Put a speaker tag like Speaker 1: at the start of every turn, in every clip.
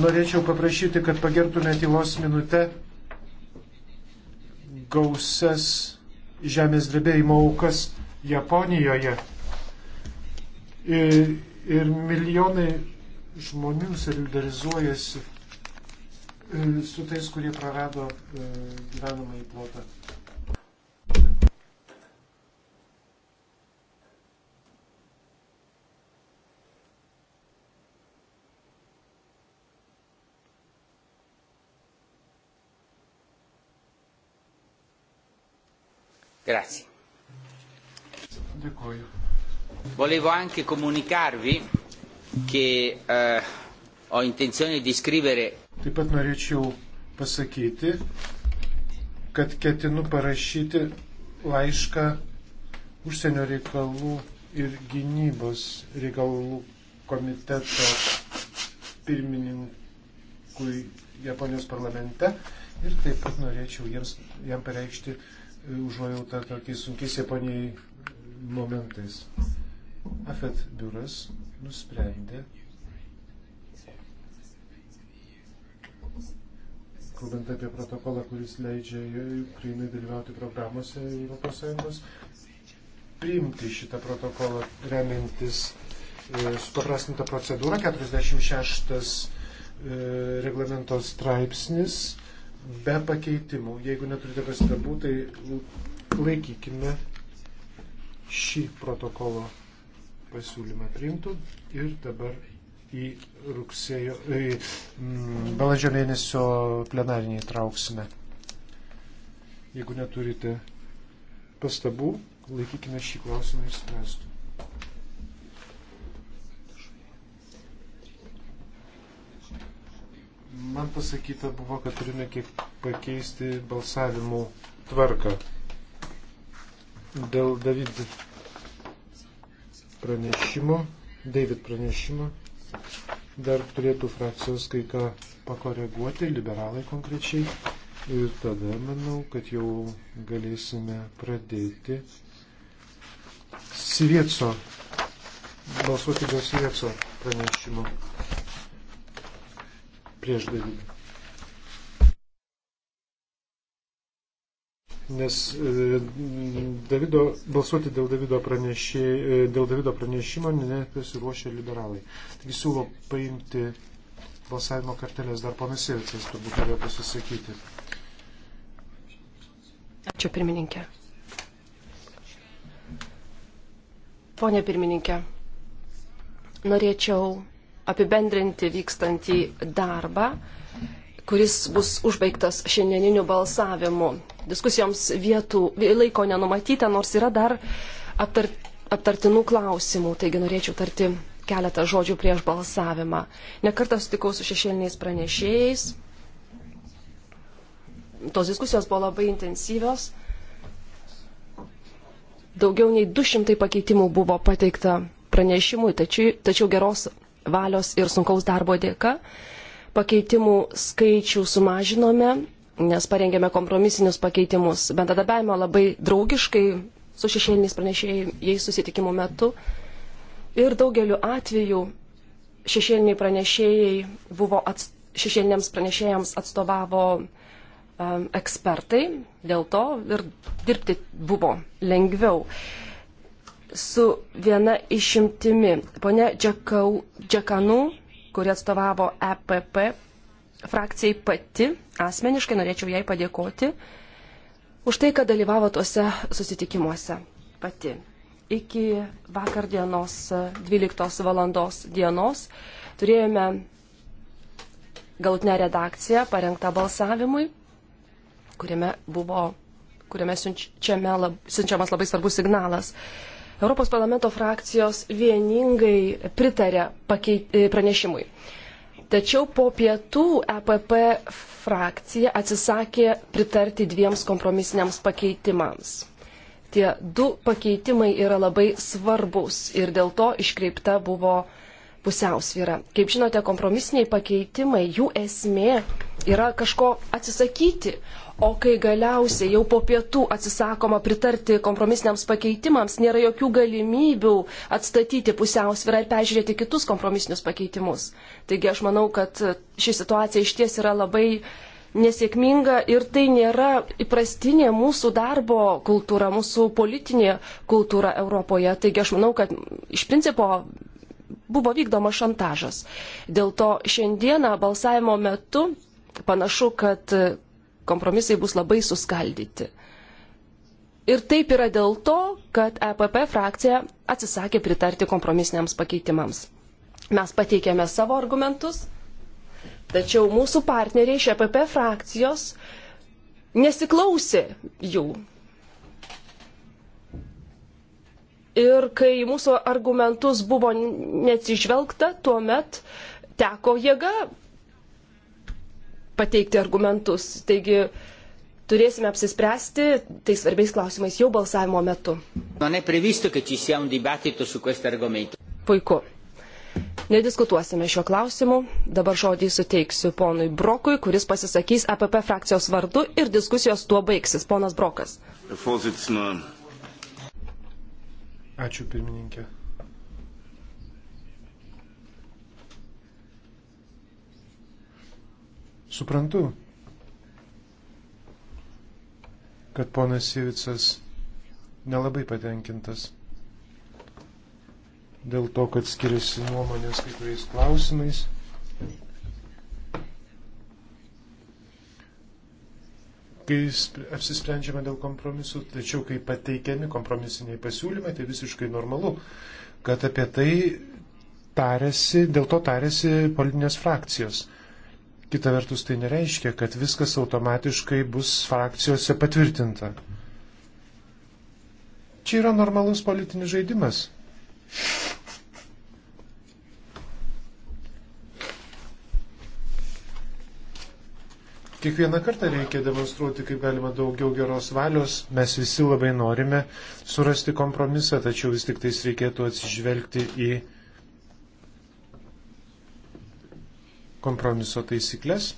Speaker 1: norėčiau paprašyti, kad pagertume tylos minutę gausias žemės drebėjimo aukas Japonijoje. Ir, ir milijonai žmonių solidarizuojasi e, su tais, kurie prarado e, gyvenamąjį plotą. Grazie. Dėkuoju.
Speaker 2: Volevo anche comunicarvi che eh, ho intenzione di scrivere.
Speaker 1: Taip pat norėčiau pasakyti, kad ketinu parašyti laišką užsienio reikalų ir gynybos reikalų komiteto pirmininkui Japonijos parlamente ir taip pat norėčiau jiems, jam pareikšti užuojautą tokiais sunkiais Japonijai momentais. AFET biuras nusprendė, kalbant apie protokolą, kuris leidžia Ukrainai dalyvauti programuose ES, priimti šitą protokolą remiantis e, supaprastinta procedūra, 46 e, reglamento straipsnis be pakeitimų. Jeigu neturite pastabų, tai laikykime šį protokolo pasiūlymą priimtų ir dabar į rugsėjo, į mm, balandžio mėnesio plenarinį įtrauksime. Jeigu neturite pastabų, laikykime šį klausimą išspręstų. Man pasakyta buvo, kad turime kiek pakeisti balsavimų tvarką. Dėl David pranešimo, David pranešimo, dar turėtų frakcijos kai ką pakoreguoti, liberalai konkrečiai. Ir tada manau, kad jau galėsime pradėti Sivieco, balsuoti dėl Sivieco pranešimo priešdarį. Nes e, Davido, balsuoti dėl Davido, pranešė, e, dėl Davido pranešimo nepasiruošė liberalai. Taigi siūlo paimti balsavimo kartelės dar ponas Ilcas, turbūt norėjo pasisakyti.
Speaker 3: Ačiū pirmininkė. Pone pirmininkė, norėčiau apibendrinti vykstantį darbą, kuris bus užbaigtas šiandieniniu balsavimu. Diskusijoms vietų laiko nenumatyta, nors yra dar aptart, aptartinų klausimų, taigi norėčiau tarti keletą žodžių prieš balsavimą. Nekartą sutikau su šešėliniais pranešėjais. Tos diskusijos buvo labai intensyvios. Daugiau nei 200 pakeitimų buvo pateikta pranešimui, tačiau, tačiau geros valios ir sunkaus darbo dėka. Pakeitimų skaičių sumažinome, nes parengėme kompromisinius pakeitimus. Bendradarbiavimo labai draugiškai su šešėliniais pranešėjais susitikimų metu. Ir daugeliu atveju šešėliniai pranešėjai buvo ats... šešėliniams pranešėjams atstovavo um, ekspertai, dėl to ir dirbti buvo lengviau. Uh, su viena išimtimi. Pone Džekau, Džekanu, kuri atstovavo EPP frakcijai pati, asmeniškai norėčiau jai padėkoti už tai, kad dalyvavo tuose susitikimuose pati. Iki vakar dienos 12 valandos dienos turėjome galutinę redakciją parengtą balsavimui, kuriame buvo kuriame siunčiame, lab, siunčiamas labai svarbus signalas Europos parlamento frakcijos vieningai pritarė e, pranešimui. Tačiau po pietų EPP frakcija atsisakė pritarti dviems kompromisiniams pakeitimams. Tie du pakeitimai yra labai svarbus ir dėl to iškreipta buvo uh, pusiausvyrą. Kaip žinote, kompromisiniai pakeitimai, jų esmė yra kažko atsisakyti, o kai galiausiai jau po pietų atsisakoma pritarti kompromisiniams pakeitimams, nėra jokių galimybių atstatyti pusiausvyrą ir peržiūrėti kitus kompromisinius pakeitimus. Taigi aš manau, kad ši situacija iš ties yra labai nesėkminga ir tai nėra įprastinė mūsų darbo kultūra, mūsų politinė kultūra Europoje. Taigi aš manau, kad iš principo buvo vykdomas šantažas. Dėl to šiandieną balsavimo metu panašu, kad e, kompromisai bus labai suskaldyti. Ir taip yra dėl to, kad EPP frakcija atsisakė pritarti kompromisiniams pakeitimams. Mes pateikėme savo argumentus, tačiau mūsų partneriai iš EPP frakcijos nesiklausė jų. Ir kai mūsų argumentus buvo neatsižvelgta, tuomet teko jėga pateikti argumentus. Taigi turėsime apsispręsti tais svarbiais klausimais jau balsavimo metu. Puiku. Nediskutuosime šiuo klausimu. Dabar žodį suteiksiu ponui Brokui, kuris pasisakys APP frakcijos vardu ir diskusijos tuo baigsis. Ponas Brokas.
Speaker 1: Vorsitzna. Ačiū pirmininkė. Suprantu, kad ponas Sivicas nelabai patenkintas dėl to, kad skiriasi nuomonės kai kuriais klausimais. kai apsisprendžiama dėl kompromisų, tačiau kai pateikiami kompromisiniai pasiūlymai, tai visiškai normalu, kad apie tai tarėsi, dėl to tarėsi politinės frakcijos. Kita vertus tai nereiškia, kad viskas automatiškai bus frakcijose patvirtinta. Čia yra normalus politinis žaidimas. Kiekvieną kartą reikia demonstruoti, kaip galima daugiau geros valios. Mes visi labai norime surasti kompromisą, tačiau vis tik tais reikėtų atsižvelgti į kompromiso taisyklės.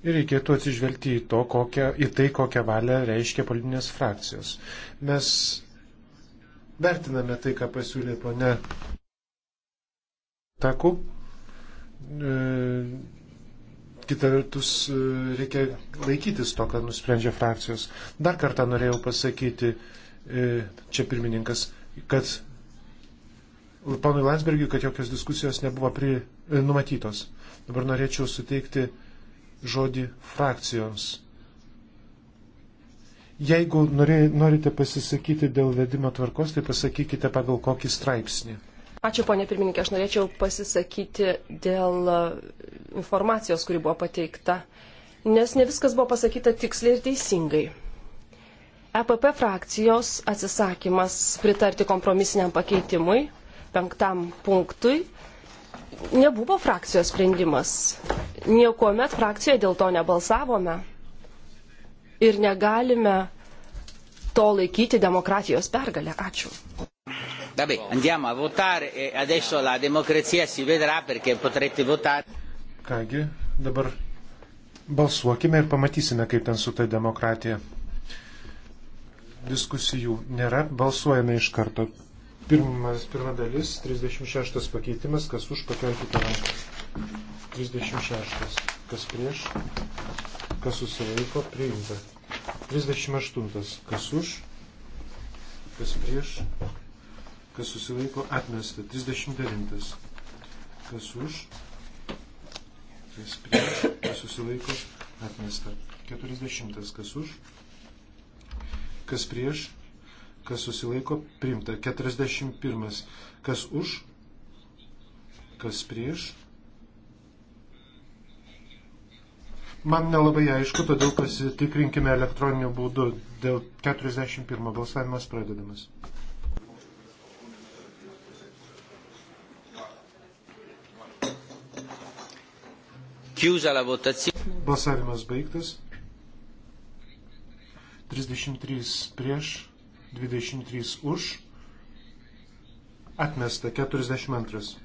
Speaker 1: Ir reikėtų atsižvelgti į, to, kokią, į tai, kokią valią reiškia politinės frakcijos. Mes vertiname tai, ką pasiūlė ponia Taku E, kita vertus, e, reikia laikytis to, ką nusprendžia frakcijos. Dar kartą norėjau pasakyti, e, čia pirmininkas, kad ponui Landsbergiui, kad jokios diskusijos nebuvo pri, numatytos. Dabar norėčiau suteikti žodį frakcijoms. Jeigu norite pasisakyti dėl vedimo tvarkos, tai pasakykite pagal kokį straipsnį.
Speaker 3: Ačiū, ponė pirmininkė, aš norėčiau pasisakyti dėl e, informacijos, kuri buvo pateikta, nes ne viskas buvo pasakyta tiksliai ir teisingai. EPP frakcijos atsisakymas pritarti kompromisiniam pakeitimui, penktam punktui, nebuvo frakcijos sprendimas. Niekuomet frakcijoje dėl to nebalsavome ir negalime to laikyti demokratijos pergalę. Ačiū.
Speaker 2: Vabbè, andiamo a votare e adesso la democrazia si vedrà perché potrete votare.
Speaker 1: Kągi, dabar balsuokime ir pamatysime, kaip ten su ta demokratija. Diskusijų nėra, balsuojame iš karto. Pirmas, pirma dalis, 36 pakeitimas, kas už pakelkite rankas. 36, kas prieš, kas susilaiko, priimta. 38, kas už, kas prieš, kas susilaiko atmesta. 39. Kas už, kas prieš, kas susilaiko atmesta. 40. Kas už, kas prieš, kas susilaiko priimta. 41. Kas už, kas prieš. Man nelabai aišku, todėl pasitikrinkime elektroniniu būdu. Dėl 41 balsavimas pradedamas.
Speaker 2: Chiusa la votazione.
Speaker 1: Balsavimas baigtas. 33 prieš, 23 už. Atmesta 42.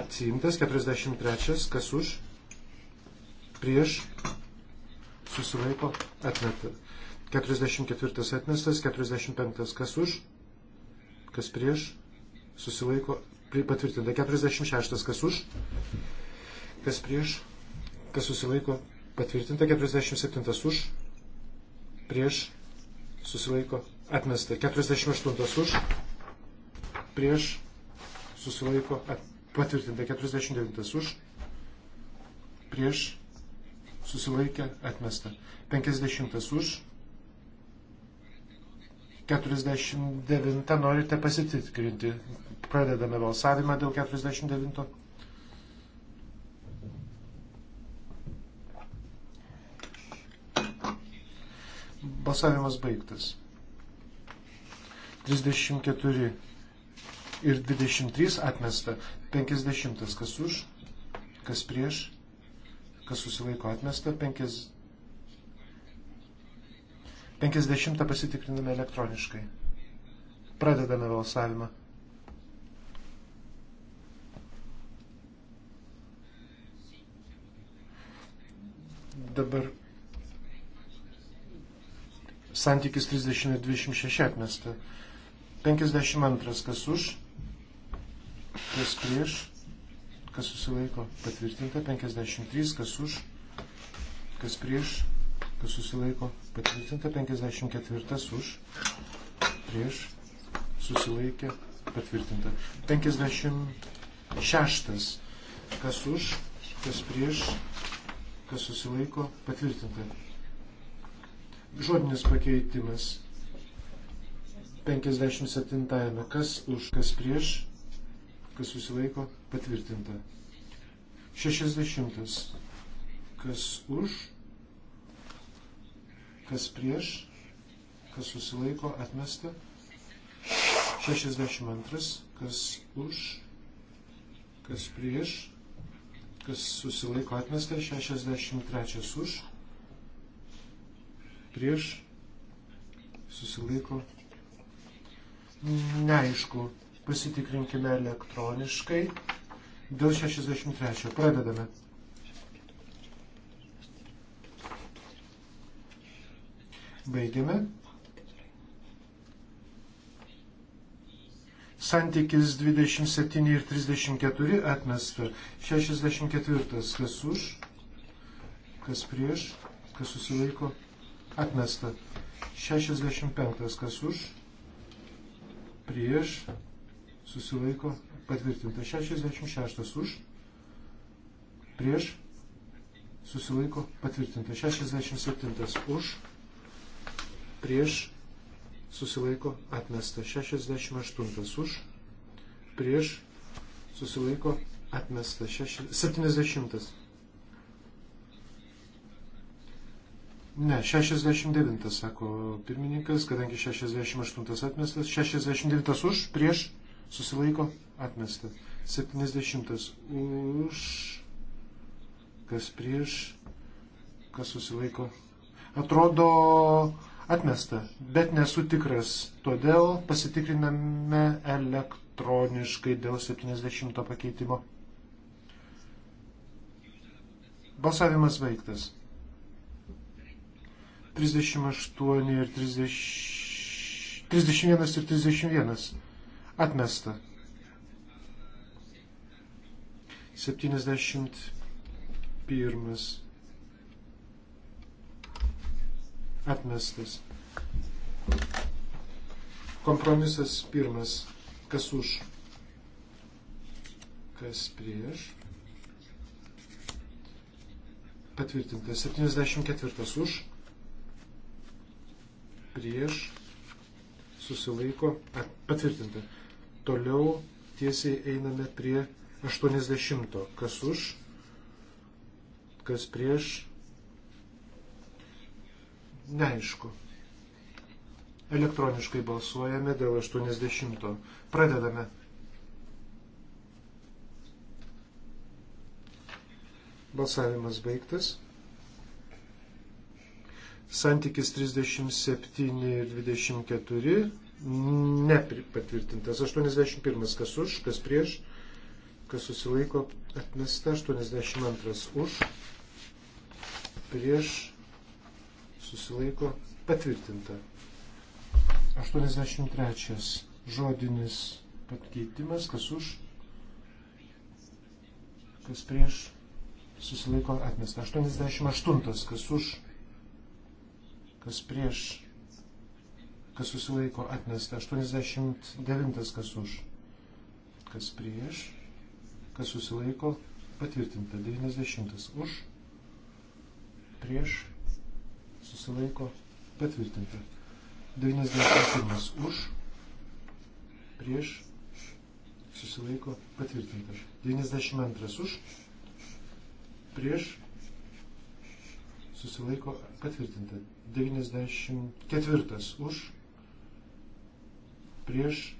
Speaker 1: Atsiimtas 43. Kas už? Prieš. Susilaiko. Atmeta. 44. Atmestas 45. Kas už? Kas prieš? Susilaiko. Patvirtinta. 46. Kas už? kas prieš, kas susilaiko patvirtinta, 47 už, prieš, susilaiko atmesta, 48 už, prieš, susilaiko at, patvirtinta, 49 už, prieš, susilaikė atmesta, 50 už, 49 norite pasitikrinti. Pradedame balsavimą dėl 49. Balsavimas baigtas. 34 ir 23 atmesta. 50 kas už, kas prieš, kas susilaiko atmesta. 50, 50 pasitikriname elektroniškai. Pradedame balsavimą. Dabar santykis 30 ir 26 atmesta. 52 kas už, kas prieš, kas susilaiko patvirtinta. 53 kas už, kas prieš, kas susilaiko patvirtinta. 54 už, prieš, susilaikė patvirtinta. 56 kas už, kas prieš, kas susilaiko patvirtinta. Žodinis pakeitimas. 57. Kas už, kas prieš, kas susilaiko, patvirtinta. 60. Kas už, kas prieš, kas susilaiko, atmesta. 62. Kas už, kas prieš, kas susilaiko, atmesta. 63. Už prieš susilaiko. Neaišku, pasitikrinkime elektroniškai. Dėl 63 pradedame. Baigiame. Santykis 27 ir 34 atmesta. 64 kas už, kas prieš, kas susilaiko. Atmesta. 65. Kas už? Prieš. Susilaiko. Patvirtinta. 66. Už. Prieš. Susilaiko. Patvirtinta. 67. Už. Prieš. Susilaiko. Atmesta. 68. Už. Prieš. Susilaiko. Atmesta. 70 Ne, 69, sako pirmininkas, kadangi 68 atmestas, 69 už, prieš, susilaiko, atmestas. 70 už, kas prieš, kas susilaiko. Atrodo atmesta, bet nesu tikras, todėl pasitikriname elektroniškai dėl 70 pakeitimo. Balsavimas baigtas. 38 ir 30, 31 ir 31 atmesta. 71 atmestas. Kompromisas pirmas. Kas už? Kas prieš? Patvirtintas. 74 už prieš susilaiko patvirtinta. Toliau tiesiai einame prie 80. Kas už, kas prieš, neaišku. Elektroniškai balsuojame dėl 80. Pradedame. Balsavimas baigtas. Santykis 37 ir 24 nepatvirtintas. 81 kas už, kas prieš, kas susilaiko atmesta. 82 už, prieš, susilaiko patvirtinta. 83 žodinis pakeitimas, kas už, kas prieš, susilaiko atmesta. 88 kas už kas prieš, kas susilaiko atmesta. 89 kas už, kas prieš, kas susilaiko patvirtinta. 90 už, prieš, susilaiko patvirtinta. 91 už, prieš, susilaiko patvirtinta. 92 už, prieš, susilaiko patvirtinta. 94 už, prieš,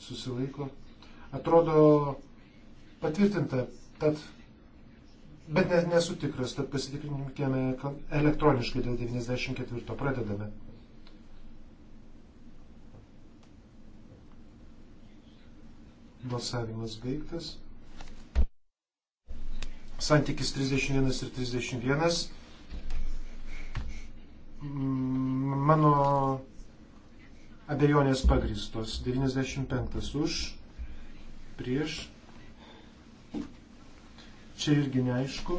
Speaker 1: susilaiko. Atrodo patvirtinta, tad, bet ne, nesu tikras, tad pasitikrinkime elektroniškai dėl 94 pradedame. Balsavimas baigtas santykis 31 ir 31. Mano abejonės pagristos. 95 už, prieš. Čia irgi neaišku.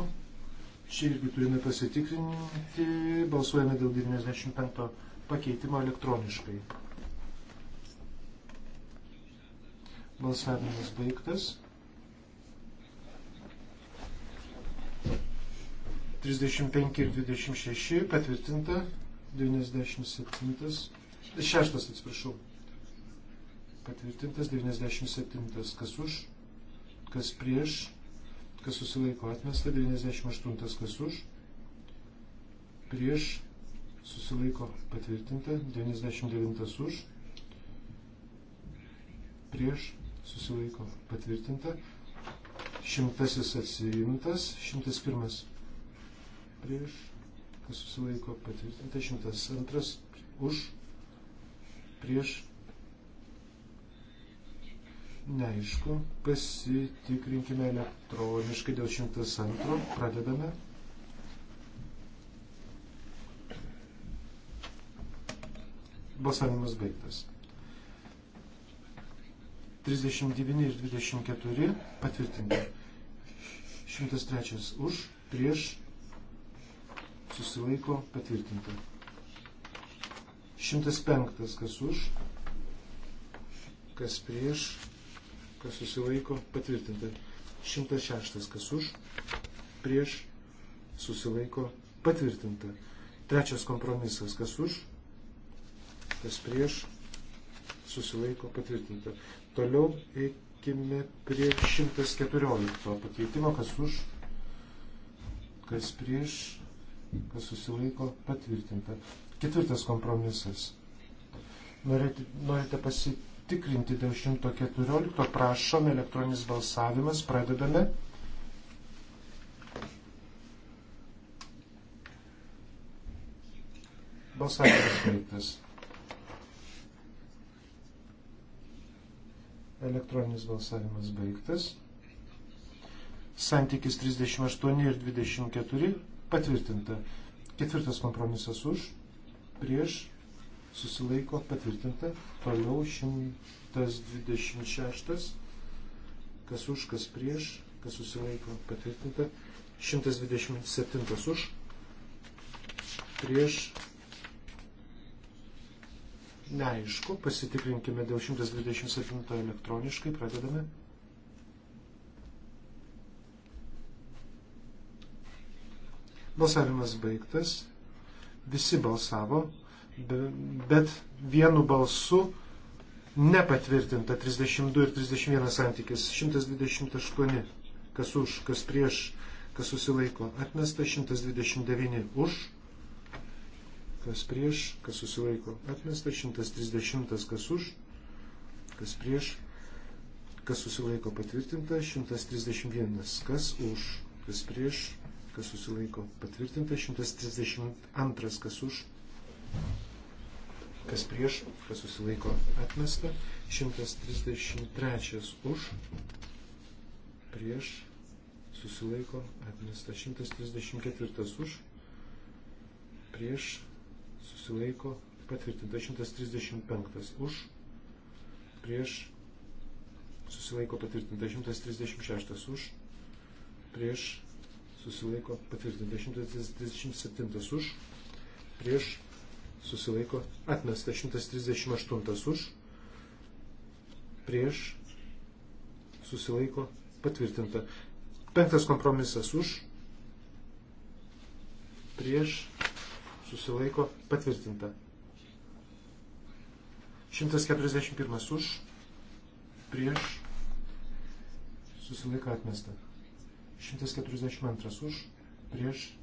Speaker 1: Čia irgi turime pasitikrinti. Balsuojame dėl 95 pakeitimo elektroniškai. Balsavimas baigtas. 35 ir 26 patvirtinta, 97, 6 atsiprašau, patvirtintas 97, kas už, kas prieš, kas susilaiko atmesta, 98, kas už, prieš, susilaiko patvirtinta, 99 už, prieš, susilaiko patvirtinta, šimtasis atsiimtas, šimtas pirmas prieš, kas susilaiko patvirtinta, 102 už, prieš, neaišku, pasitikrinkime elektroniškai dėl 102, pradedame. Balsavimas baigtas. 39 ir 24 patvirtinti. 103 už, prieš susilaiko patvirtinta. 105. Kas už, kas prieš, kas susilaiko patvirtinta. 106. Kas už, prieš, susilaiko patvirtinta. Trečias kompromisas. Kas už, kas prieš, susilaiko patvirtinta. Toliau eikime prie 114 pakeitimo, kas už, kas prieš, kas susilaiko patvirtinta. Ketvirtas kompromisas. Norite, norite pasitikrinti dėl 114, prašom, elektroninis balsavimas, pradedame. Balsavimas baigtas. Elektroninis balsavimas baigtas. Santykis 38 ir 24 patvirtinta. Ketvirtas kompromisas už, prieš, susilaiko, patvirtinta. Toliau 126, kas už, kas prieš, kas susilaiko, patvirtinta. 127 už, prieš, neaišku, pasitikrinkime dėl 127 elektroniškai, pradedame. Balsavimas baigtas. Visi balsavo, bet vienu balsu nepatvirtinta 32 ir 31 santykis. 128, kas už, kas prieš, kas susilaiko. Atmesta 129 už, kas prieš, kas susilaiko. Atmesta 130, kas už, kas prieš, kas susilaiko patvirtinta, 131, kas už, kas prieš, kas susilaiko patvirtinta, 132 kas už, kas prieš, kas susilaiko atmesta, 133 už, prieš, susilaiko atmesta, 134 už, prieš, susilaiko patvirtinta, 135 už, prieš, susilaiko patvirtinta, 136 už, prieš, susilaiko patvirtinta 137 už, prieš susilaiko atmesta 138 už, prieš susilaiko patvirtinta. Penktas kompromisas už, prieš susilaiko patvirtinta. 141 už, prieš susilaiko atmesta. 142 už, prieš,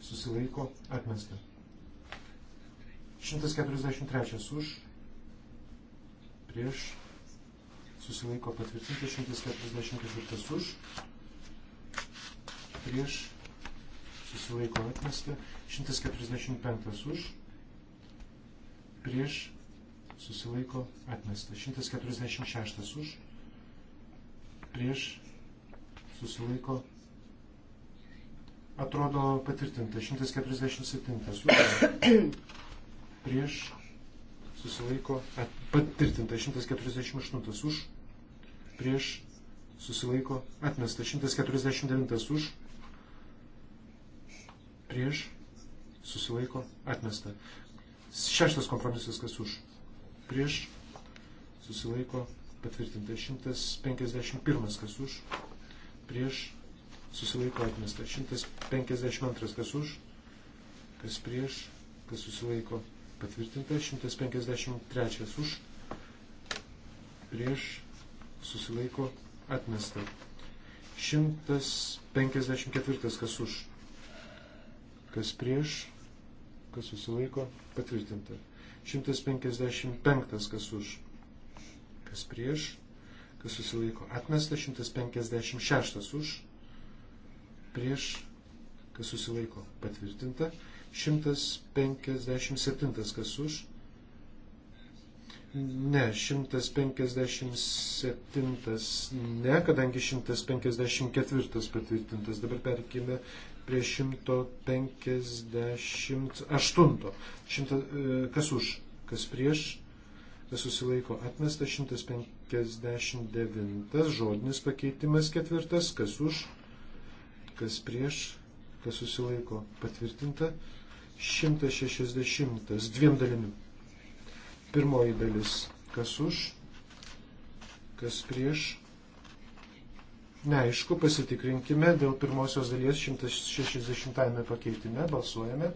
Speaker 1: susilaiko, atmesta. 143 už, prieš, susilaiko patvirtinti, 144 už, prieš, susilaiko atmesta, 145 už, prieš, susilaiko atmesta, 146 už, prieš, susilaiko. Atrodo patvirtinta 147 už, prieš susilaiko, patvirtinta 148 už, prieš susilaiko, atmesta 149 už, prieš susilaiko, atmesta. Šeštas kompromisas, kas už, prieš susilaiko, patvirtinta 151, kas už, prieš, susilaiko atmesta. 152 kas už, kas prieš, kas susilaiko patvirtinta. 153 už, prieš, susilaiko atmesta. 154 kas už, kas prieš, kas susilaiko patvirtinta. 155 kas už, kas prieš, kas susilaiko atmesta, 156 už, prieš, kas susilaiko patvirtinta, 157 kas už, ne, 157 ne, kadangi 154 patvirtintas, dabar perkime prie 158. Šimta, e, kas už, kas prieš, kas susilaiko atmesta, 158 59 žodinis pakeitimas ketvirtas, kas už, kas prieš, kas susilaiko patvirtinta, 160 dviem dalimi. Pirmoji dalis, kas už, kas prieš. Neaišku, pasitikrinkime dėl pirmosios dalies 160 pakeitime, balsuojame.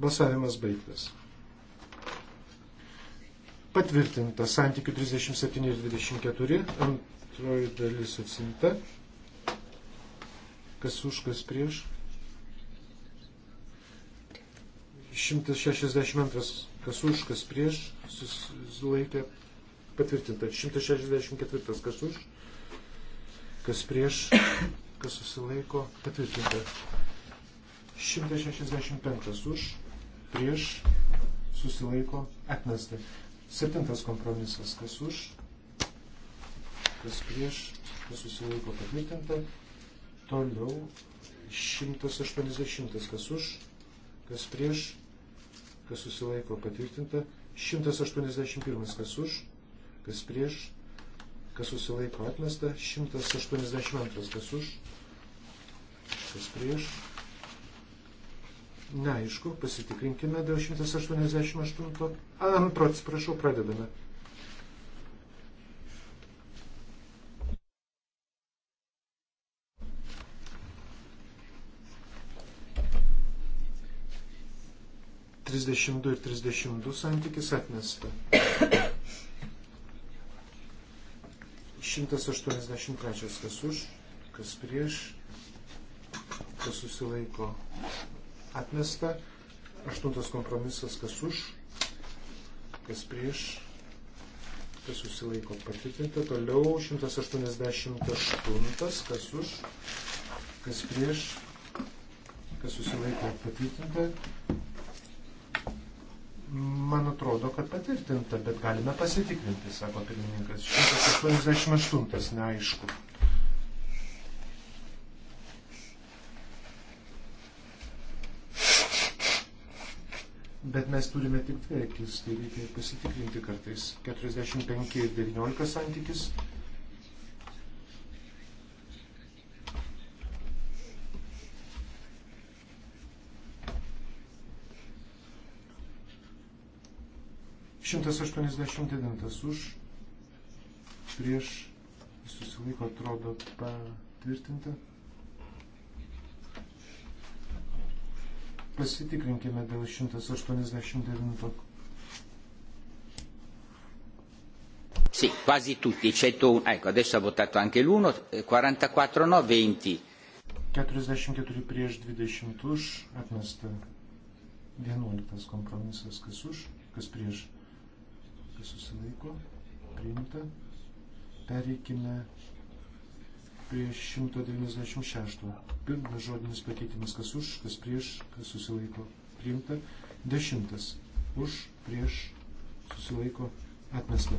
Speaker 1: Balsavimas baigtas. Patvirtinta santykių 37 ir 24, antroji dalis atsimta. Kas už, kas prieš. 162, kas už, kas prieš, susilaikė patvirtinta. 164, kas už, kas prieš, kas susilaiko, patvirtinta. 165 už, prieš, susilaiko, atmesta. Septintas kompromisas, kas už, kas prieš, kas susilaiko patvirtinta. Toliau 180, kas už, kas prieš, kas susilaiko patvirtinta. 181, kas už, kas prieš, kas susilaiko atmesta. 182, kas už, kas prieš, Neaišku, pasitikrinkime dėl 188. Antro, atsiprašau, pradedame. Trisdešimt du ir trisdešimt du santykis atmesta. 183 kas už, kas prieš, kas susilaiko atmesta. Aštuntas kompromisas, kas už, kas prieš, kas susilaiko patvirtinta. Toliau 188, kas už, kas prieš, kas susilaiko patvirtinta. Man atrodo, kad patvirtinta, bet galime pasitikrinti, sako pirmininkas. 188 neaišku. Bet mes turime tik dviekius, tai reikia pasitikrinti kartais. 45 ir 19 santykis. Šimtas aštuoniasdešimt devintas už, prieš, susilaiko atrodo patvirtinta. Pasitikrinkime dėl 189.
Speaker 2: Sì, quasi tutti, eccetto ecco, adesso ha votato anche l'1, 44 no, 20.
Speaker 1: 44 prieš 20 už, atmesta 11 kompromisas, kas už, kas prieš, kas susilaiko, priimta. Pereikime prie 196. Pirmas žodinis pakeitimas, kas už, kas prieš, kas susilaiko priimta. Dešimtas už, prieš, susilaiko atmesta.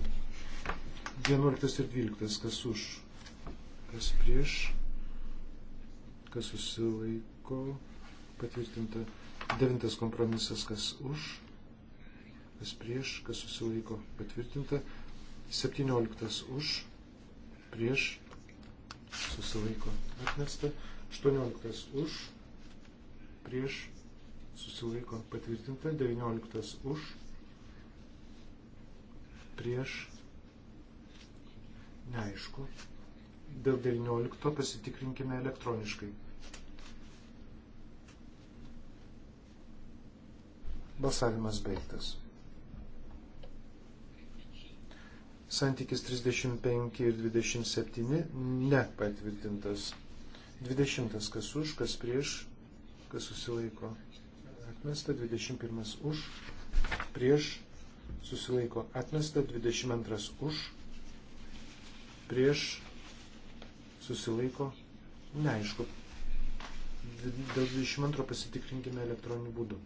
Speaker 1: Vienuoliktas ir dvyliktas, kas už, kas prieš, kas susilaiko patvirtinta. Devintas kompromisas, kas už, kas prieš, kas susilaiko patvirtinta. Septynioliktas už, prieš, susilaiko atmesta, 18 už, prieš susilaiko patvirtinta, 19 už, prieš neaišku. Dėl 19 pasitikrinkime elektroniškai. Balsavimas baigtas. Santykis 35 ir 27 nepatvirtintas. 20 kas už, kas prieš, kas susilaiko. Atmesta 21 už, prieš, susilaiko. Atmesta 22 už, prieš, susilaiko. Neaišku. Dėl 22 pasitikrinkime elektroniniu būdu.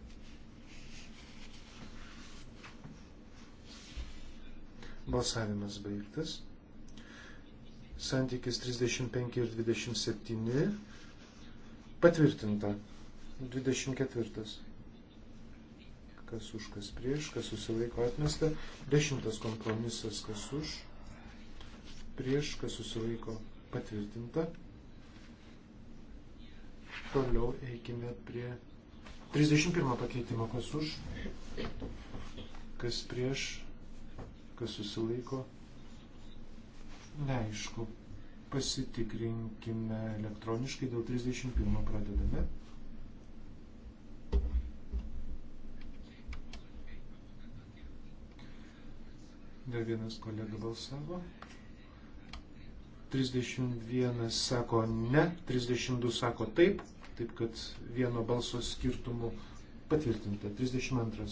Speaker 1: Balsavimas baigtas. Santykis 35 ir 27. Patvirtinta. 24. Kas už, kas prieš, kas susilaiko atmesta. 10 kompromisas, kas už, prieš, kas susilaiko patvirtinta. Toliau eikime prie 31 pakeitimo, kas už, kas prieš, kas susilaiko, neaišku. Pasitikrinkime elektroniškai dėl 31 pradedame. Dar vienas kolega balsavo. 31 sako ne, 32 sako taip, taip kad vieno balso skirtumų patvirtinta. 32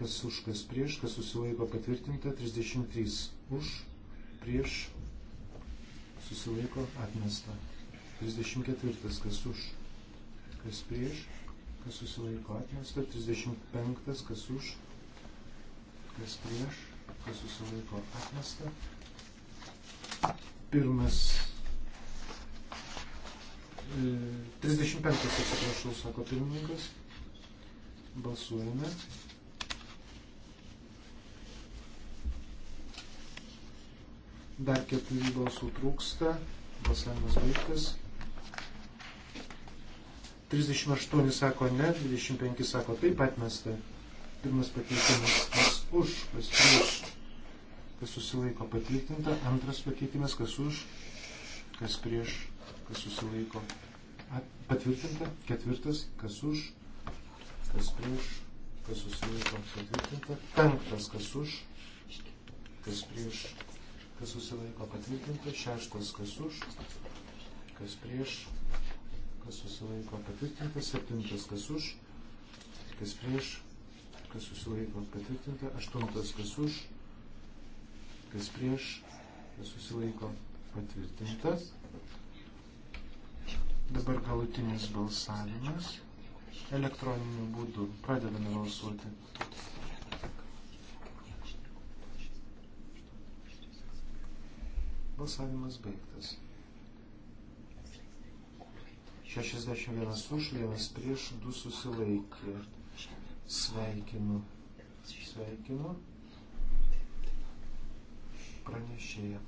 Speaker 1: kas už, kas prieš, kas susilaiko patvirtinta, 33 už, prieš, susilaiko atmesta, 34 kas už, kas prieš, kas susilaiko atmesta, 35 kas už, kas prieš, kas susilaiko atmesta. Pirmas 35 e, atsiprašau, sako pirmininkas. Balsuojame. Dar keturių balsų trūksta. Balsavimas baigtas. 38 sako ne, 25 sako taip atmesta. Pirmas pakeitimas, kas už, kas prieš, kas susilaiko patvirtinta. Antras pakeitimas, kas už, kas prieš, kas susilaiko patvirtinta. Ketvirtas, kas už, kas prieš, kas susilaiko patvirtinta. Penktas, kas už, kas prieš, kas susilaiko patvirtinta, šeštas kas už, kas prieš, kas susilaiko patvirtinta, septintas kas už, kas prieš, kas susilaiko patvirtinta, aštuntas kas už, kas prieš, kas susilaiko patvirtintas. Dabar galutinis balsavimas elektroniniu būdu. Pradedame balsuoti. Balsavimas baigtas. 61 už, 1 prieš, 2 susilaikė. Sveikinu. Sveikinu. Pranešėja.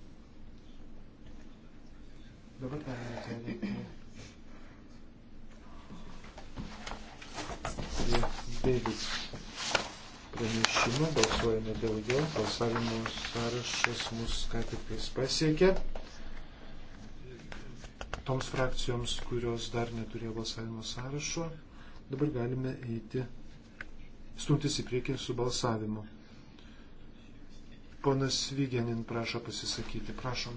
Speaker 1: Dabar galime pereiti prie David pranešimą, balsuojame dėl jo, balsavimo sąrašas mus ką tik tais pasiekė. Toms frakcijoms, kurios dar neturėjo balsavimo sąrašo, dabar galime eiti, stumtis į priekį su balsavimu. Ponas Vygenin prašo pasisakyti, prašom.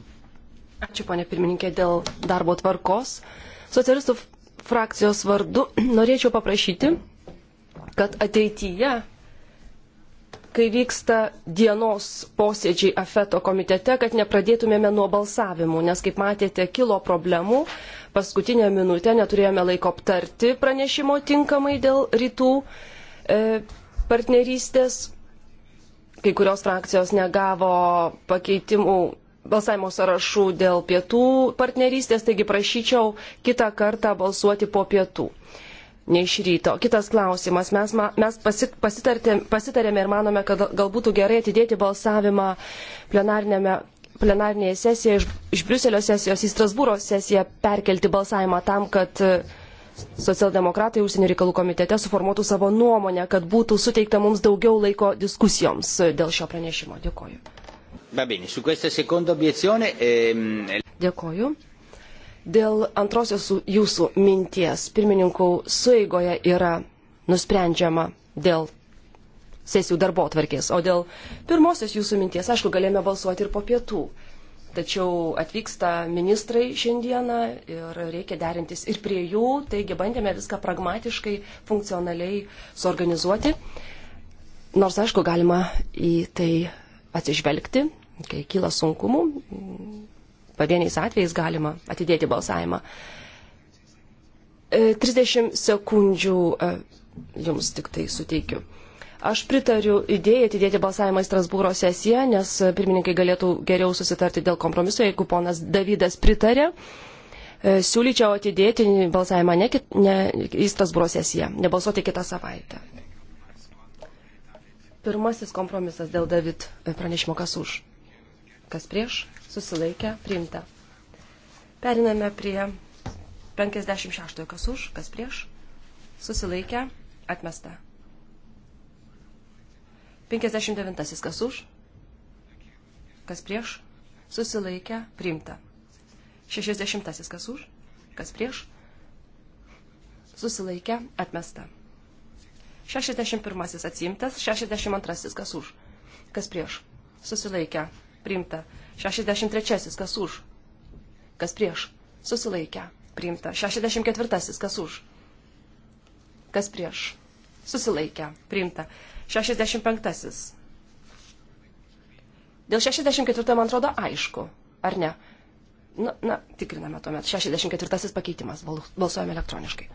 Speaker 3: Ačiū, ponė pirmininkė, dėl darbo tvarkos. Socialistų frakcijos vardu norėčiau paprašyti, kad ateityje kai vyksta dienos posėdžiai AFETO komitete, kad nepradėtumėme nuo balsavimų, nes, kaip matėte, kilo problemų. Paskutinę minutę neturėjome laiko aptarti pranešimo tinkamai dėl rytų e, partnerystės. Kai kurios frakcijos negavo pakeitimų balsavimo sąrašų dėl pietų partnerystės, taigi prašyčiau kitą kartą balsuoti po pietų. E, ne iš ryto. Kitas klausimas. Mes, mes pasitarėme ir manome, kad gal būtų gerai atidėti balsavimą plenarinėje sesijoje iš, iš Briuselio sesijos į Strasbūro sesiją, perkelti balsavimą tam, kad socialdemokratai užsienio reikalų komitete suformuotų savo nuomonę, kad būtų suteikta mums daugiau laiko diskusijoms dėl šio pranešimo. Dėkoju. Ehm, Dėkoju. Dėl antrosios jūsų minties pirmininkų sueigoje yra nusprendžiama dėl sesijų darbo atvarkės, o dėl pirmosios jūsų minties, aišku, galėjome balsuoti ir po pietų. Tačiau atvyksta ministrai šiandieną ir reikia derintis ir prie jų, taigi bandėme viską pragmatiškai, funkcionaliai suorganizuoti. Nors, aišku, galima į tai atsižvelgti, kai kyla sunkumų, pavieniais atvejais galima atidėti balsavimą. 30 e, sekundžių e, jums tik tai suteikiu. Aš pritariu idėjai atidėti balsavimą į Strasbūro sesiją, nes pirmininkai galėtų geriau susitarti dėl kompromiso, jeigu ponas Davydas pritarė. E, siūlyčiau atidėti balsavimą ne, kit, ne į Strasbūro sesiją, nebalsuoti kitą savaitę. Pirmasis kompromisas dėl David pranešimo, kas už, kas prieš, susilaikę, priimta. Periname prie 56, kas už, kas prieš, susilaikę, atmesta. 59, kas už, kas prieš, susilaikę, priimta. 60, kas už, kas prieš, susilaikę, atmesta. 61 atsimtas, 62 kas už, kas prieš, susilaikę, priimta. 63. Kas už? Kas prieš? Susilaikę. Priimta. 64. Kas už? Kas prieš? Susilaikę. Priimta. 65. Dėl 64 man atrodo aišku, ar ne? Na, na tikriname tuomet. 64 pakeitimas. Balsuojame elektroniškai.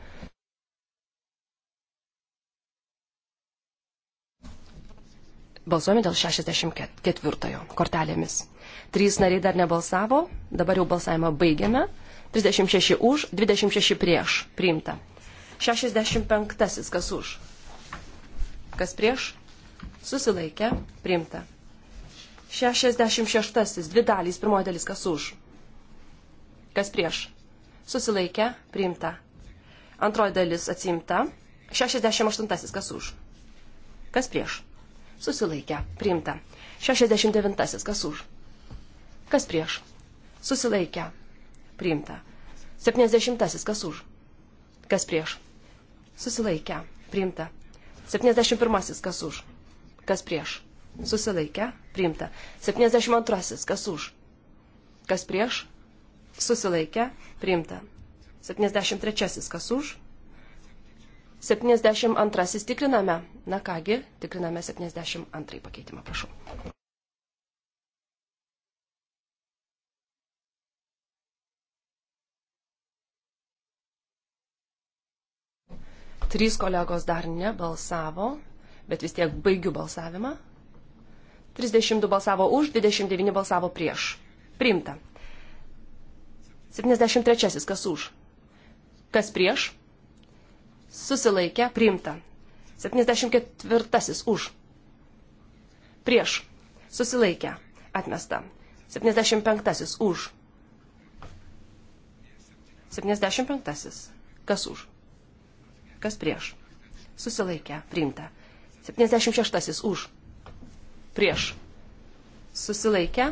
Speaker 3: balsuojame dėl 64 kortelėmis. Trys nariai dar nebalsavo, dabar jau balsavimą baigiame. 36 už, 26 prieš priimta. 65 kas už. Kas prieš? Susilaikė, priimta. 66 dvi dalys, pirmoji dalis kas už. Kas prieš? Susilaikė, priimta. Antroji dalis atsimta. 68 kas už. Kas prieš? susilaikę, priimta. 69. Kas už? Kas prieš? Susilaikę, priimta. 70. Kas už? Kas prieš? Susilaikę, priimta. 71. Kas už? Kas prieš? Susilaikę, priimta. 72. Kas už? Kas prieš? Susilaikę, priimta. 73. Kas už? 72 tikriname. Na kągi, tikriname 72 pakeitimą, prašau. Trys kolegos dar nebalsavo, bet vis tiek baigiu balsavimą. 32 balsavo už, 29 balsavo prieš. Primta. 73. Kas už? Kas prieš? susilaikė, priimta. 74 už, prieš, susilaikė, atmesta. 75 už. 75. Kas už? Kas prieš? Susilaikė, priimta. 76 už. Prieš. Susilaikė,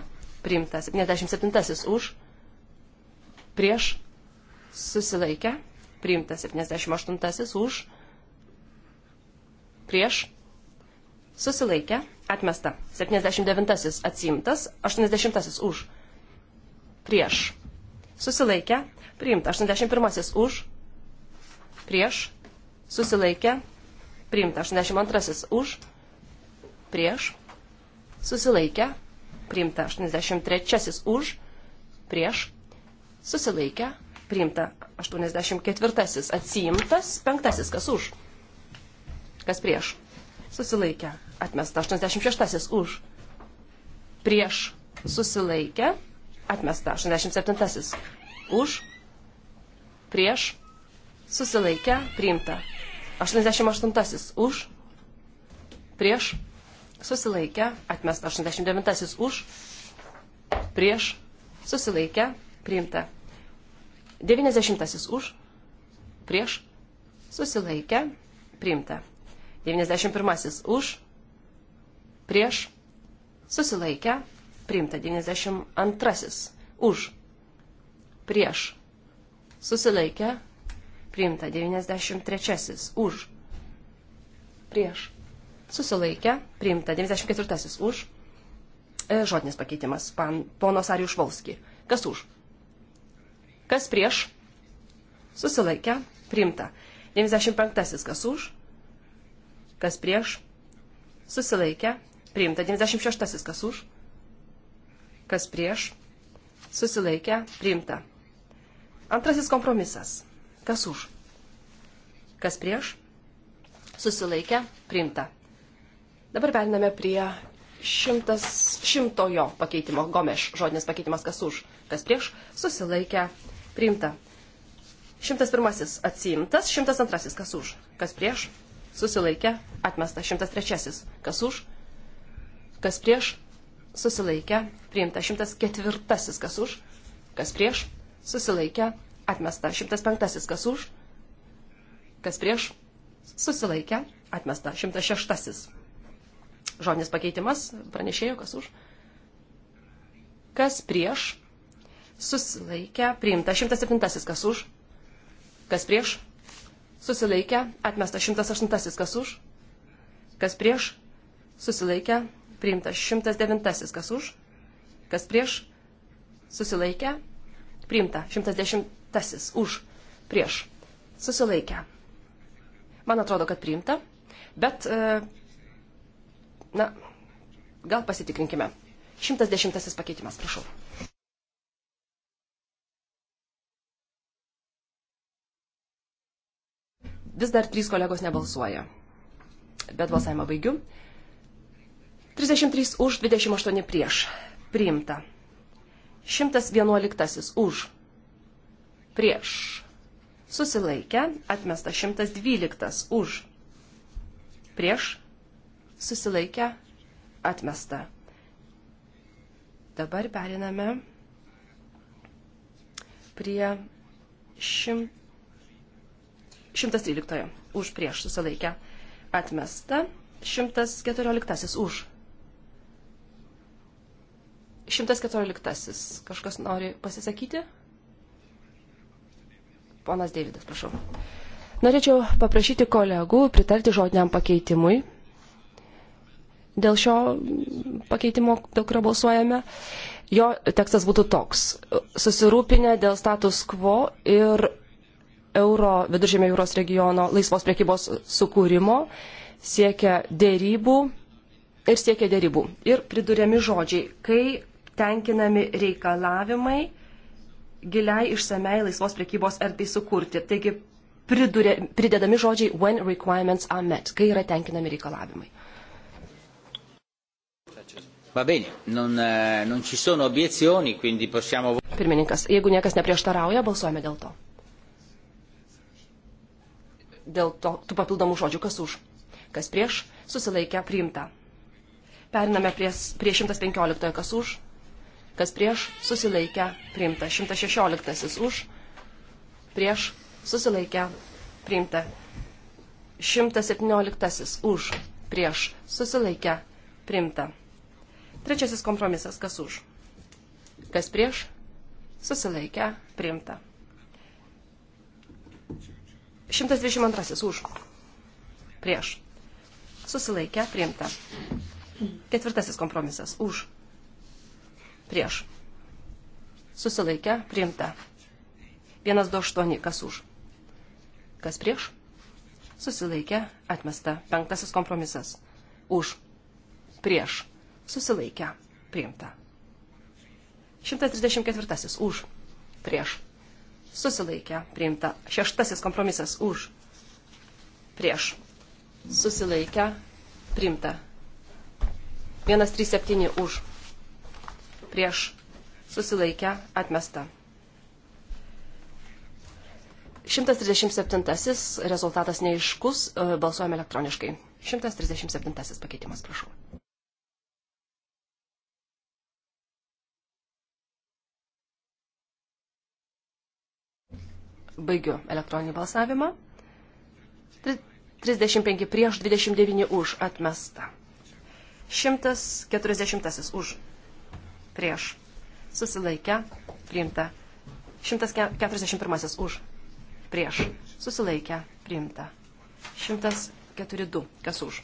Speaker 3: priimta. 77 už. Prieš. Susilaikė, priimtas 78 už, prieš, susilaikė, atmesta, 79 atsimtas, 80 už, prieš, susilaikė, priimta, 81 už, prieš, susilaikė, priimta, 82 už, prieš, susilaikė, priimta, 83 už, prieš, susilaikė, priimta 84 atsiimtas, 5 kas už, kas prieš, susilaikė, atmesta 86 už, prieš, susilaikė, atmesta 87 už, prieš, susilaikė, priimta 88 už, prieš, susilaikė, atmesta 89 už, prieš, susilaikė, priimta 90 už, prieš, susilaikę, priimta. 91 už, prieš, susilaikę, priimta. 92 už, prieš, susilaikę, priimta. 93 už, prieš, susilaikę, priimta. 94 už, e, žodinis pakeitimas, pan, ponos Arijus Volski. Kas už? Kas prieš? Susilaikę. Primta. 95. Kas už? Kas prieš? Susilaikę. Priimta. 96. Kas už? Kas prieš? Susilaikę. Priimta. Antrasis kompromisas. Kas už? Kas prieš? Susilaikę. Priimta. Dabar periname prie šimtas, šimtojo pakeitimo. Gomeš žodinis pakeitimas. Kas už? Kas prieš? Susilaikę. Priimta. 101 atsiimtas, 102 kas už, kas prieš, susilaikė, atmesta, 103 kas už, kas prieš, susilaikė, priimta, 104 kas už, kas prieš, susilaikė, atmesta, 105 kas už, kas prieš, susilaikė, atmesta, 106. Žodinis pakeitimas, pranešėjo kas už, kas prieš, susilaikę, priimta. 107 kas už, kas prieš, susilaikę, atmesta. 108 kas už, kas prieš, susilaikę, priimta. 109 kas už, kas prieš, susilaikę, priimta. 110 už, prieš, susilaikę. Man atrodo, kad priimta, bet, e, na, gal pasitikrinkime. 110 pakeitimas, prašau. Vis dar trys kolegos nebalsuoja. Bet balsavimą baigiu. 33 už, 28 prieš. Priimta. 111 už. Prieš. Susilaikę. Atmesta 112 už. Prieš. Susilaikę. Atmesta. Dabar periname prie 100. 113 už prieš susilaikę atmesta, 114 už. 114. Kažkas nori pasisakyti? Ponas Deividas, prašau. Norėčiau paprašyti kolegų pritarti žodiniam pakeitimui. Dėl šio pakeitimo, dėl kurio balsuojame, jo tekstas būtų toks. Susirūpinę dėl status quo ir euro viduržėmio jūros regiono laisvos priekybos sukūrimo, siekia dėrybų ir siekia dėrybų. Ir priduriami žodžiai, kai tenkinami reikalavimai giliai išsamei laisvos priekybos erdvai sukurti. Taigi pridurė, pridedami žodžiai when requirements are met, kai yra tenkinami reikalavimai.
Speaker 2: Va bene, non, eh, non ci sono obiezioni, quindi possiamo...
Speaker 3: Pirmininkas, jeigu niekas neprieštarauja, balsuojame dėl to dėl to, tų papildomų žodžių, kas už, kas prieš, susilaikę priimta. Periname prie, prie 115, kas už, kas prieš, susilaikę priimta. 116 už, prieš, susilaikę priimta. 117 už, prieš, susilaikę priimta. Trečiasis kompromisas, kas už, kas prieš, susilaikę priimta. 122 už. Prieš. Susilaikę, priimta. Ketvirtasis kompromisas. Už. Prieš. Susilaikę, priimta. 128, kas už. Kas prieš? Susilaikę, atmesta. Penktasis kompromisas. Už. Prieš. Susilaikę, priimta. 134, už. Prieš susilaikė priimta. Šeštasis kompromisas už, prieš, susilaikė priimta. 137 už, prieš, susilaikė atmesta. 137 rezultatas neiškus, balsuojame elektroniškai. 137 pakeitimas, prašau. Baigiu elektroninį balsavimą. 35 prieš 29 už atmesta. 140 už prieš susilaikę priimta. 141 už prieš susilaikę priimta. 142 kas už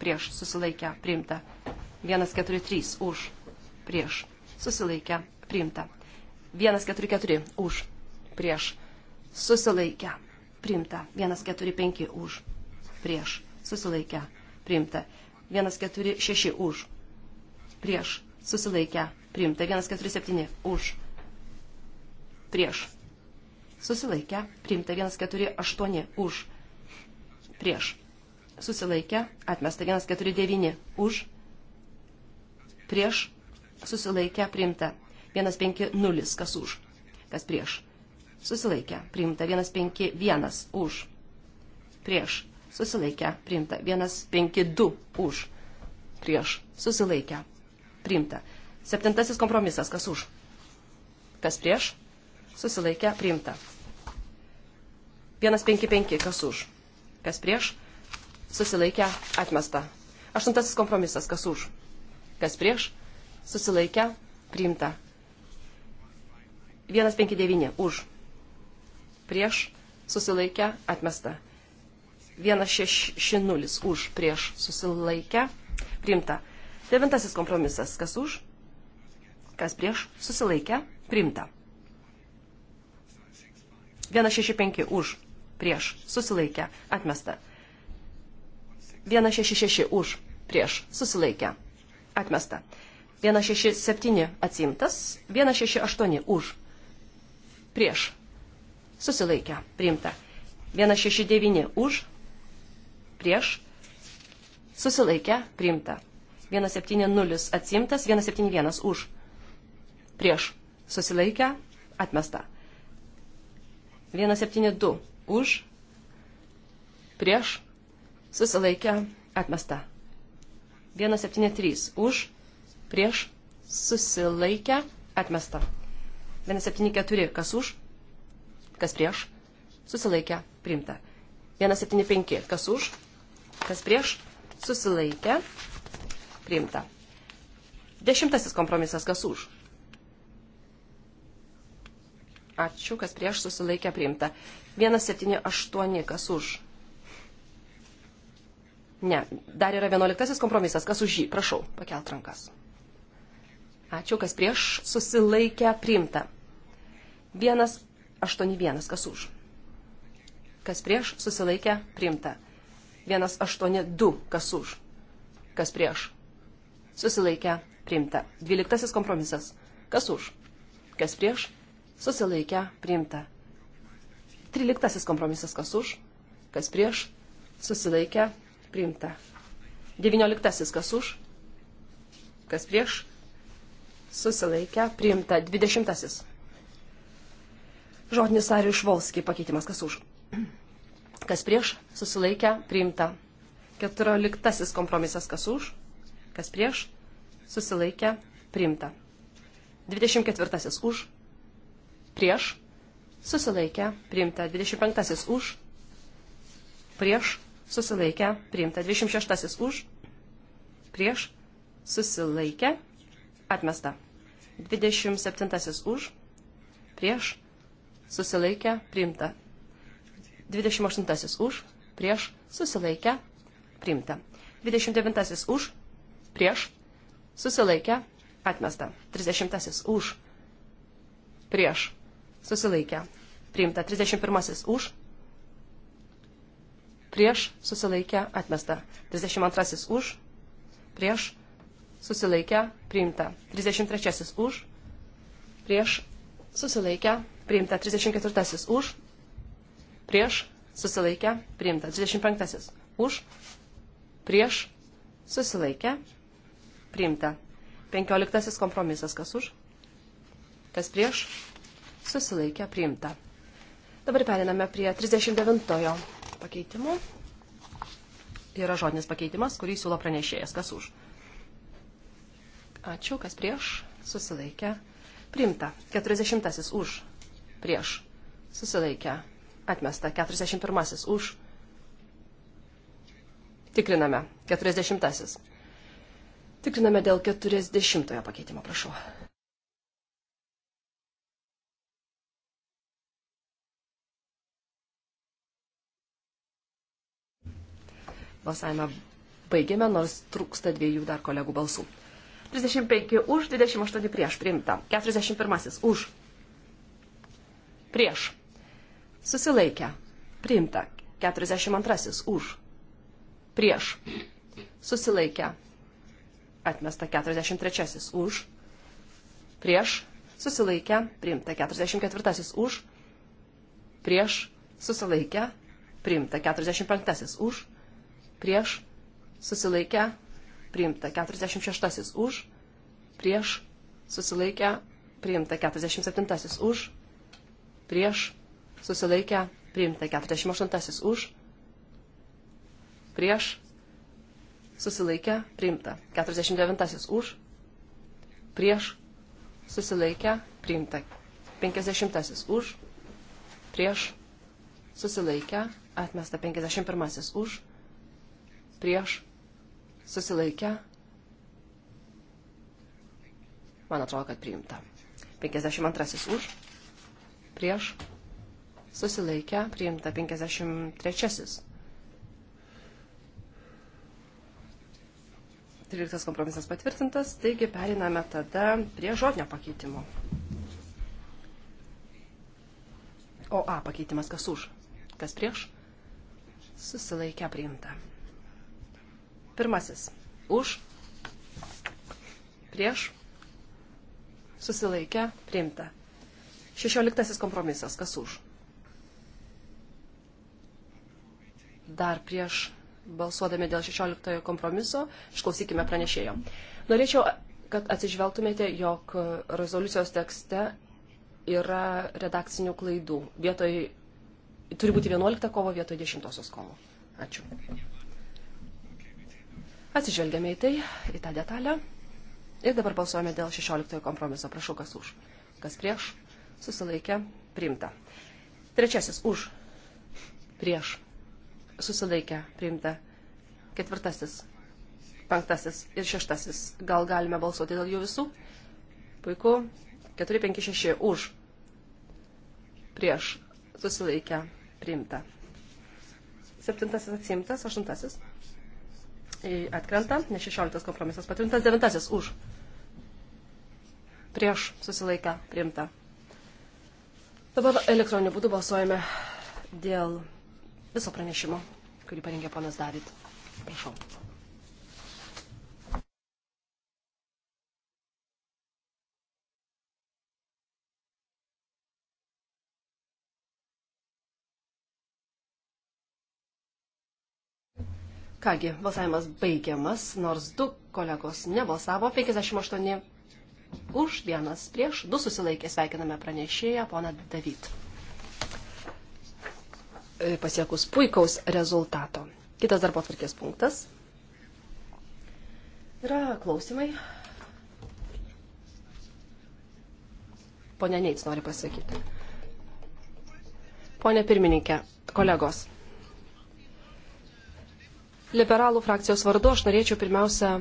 Speaker 3: prieš susilaikę priimta. 143 už prieš susilaikę priimta. 144 už prieš susilaikę, priimta. 145 už, prieš, susilaikę, priimta. 146 už, prieš, susilaikę, priimta. 147 už, prieš, susilaikę, priimta. 148 už, prieš, susilaikę, atmesta 149 už, prieš, susilaikę, priimta 150, kas už, kas prieš, susilaikė, priimta 151 už, prieš, susilaikė, priimta 152 už, prieš, susilaikė, priimta. Septintasis kompromisas, kas už, kas prieš, susilaikė, priimta. 155, kas už, kas prieš, susilaikė, atmesta. Aštuntasis kompromisas, kas už, kas prieš, susilaikė, priimta. 159 už, prieš, susilaikę, atmesta. 160 už, prieš, susilaikę, priimta. Devintasis kompromisas, kas už, kas prieš, susilaikę, priimta. 165 už, prieš, susilaikę, atmesta. 166 už, prieš, susilaikę, atmesta. 167 atsimtas, 168 už, prieš, susilaikę, priimta. 169 už, prieš, susilaikę, priimta. 170 atsimtas, 171 už, prieš, susilaikę, atmesta. 172 už, prieš, susilaikę, atmesta. 173 už, prieš, susilaikę, atmesta. 174 kas už, Kas prieš? Susilaikę. Priimta. 175. Kas už? Kas prieš? Susilaikę. Priimta. Dešimtasis kompromisas. Kas už? Ačiū, kas prieš susilaikė priimta. 178, kas už. Ne, dar yra vienuoliktasis kompromisas, kas už jį. Prašau, pakelt rankas. Ačiū, kas prieš susilaikė priimta. 1 181, kas už. Kas prieš, susilaikė, priimta. 182, kas už. Kas prieš, susilaikė, priimta. 12 kompromisas, kas už. Kas prieš, susilaikė, priimta. 13 kompromisas, kas už. Kas prieš, susilaikė, priimta. 19 kas už. Kas prieš, susilaikė, priimta. 20 Žodinis Sariu Švolskiai pakeitimas, kas už. Kas prieš, susilaikę, priimta. Keturioliktasis kompromisas, kas už. Kas prieš, susilaikę, priimta. Dvidešimt ketvirtasis už. Prieš, susilaikę, priimta. Dvidešimt penktasis už. Prieš, susilaikę, priimta. Dvidešimt šeštasis už. Prieš, susilaikę, atmesta. 27 už, prieš, susilaikę, priimta. 28 už, prieš, susilaikę, priimta. 29 už, prieš, susilaikę, atmesta. 30 už, prieš, susilaikę, priimta. 31 už, prieš, susilaikę, atmesta. 32 už, prieš, susilaikę, priimta. 33 už, prieš, susilaikę, priimta 34 už, prieš, susilaikę, priimta 35 už, prieš, susilaikę, priimta 15 kompromisas, kas už, kas prieš, susilaikę, priimta. Dabar periname prie 39 pakeitimų. Yra žodinis pakeitimas, kurį siūlo pranešėjas, kas už. Ačiū, kas prieš, susilaikę, priimta. 40 už, prieš susilaikę atmesta. 41 už tikriname. 40. Tikriname dėl 40 pakeitimo, prašau. Balsavimą baigėme, nors trūksta dviejų dar kolegų balsų. 35 už, 28 prieš, priimta. 41 už, prieš, susilaikę, priimta, 42 už, prieš, susilaikę, atmesta 43 už, prieš, susilaikę, priimta 44 už, prieš, susilaikę, priimta 45 už, prieš, susilaikę, priimta 46 už, prieš, susilaikę, priimta 47 už, prieš, susilaikę, priimta 48 už, prieš, susilaikę, priimta 49 už, prieš, susilaikę, priimta 50 už, prieš, susilaikę, atmesta 51 už, prieš, susilaikę, man atrodo, kad priimta. 52 už prieš, susilaikę, priimta 53. 13 kompromisas patvirtintas, taigi periname tada prie žodinio pakeitimo. O A pakeitimas kas už, kas prieš, susilaikę priimta. Pirmasis - už, prieš, susilaikę priimta. 16 kompromisas. Kas už? Dar prieš balsuodami dėl 16 kompromiso išklausykime pranešėjo. Norėčiau, kad atsižvelgtumėte, jog rezoliucijos tekste yra redakcinių klaidų. Vietoj, turi būti 11 kovo vietoj 10 kovo. Ačiū. Atsižvelgiame į tai, į tą detalę. Ir dabar balsuojame dėl 16 kompromiso. Prašau, kas už. Kas prieš? susilaikė, priimta. Trečiasis už, prieš, susilaikė, priimta. Ketvirtasis, penktasis ir šeštasis. Gal galime balsuoti dėl jų visų? Puiku. 4, 5, 6 už, prieš, susilaikė, priimta. Septintasis atsimtas, aštuntasis atkrenta, ne 16 kompromisas patvirtintas, 9 už. Prieš susilaikę priimta. Dabar elektroniniu būdu balsuojame dėl viso pranešimo, kurį parengė ponas David. Prašau. Kągi, balsavimas baigiamas, nors du kolegos nebalsavo, 58 už, vienas prieš, du susilaikė. Sveikiname pranešėją, poną David. E, pasiekus puikaus rezultato. Kitas darbo atvarkės punktas yra klausimai. Pone Neits nori pasakyti. Pone pirmininkė, kolegos. Liberalų frakcijos vardu aš norėčiau pirmiausia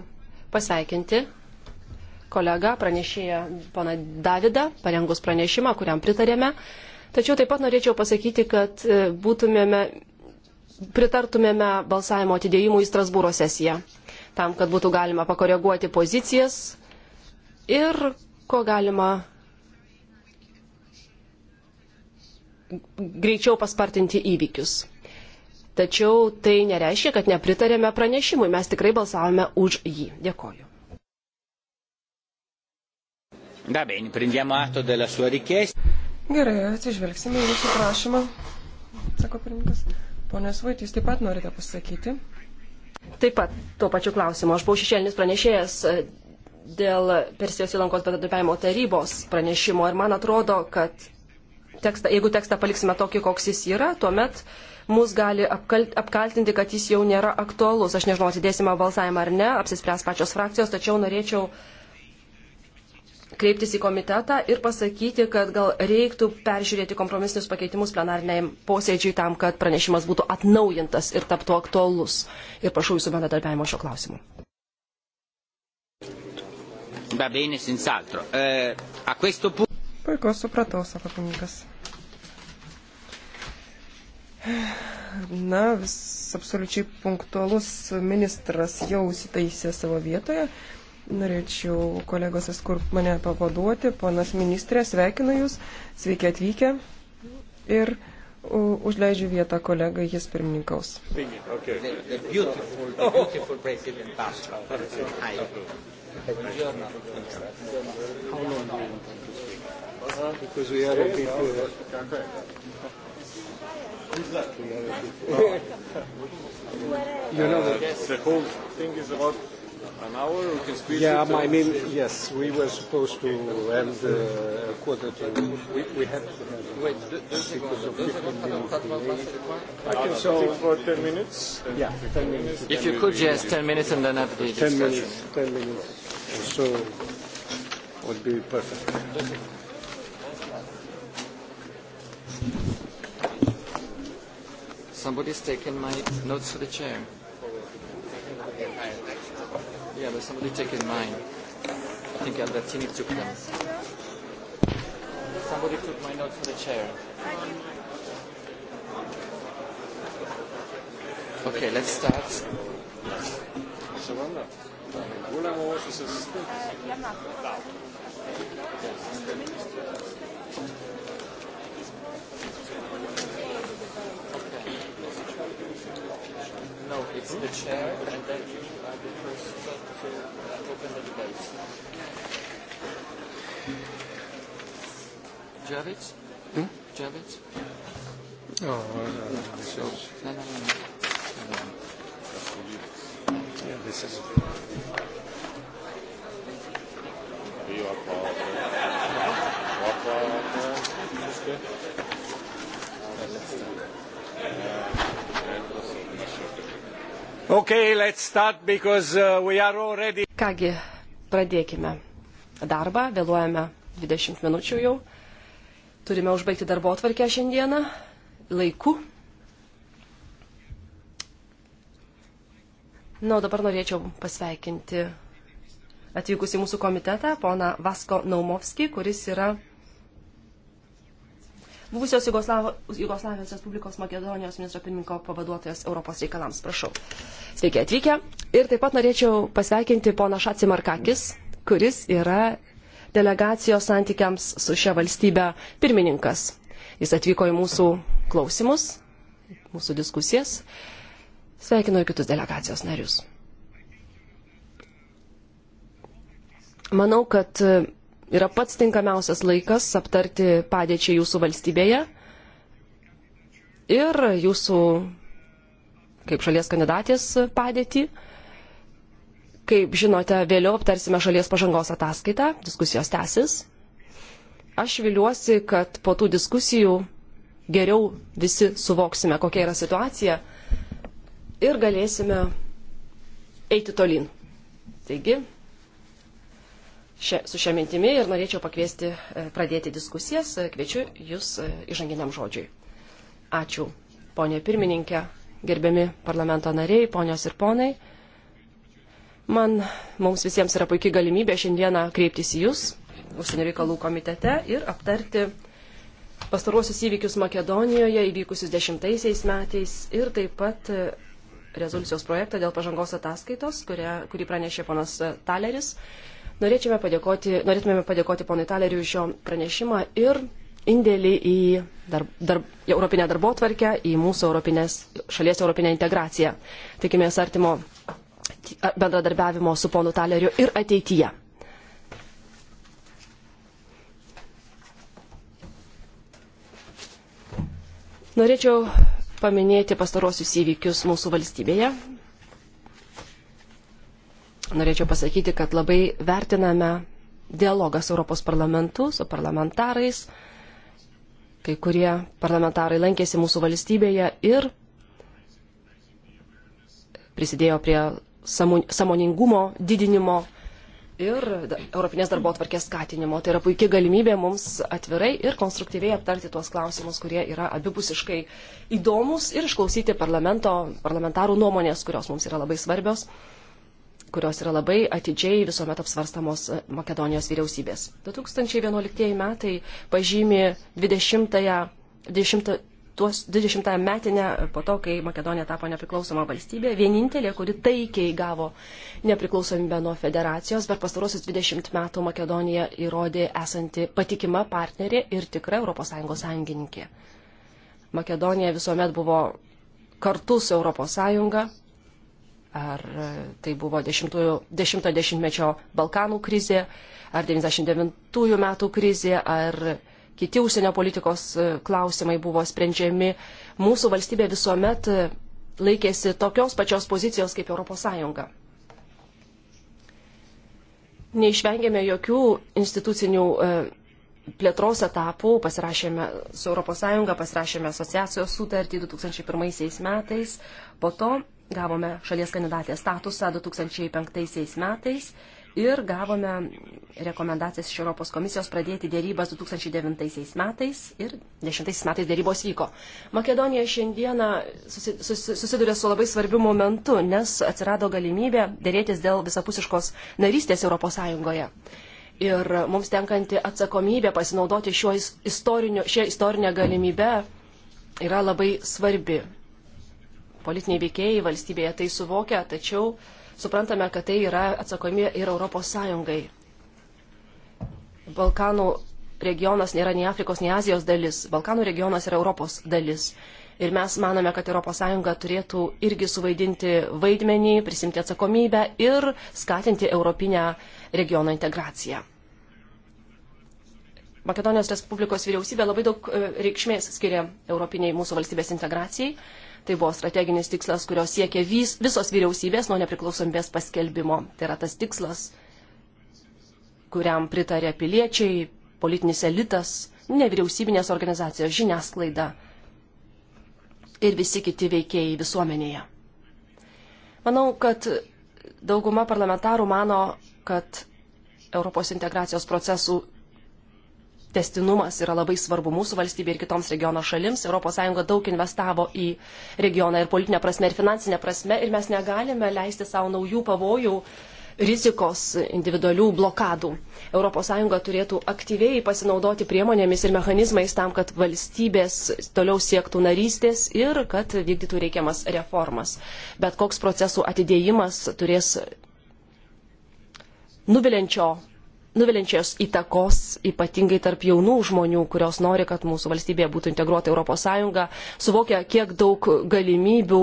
Speaker 3: pasveikinti kolegą, pranešėją pana Davidą, parengus pranešimą, kuriam pritarėme. Tačiau taip pat norėčiau pasakyti, kad e, būtumėme, pritartumėme balsavimo atidėjimui į Strasbūro sesiją, tam, kad būtų galima pakoreguoti pozicijas ir ko galima greičiau paspartinti įvykius. Tačiau tai nereiškia, kad nepritarėme pranešimui, mes tikrai balsavome už
Speaker 2: jį. Dėkoju. Da bene, prendiamo atto della sua richiesta.
Speaker 4: Gerai, atsižvelgsime į jūsų prašymą, sako pirmininkas. Pone Svait, jūs taip pat norite pasakyti?
Speaker 3: Taip pat, tuo pačiu klausimu. Aš buvau šešėlinis pranešėjas e, dėl Persijos įlankos bendradarbiavimo tarybos pranešimo ir man atrodo, kad tekstą, jeigu tekstą paliksime tokį, koks jis yra, tuomet mus gali apkaltinti, kad jis jau nėra aktualus. Aš nežinau, atidėsime balsavimą ar ne, apsispręs pačios frakcijos, tačiau norėčiau kreiptis į komitetą ir pasakyti, kad gal reiktų peržiūrėti kompromisinius pakeitimus plenariniam posėdžiui tam, kad pranešimas būtų atnaujintas ir taptų aktualus. Ir prašau jūsų bendradarbiavimo šio klausimu.
Speaker 2: Va bene, senz'altro. Eh, a questo punto.
Speaker 4: Puiku, supratau, sako kunigas. Na, vis absoliučiai punktualus ministras jau įsitaisė savo vietoje. Norėčiau kolegos Eskur mane pavaduoti. Ponas ministrė, sveikinu Jūs. Sveiki atvykę. Ir užleidžiu vietą kolegai, jis pirmininkaus.
Speaker 2: Okay. The, the beautiful, the beautiful Good luck. We are a bit. you know, the, the whole
Speaker 1: thing is about an hour? We can squeeze yeah, it. Yeah, I uh, mean, yes, we were supposed to end uh, a quarter to. We, we have to have. Wait, because of 15 minutes delay. I can uh, so for 10 minutes. Yeah, 10 minutes. If you could, yes, 10 minutes, and then have the 10 minutes. 10 minutes. Or so would be perfect. Just a
Speaker 4: Somebody's taken my notes for the chair. Okay. Yeah, but somebody taken mine. I think Albertini took them.
Speaker 2: Somebody took my notes for the chair.
Speaker 1: Okay, let's start.
Speaker 2: Seconda.
Speaker 3: Volevamo vostri assistenti.
Speaker 2: No, it's the chair and then you are the to open the debate. Javits? Hmm? Javits? Oh,
Speaker 1: uh, this is... No, no, no. no. Yeah, this is... Rio a poco. A
Speaker 2: poco. Questo è... Adesso. Eh, Okay, start, because, uh, already...
Speaker 3: Kągi, pradėkime darbą, vėluojame 20 minučių jau. Turime užbaigti darbo atvarkę šiandieną laiku. Na, o dabar norėčiau pasveikinti atvykusi mūsų komitetą, pona Vasko Naumovski, kuris yra buvusios Jugoslavo, Jugoslavijos Respublikos Makedonijos ministro pirmininko pavaduotojas Europos reikalams. Prašau. Sveiki atvykę. Ir taip pat norėčiau pasveikinti poną Šaci Markakis, kuris yra delegacijos santykiams su šia valstybe pirmininkas. Jis atvyko į mūsų klausimus, mūsų diskusijas. Sveikinu ir kitus delegacijos narius. Manau, kad yra pats tinkamiausias laikas aptarti padėčiai jūsų valstybėje ir jūsų kaip šalies kandidatės padėtį. Kaip žinote, vėliau aptarsime šalies pažangos ataskaitą, diskusijos tęsis. Aš viliuosi, kad po tų diskusijų geriau visi suvoksime, kokia yra situacija ir galėsime eiti tolin. Taigi, šia, su šia mintimi ir norėčiau pakviesti e, pradėti diskusijas. E, kviečiu Jūs e, įžanginiam žodžiui. Ačiū, ponė pirmininkė, gerbiami parlamento nariai, ponios ir ponai. Man, mums visiems yra puikia galimybė šiandieną kreiptis į Jūs, užsienio reikalų komitete, ir aptarti pastaruosius įvykius Makedonijoje, įvykusius dešimtaisiais metais ir taip pat rezoliucijos projektą dėl pažangos ataskaitos, kurią, kurį pranešė ponas Taleris. Norėčiau padėkoti, norėtumėme padėkoti ponui Taleriui už jo pranešimą ir indėlį į dar, dar, į Europinę darbo tvarkę, į mūsų Europinės, šalies Europinę integraciją. Tikimės artimo bendradarbiavimo su ponu Taleriu ir ateityje. Norėčiau paminėti pastarosius įvykius mūsų valstybėje norėčiau pasakyti, kad labai vertiname dialogą su Europos parlamentu, su parlamentarais. Kai kurie parlamentarai lankėsi mūsų valstybėje ir prisidėjo prie samoningumo didinimo ir Europinės darbo atvarkės skatinimo. Tai yra puikia galimybė mums atvirai ir konstruktyviai aptarti tuos klausimus, kurie yra abipusiškai įdomus ir išklausyti parlamento, parlamentarų nuomonės, kurios mums yra labai svarbios kurios yra labai atidžiai visuomet apsvarstamos e, Makedonijos vyriausybės. 2011 metai pažymi 20-ąją 20, 20 metinę e, po to, kai Makedonija tapo nepriklausoma valstybė, vienintelė, kuri taikiai gavo nepriklausomybę nuo federacijos, per pastarosius 20 metų Makedonija įrodė esanti patikima partnerė ir tikra ES sąjungininkė. Makedonija visuomet buvo kartu su ES ar tai buvo 10-mečio Balkanų krizė, ar 99 metų krizė, ar kiti užsienio politikos klausimai buvo sprendžiami. Mūsų valstybė visuomet laikėsi tokios pačios pozicijos kaip ES. Neišvengėme jokių institucinių e, plėtros etapų, pasirašėme su ES, pasirašėme asociacijos sutartį 2001 metais, po to Gavome šalies kandidatės statusą 2005 metais ir gavome rekomendacijas iš Europos komisijos pradėti dėrybas 2009 metais ir 2010 metais dėrybos vyko. Makedonija šiandieną susiduria su labai svarbiu momentu, nes atsirado galimybė dėrėtis dėl visapusiškos narystės Europos Sąjungoje ir mums tenkanti atsakomybė pasinaudoti šią istorinę galimybę yra labai svarbi politiniai veikėjai valstybėje tai suvokia, tačiau suprantame, kad tai yra atsakomybė ir Europos Sąjungai. Balkanų regionas nėra nei Afrikos, nei Azijos dalis. Balkanų regionas yra Europos dalis. Ir mes manome, kad ES turėtų irgi suvaidinti vaidmenį, prisimti atsakomybę ir skatinti europinę regiono integraciją. Makedonijos Respublikos vyriausybė labai daug e, reikšmės skiria europiniai mūsų valstybės integracijai. Tai buvo strateginis tikslas, kurio siekė vis, visos vyriausybės nuo nepriklausomybės paskelbimo. Tai yra tas tikslas, kuriam pritarė piliečiai, politinis elitas, nevyriausybinės organizacijos, žiniasklaida ir visi kiti veikėjai visuomenėje. Manau, kad dauguma parlamentarų mano, kad Europos integracijos procesų testinumas yra labai svarbu mūsų valstybė ir kitoms regiono šalims. ES daug investavo į regioną ir politinę prasme, ir finansinę prasme, ir mes negalime leisti savo naujų pavojų rizikos individualių blokadų. ES turėtų aktyviai pasinaudoti priemonėmis ir mechanizmais tam, kad valstybės toliau siektų narystės ir kad vykdytų reikiamas reformas. Bet koks procesų atidėjimas turės nuvilinčio nuviliančios įtakos, ypatingai tarp jaunų žmonių, kurios nori, kad mūsų valstybėje būtų integruota Europos Sąjunga, suvokia, kiek daug galimybių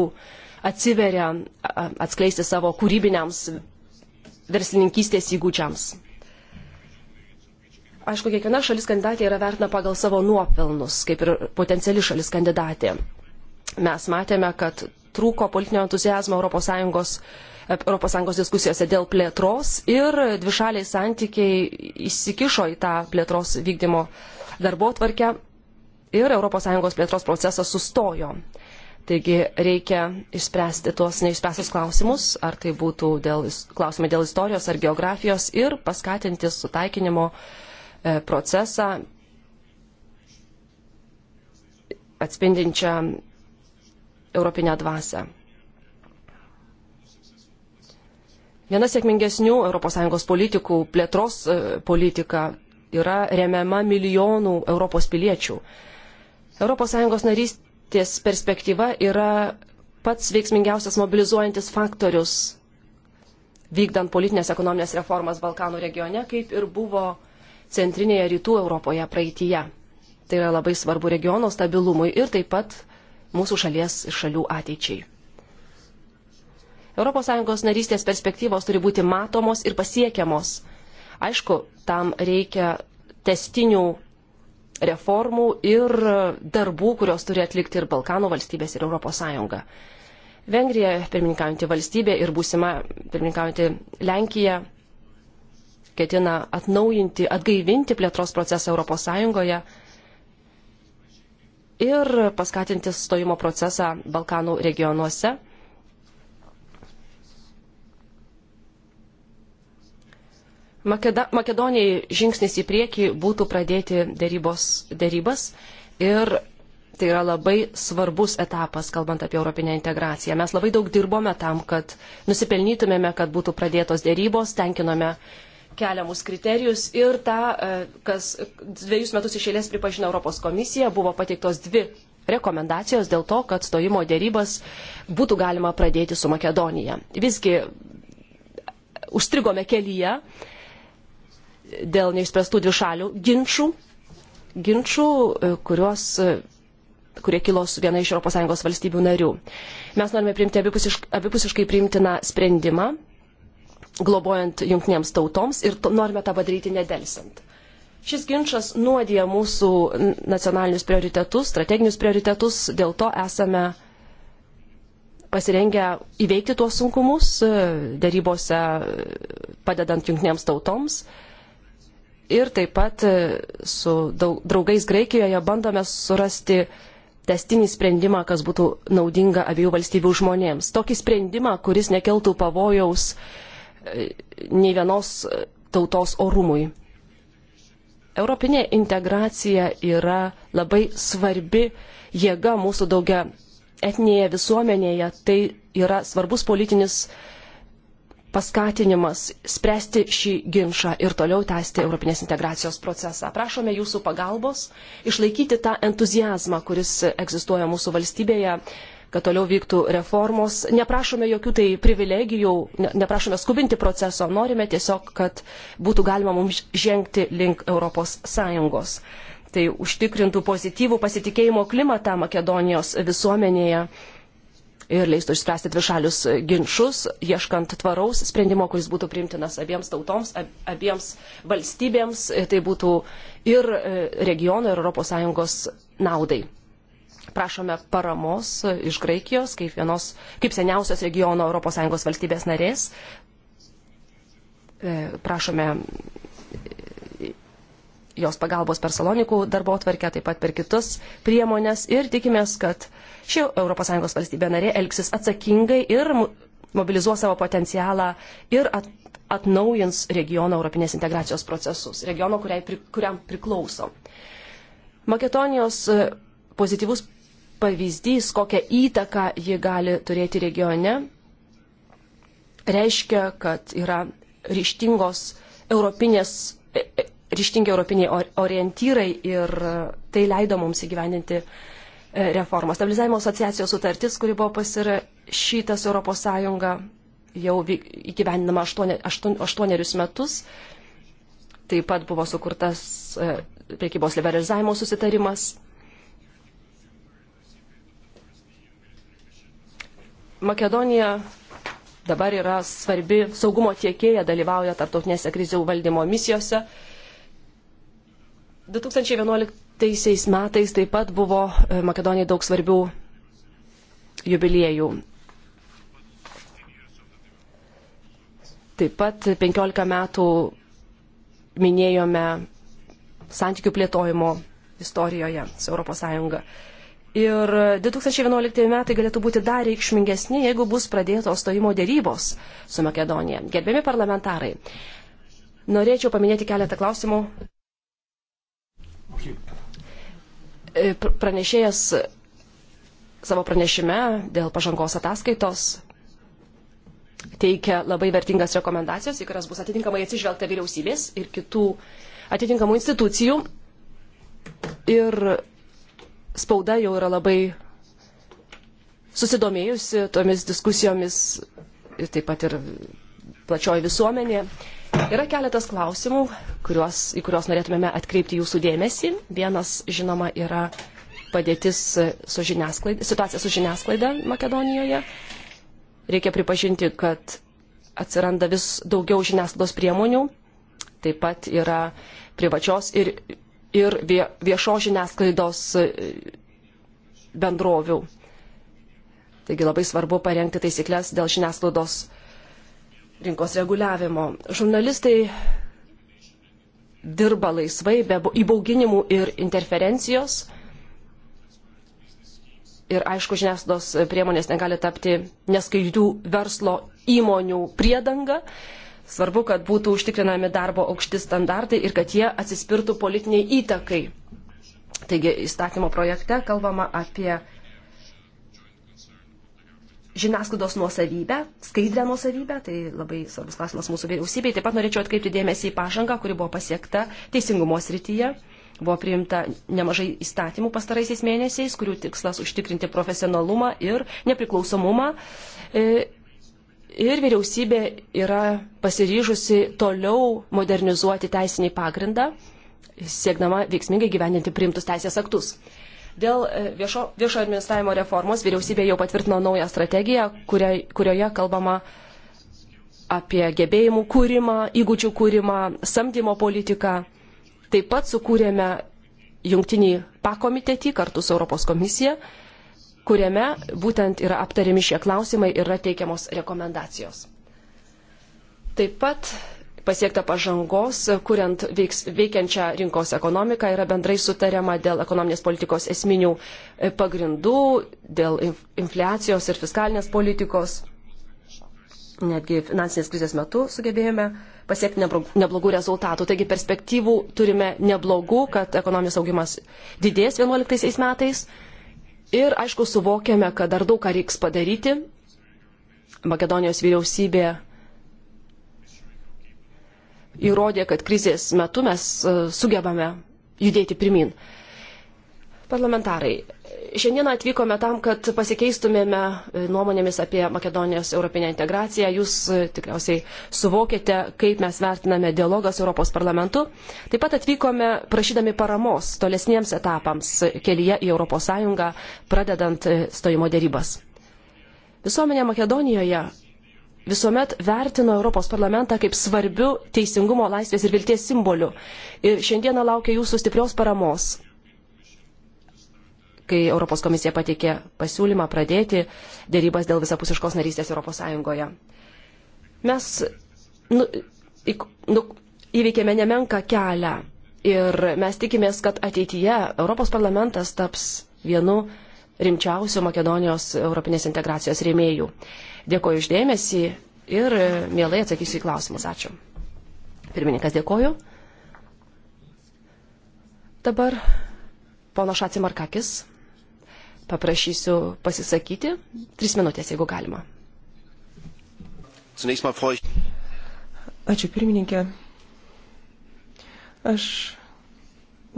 Speaker 3: atsiveria atskleisti savo kūrybiniams verslininkystės įgūdžiams. Aišku, kiekviena šalis kandidatė yra vertina pagal savo nuopelnus, kaip ir potenciali šalis kandidatė. Mes matėme, kad trūko politinio entuzijazmo ES, ES diskusijose dėl plėtros ir dvišaliai santykiai įsikišo į tą plėtros vykdymo darbo tvarkę ir ES plėtros procesas sustojo. Taigi reikia išspręsti tuos neišspręstus klausimus, ar tai būtų dėl, klausimai dėl istorijos ar geografijos ir paskatinti sutaikinimo e, procesą atspindinčią europinę dvasę. Viena sėkmingesnių ES politikų plėtros e, politika yra remiama milijonų Europos piliečių. ES narystės perspektyva yra pats veiksmingiausias mobilizuojantis faktorius vykdant politinės ekonominės reformas Balkanų regione, kaip ir buvo centrinėje rytų Europoje praeityje. Tai yra labai svarbu regiono stabilumui ir taip pat mūsų šalies ir šalių ateičiai. ES narystės perspektyvos turi būti matomos ir pasiekiamos. Aišku, tam reikia testinių reformų ir darbų, kurios turi atlikti ir Balkanų valstybės, ir ES. Vengrija, pirmininkaujanti valstybė ir būsima pirmininkaujanti Lenkija ketina atnaujinti, atgaivinti plėtros procesą ES ir paskatinti stojimo procesą Balkanų regionuose. Makeda, Makedonijai žingsnis į priekį būtų pradėti dėrybos, dėrybas ir tai yra labai svarbus etapas, kalbant apie europinę integraciją. Mes labai daug dirbome tam, kad nusipelnytumėme, kad būtų pradėtos dėrybos, tenkinome uh, keliamus kriterijus ir tą, e, kas dviejus metus iš eilės pripažino Europos komisija, buvo pateiktos dvi rekomendacijos dėl to, kad stojimo dėrybas būtų galima pradėti su Makedonija. Visgi e, užstrigome kelyje dėl neišspręstų dvišalių ginčių, ginčių e, kuriuos, kurie kilo su viena iš ES valstybių narių. Mes norime priimti abipusiškai, abipusiškai priimtiną sprendimą globojant jungtinėms tautoms ir to, norime tą padaryti nedelsant. Šis ginčas nuodija mūsų nacionalinius prioritetus, strateginius prioritetus, dėl to esame pasirengę įveikti tuos sunkumus darybose padedant jungtinėms tautoms. Ir taip pat su draugais Graikijoje bandome surasti testinį sprendimą, kas būtų naudinga abiejų valstybių žmonėms. Tokį sprendimą, kuris nekeltų pavojaus uh, nei vienos tautos orumui. Europinė integracija yra labai svarbi jėga mūsų daugia etinėje visuomenėje. Tai yra svarbus politinis paskatinimas spręsti šį ginčą ir toliau tęsti Europinės integracijos procesą. Prašome jūsų pagalbos išlaikyti tą entuzijazmą, kuris egzistuoja mūsų valstybėje kad toliau vyktų reformos. Neprašome jokių tai privilegijų, neprašome skubinti proceso, norime tiesiog, kad būtų galima mums žengti link ES. Tai užtikrintų pozityvų pasitikėjimo klimatą Makedonijos visuomenėje ir leistų išspręsti dvišalius ginčius, ieškant tvaraus sprendimo, kuris būtų priimtinas abiems tautoms, abiems valstybėms, tai būtų ir e, regiono, ir ES naudai prašome paramos iš Graikijos kaip, vienos, kaip seniausios regiono ES valstybės narės. E, prašome e, jos pagalbos per salonikų darbo atvarkę, taip pat per kitus priemonės ir tikimės, kad ši ES valstybė narė elgsis atsakingai ir mobilizuos savo potencialą ir at, atnaujins regiono europinės integracijos procesus, regiono, kuriai, pri, kuriam priklauso. Makedonijos e, pozityvus pavyzdys, kokią įtaką ji gali turėti regione, reiškia, kad yra ryštingos europinės, e, e, ryštingi europiniai orientyrai ir tai leido mums įgyvendinti e, reformą. Stabilizavimo asociacijos sutartis, kuri buvo pasirašytas ES, jau įgyvendinama 8, 8, 8 metus. Taip pat buvo sukurtas priekybos liberalizavimo susitarimas Makedonija dabar yra svarbi saugumo tiekėja, dalyvauja tarptautinėse krizių valdymo misijose. 2011 metais taip pat buvo e, Makedonijai daug svarbių jubiliejų. Taip pat 15 metų minėjome santykių plėtojimo istorijoje su ES. Ir 2011 metai galėtų būti dar reikšmingesni, jeigu bus pradėtos stojimo dėrybos su Makedonija. Gerbiami parlamentarai, norėčiau paminėti keletą klausimų. E, pranešėjas savo pranešime dėl pažangos ataskaitos teikia labai vertingas rekomendacijas, į kurias bus atitinkamai atsižvelgta vyriausybės ir kitų atitinkamų institucijų. Ir spauda jau yra labai susidomėjusi tomis diskusijomis ir taip pat ir plačioji visuomenė. Yra keletas klausimų, kuriuos, į kuriuos norėtumėme atkreipti jūsų dėmesį. Vienas, žinoma, yra padėtis su žiniasklaida, situacija su žiniasklaida Makedonijoje. Reikia pripažinti, kad atsiranda vis daugiau žiniasklaidos priemonių, taip pat yra privačios ir ir viešo žiniasklaidos e, bendrovių. Taigi labai svarbu parengti taisyklės dėl žiniasklaidos rinkos reguliavimo. Žurnalistai dirba laisvai, be įbauginimų ir interferencijos. Ir aišku, žiniasklaidos priemonės negali tapti neskaidrių verslo įmonių priedanga. Uh, Svarbu, kad būtų užtikrinami darbo aukšti standartai ir kad jie atsispirtų politiniai įtakai. Taigi įstatymo projekte kalbama apie žiniasklaidos nuosavybę, skaidrę nuosavybę, tai labai svarbus klausimas mūsų vyriausybei. Taip pat norėčiau atkreipti dėmesį į pažangą, kuri buvo pasiekta teisingumo srityje. Buvo priimta nemažai įstatymų pastaraisiais mėnesiais, kurių tikslas užtikrinti profesionalumą ir nepriklausomumą. E, ir vyriausybė yra pasiryžusi toliau modernizuoti teisinį pagrindą, siekdama veiksmingai gyveninti priimtus teisės aktus. Dėl e, viešo, viešo administravimo reformos vyriausybė jau patvirtino naują strategiją, kuria, kurioje kalbama apie gebėjimų kūrimą, įgūdžių kūrimą, samdymo politiką. Taip pat sukūrėme jungtinį pakomitetį kartu su Europos komisija kuriame būtent yra aptariami šie klausimai ir yra teikiamos rekomendacijos. Taip pat pasiekta pažangos, kuriant veiks, veikiančią rinkos ekonomiką, yra bendrai sutariama dėl ekonominės politikos esminių e, pagrindų, dėl infliacijos ir fiskalinės politikos. Netgi finansinės krizės metu sugebėjome pasiekti neblogų rezultatų. Taigi perspektyvų turime neblogų, kad ekonominis augimas didės 2011 metais Ir, aišku, suvokėme, kad dar daug ką reiks padaryti. Makedonijos vyriausybė įrodė, kad krizės metu mes e, sugebame judėti pirmin. Parlamentarai, Šiandieną atvykome tam, kad pasikeistumėme e, nuomonėmis apie Makedonijos europinę integraciją. Jūs e, tikriausiai suvokėte, kaip mes vertiname dialogą su Europos parlamentu. Taip pat atvykome prašydami paramos tolesniems etapams kelyje į ES, pradedant e, stojimo dėrybas. Visuomenė Makedonijoje visuomet vertino Europos parlamentą kaip svarbiu teisingumo, laisvės ir vilties simboliu. Ir šiandieną laukia jūsų stiprios paramos kai Europos komisija pateikė pasiūlymą pradėti dėrybas dėl visapusiškos narystės Europos Sąjungoje. Mes nu, nu, įveikėme nemenką kelią ir mes tikimės, kad ateityje Europos parlamentas taps vienu rimčiausių Makedonijos Europinės integracijos rėmėjų. Dėkoju išdėmesį ir mielai atsakysiu į klausimus. Ačiū. Pirmininkas dėkoju. Dabar pono Šacimarkakis paprašysiu pasisakyti. Tris minutės, jeigu galima. Ačiū
Speaker 4: pirmininkė. Aš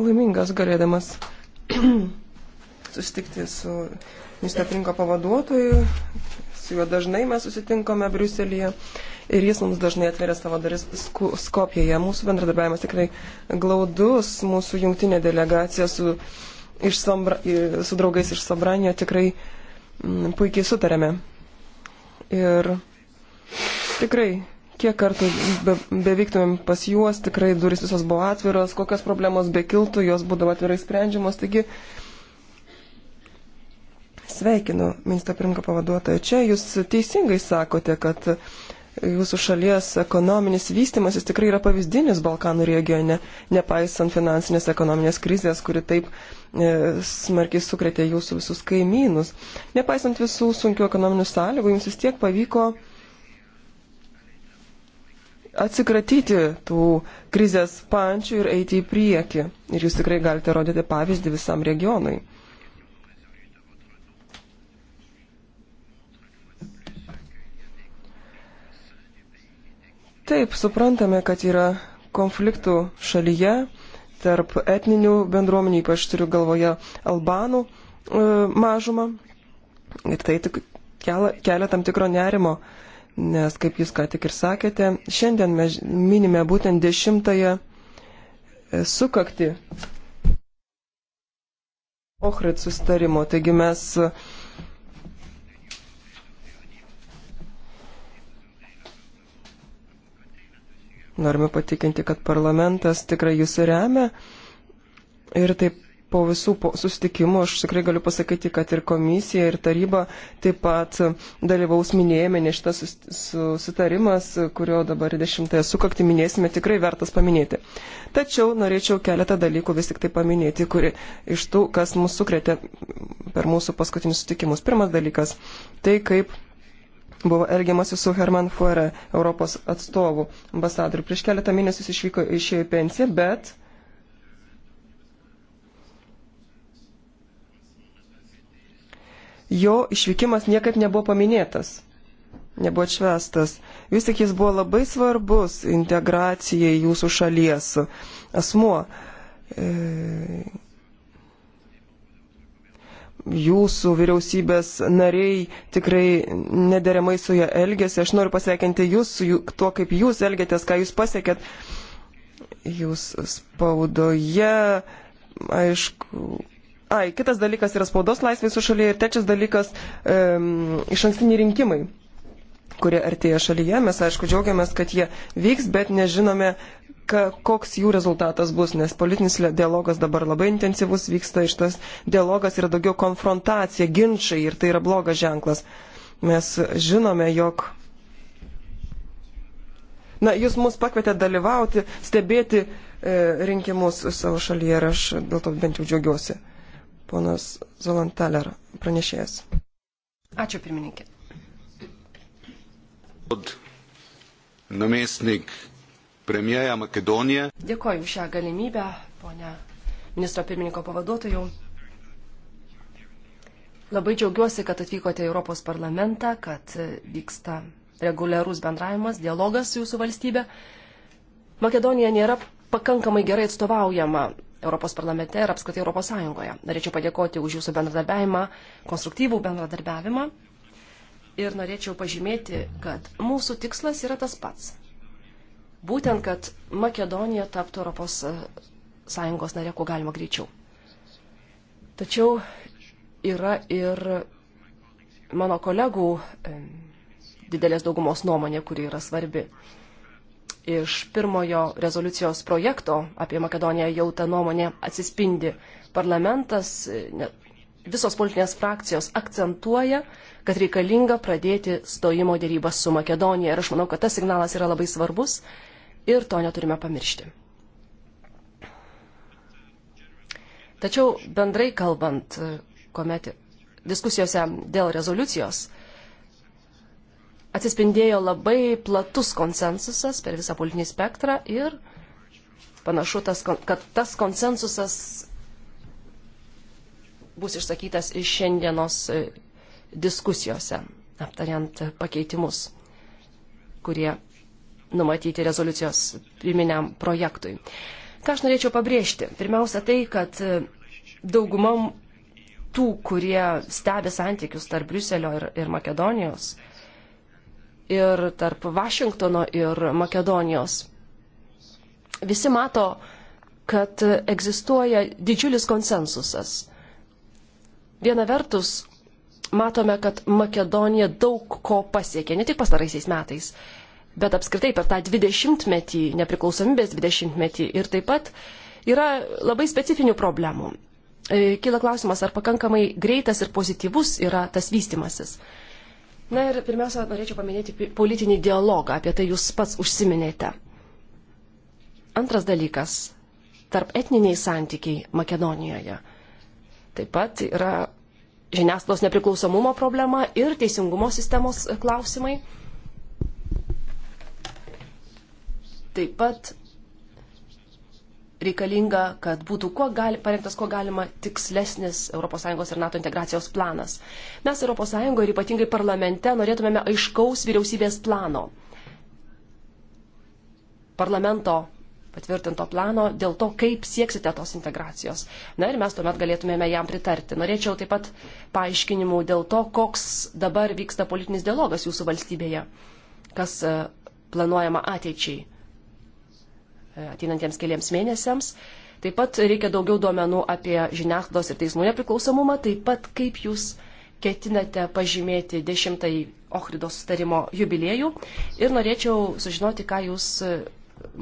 Speaker 4: laimingas galėdamas susitikti su ministro Trinko pavaduotoju. Su juo dažnai mes susitinkame Briuselėje ir jis mums dažnai atveria savo daris Skopijoje. Mūsų bendradarbiavimas tikrai glaudus, mūsų jungtinė delegacija su iš Sombra, su draugais iš Sobranio tikrai m, mm, puikiai sutarėme. Ir tikrai, kiek kartų be, bevyktumėm pas juos, tikrai durys visos buvo atviros, kokios problemos bekiltų, jos būdavo atvirai sprendžiamos. Taigi, sveikinu, ministro pirmko pavaduotojo. Čia jūs teisingai sakote, kad jūsų šalies ekonominis vystimasis tikrai yra pavyzdinis Balkanų regione, nepaisant finansinės ekonominės krizės, kuri taip E, smarkiai sukretė jūsų visus kaimynus. Nepaisant visų sunkių ekonominių sąlygų, jums vis tiek pavyko atsikratyti tų krizės pančių ir eiti į priekį. Ir jūs tikrai galite rodyti pavyzdį visam regionui. Taip, suprantame, kad yra konfliktų šalyje, tarp etninių bendruomenių, ypač turiu galvoje albanų e, mažumą. Ir tai tik kelia, kelia tam tikro nerimo, nes, kaip jūs ką tik ir sakėte, šiandien mes minime būtent dešimtąją e, sukakti Ohrid sustarimo. Taigi mes Norime patikinti, kad parlamentas tikrai jūs remia. Ir taip po visų po sustikimų aš tikrai galiu pasakyti, kad ir komisija, ir taryba taip pat dalyvaus minėjime, nes šitas susitarimas, kurio dabar 10-ąją sukaktį minėsime, tikrai vertas paminėti. Tačiau norėčiau keletą dalykų vis tik tai paminėti, kuri iš tų, kas mūsų sukretė per mūsų paskutinius sutikimus. Pirmas dalykas - tai kaip buvo elgiamasi su Herman Fuere, Europos atstovų ambasadoriu. Prieš keletą mėnesių jis išvyko išėjo į pensiją, bet jo išvykimas niekaip nebuvo paminėtas, nebuvo atšvestas. Vis tik jis buvo labai svarbus integracijai jūsų šalies asmuo. E, jūsų vyriausybės nariai tikrai nederamai su ją elgėsi. Aš noriu pasveikinti jūs su tuo, kaip jūs elgėtės, ką jūs pasiekėt. Jūs spaudoje, aišku. Ai, kitas dalykas yra spaudos laisvė su šalyje ir trečias dalykas um, iš ankstiniai rinkimai kurie artėja šalyje. Mes, aišku, džiaugiamės, kad jie vyks, bet nežinome, ka, koks jų rezultatas bus, nes politinis dialogas dabar labai intensyvus vyksta, iš tas dialogas yra daugiau konfrontacija, ginčiai ir tai yra blogas ženklas. Mes žinome, jog. Na, jūs mus pakvietė dalyvauti, stebėti e, rinkimus savo šalyje ir aš dėl to bent jau džiaugiuosi. Ponas Zolanteler, pranešėjas.
Speaker 3: Ačiū pirmininkė.
Speaker 1: Namestnik premjera Makedonija.
Speaker 3: Dėkoju šią galimybę, ponia ministro pirmininko pavaduotojų. Labai džiaugiuosi, kad atvykote į Europos parlamentą, kad vyksta reguliarus bendravimas, dialogas su jūsų valstybė. Makedonija nėra pakankamai gerai atstovaujama Europos parlamente ir apskritai Europos Sąjungoje. Norėčiau padėkoti už jūsų bendradarbiavimą, konstruktyvų bendradarbiavimą. Ir norėčiau pažymėti, kad mūsų tikslas yra tas pats būtent, kad Makedonija taptų Europos e, Sąjungos narė, kuo galima greičiau. Tačiau yra ir mano kolegų e, didelės daugumos nuomonė, kuri yra svarbi. Iš pirmojo rezoliucijos projekto apie Makedoniją jau ta nuomonė atsispindi. Parlamentas, e, visos politinės frakcijos akcentuoja, kad reikalinga pradėti stojimo dėrybas su Makedonija. Ir aš manau, kad tas signalas yra labai svarbus ir to neturime pamiršti. Tačiau bendrai kalbant, kuomet diskusijose dėl rezoliucijos atsispindėjo labai platus konsensusas per visą politinį spektrą ir panašu, tas, kad tas konsensusas bus išsakytas iš šiandienos e, diskusijose, aptariant pakeitimus, kurie numatyti rezoliucijos pirminiam projektui. Ką aš norėčiau pabrėžti? Pirmiausia tai, kad e, dauguma tų, kurie stebi santykius tarp Briuselio ir, ir Makedonijos ir tarp Vašingtono ir Makedonijos, visi mato, kad egzistuoja didžiulis konsensusas. Viena vertus, matome, kad Makedonija daug ko pasiekė, ne tik pastaraisiais metais, bet apskritai per tą 20-metį, nepriklausomybės 20-metį ir taip pat yra labai specifinių problemų. E, Kila klausimas, ar pakankamai greitas ir pozityvus yra tas vystimasis. Na ir pirmiausia, norėčiau paminėti politinį dialogą, apie tai jūs pats užsiminėte. Antras dalykas - tarp etniniai santykiai Makedonijoje. Taip pat yra žiniasklaidos nepriklausomumo problema ir teisingumo sistemos klausimai. Taip pat reikalinga, kad būtų kuo gali, parengtas kuo galima tikslesnis ES ir NATO integracijos planas. Mes ES ir ypatingai parlamente norėtumėme aiškaus vyriausybės plano. Parlamento patvirtinto plano dėl to, kaip sieksite tos integracijos. Na ir mes tuomet galėtumėme jam pritarti. Norėčiau taip pat paaiškinimų dėl to, koks dabar vyksta politinis dialogas jūsų valstybėje, kas e, planuojama ateičiai E, ateinantiems keliams mėnesiams. Taip pat reikia daugiau duomenų apie žiniasklaidos ir teismų nepriklausomumą, taip pat kaip jūs ketinate pažymėti dešimtąjį Ohrido sustarimo jubiliejų ir norėčiau sužinoti, ką jūs e,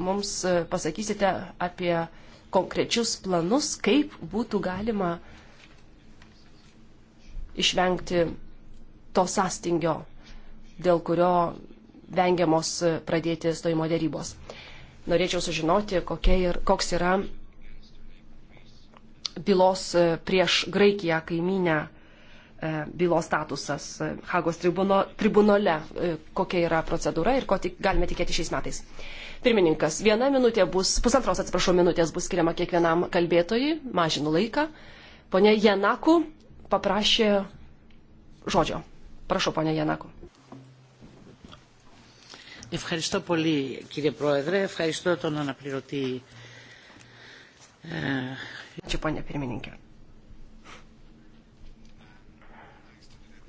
Speaker 3: mums e, pasakysite apie konkrečius planus, kaip būtų galima išvengti to sąstingio, dėl kurio vengiamos pradėti stojimo dėrybos norėčiau sužinoti, ir, koks yra bylos e, prieš Graikiją kaiminę e, bylos statusas e, Hagos tribuno, tribunole, kokia yra procedūra ir ko tik, galime tikėti šiais metais. Pirmininkas, viena minutė bus, pusantros atsiprašau minutės bus skiriama kiekvienam kalbėtojui, mažinu laiką. Pone Janaku paprašė žodžio. Prašau, pone Janaku.
Speaker 2: Ευχαριστώ πολύ κύριε Πρόεδρε,
Speaker 3: ευχαριστώ τον αναπληρωτή. Ačiū ponia pirmininkė.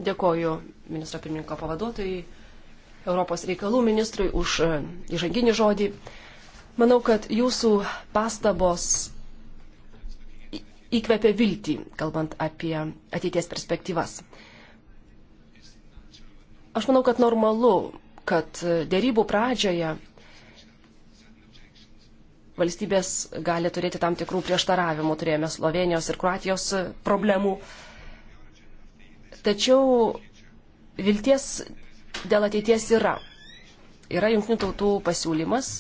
Speaker 3: Dėkoju ministro pirmininko pavaduotojai, Europos reikalų ministrui už e, įžanginį žodį. Manau, kad jūsų pastabos įkvepia viltį, kalbant apie ateities perspektyvas. Aš manau, kad normalu kad dėrybų pradžioje valstybės gali turėti tam tikrų prieštaravimų. Turėjome Slovenijos ir Kroatijos problemų. Tačiau vilties dėl ateities yra. Yra jungtinių tautų pasiūlymas.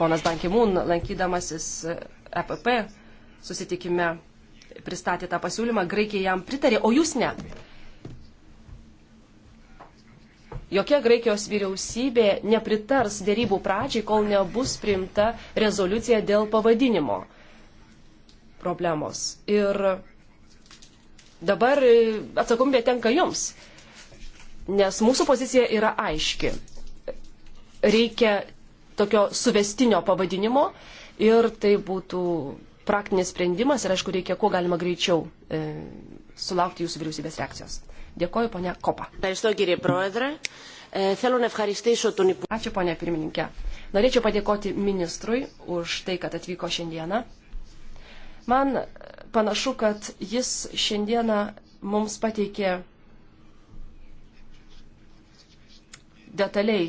Speaker 3: Ponas Bankimūn, lankydamasis EPP susitikime, pristatė tą pasiūlymą, graikiai jam pritarė, o jūs ne jokia Graikijos vyriausybė nepritars dėrybų pradžiai, kol nebus priimta rezoliucija dėl pavadinimo problemos. Ir dabar atsakomybė tenka jums, nes mūsų pozicija yra aiški. Reikia tokio suvestinio pavadinimo ir tai būtų praktinis sprendimas ir aišku reikia kuo galima greičiau e, sulaukti jūsų vyriausybės reakcijos. Dėkoju, ponia Kopa. Ačiū, ponia pirmininkė. Norėčiau padėkoti ministrui už tai, kad atvyko šiandieną. Man panašu, kad jis šiandieną mums pateikė detaliai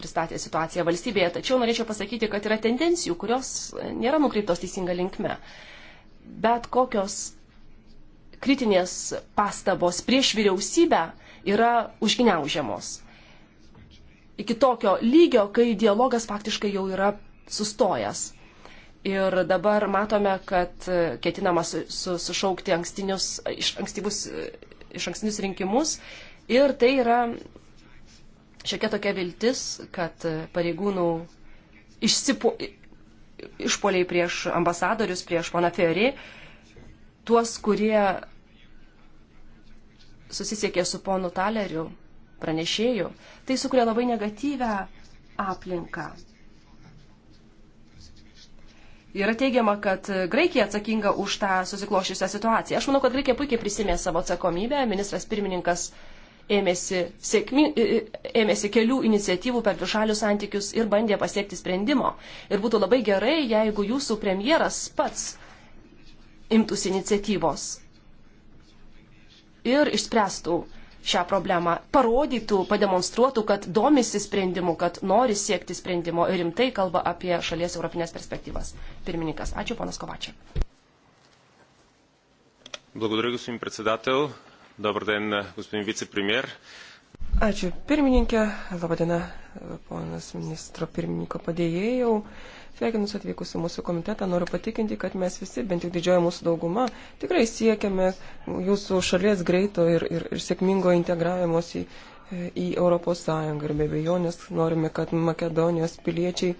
Speaker 3: pristatė situaciją valstybėje, tačiau norėčiau pasakyti, kad yra tendencijų, kurios nėra nukreiptos teisinga linkme. Bet kokios kritinės pastabos prieš vyriausybę yra užgneužiamos. Iki tokio lygio, kai dialogas faktiškai jau yra sustojęs. Ir dabar matome, kad e, ketinama su, su, sušaukti ankstinius, e, iš, ankstyvus, e, iš ankstinius rinkimus. Ir tai yra šiokia tokia viltis, kad pareigūnų išsipu, išpoliai prieš ambasadorius, prieš pana Ferį tuos, kurie susisiekė su ponu Taleriu, pranešėju, tai sukuria labai negatyvę aplinką. Yra teigiama, kad Graikija atsakinga už tą susiklošysią situaciją. Aš manau, kad Graikija puikiai prisimė savo atsakomybę. Ministras pirmininkas ėmėsi, sėkmi, ėmėsi kelių iniciatyvų per dvišalius santykius ir bandė pasiekti sprendimo. Ir būtų labai gerai, jeigu jūsų premjeras pats imtųsi iniciatyvos ir išspręstų šią problemą, parodytų, pademonstruotų, kad domisi sprendimu, kad nori siekti sprendimo ir rimtai kalba apie šalies europinės perspektyvas. Pirmininkas, ačiū, ponas Kovačia.
Speaker 1: Благодаря, господин председател. Добър ден, господин вице-премьер.
Speaker 3: Ačiū pirmininkė,
Speaker 4: labadiena, ponas ministro pirmininko padėjėjau. Sveikinus atvykus į mūsų komitetą, noriu patikinti, kad mes visi, bent jau didžioji mūsų dauguma, tikrai siekiame jūsų šalies greito ir, ir, ir sėkmingo integravimos į, į Europos Sąjungą. Ir be abejonės norime, kad Makedonijos piliečiai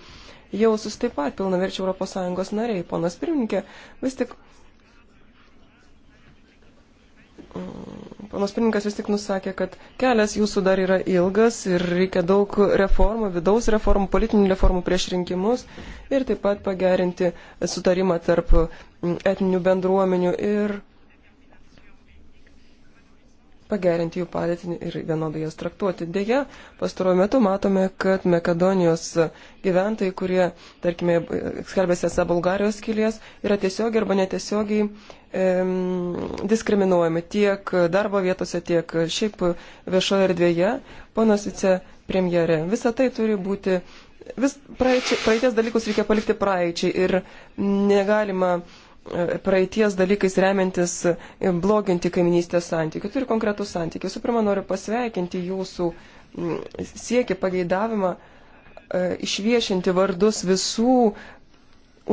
Speaker 4: jausus taip pat pilnaverčiai Europos Sąjungos nariai. Ponas pirmininkė, vis tik Panas Pininkas vis tik nusakė, kad kelias jūsų dar yra ilgas ir reikia daug reformų, vidaus reformų, politinių reformų prieš rinkimus ir taip pat pagerinti sutarimą tarp mm, etninių bendruomenių ir pagerinti jų padėtį ir vienodai jas traktuoti. Deja, pastaruoju metu matome, kad Makedonijos gyventojai, kurie, tarkime, skelbėsi esą Bulgarijos kilės, yra tiesiogiai arba netiesiogiai e, diskriminuojami tiek darbo vietose, tiek šiaip viešoje erdvėje. Ponas vice premjere, visa tai turi būti, vis praeities dalykus reikia palikti praeičiai ir negalima praeities dalykais remiantis e, bloginti kaiminystės santykių. Turiu konkretų santykių. Visų pirma, noriu pasveikinti jūsų siekį pageidavimą e, išviešinti vardus visų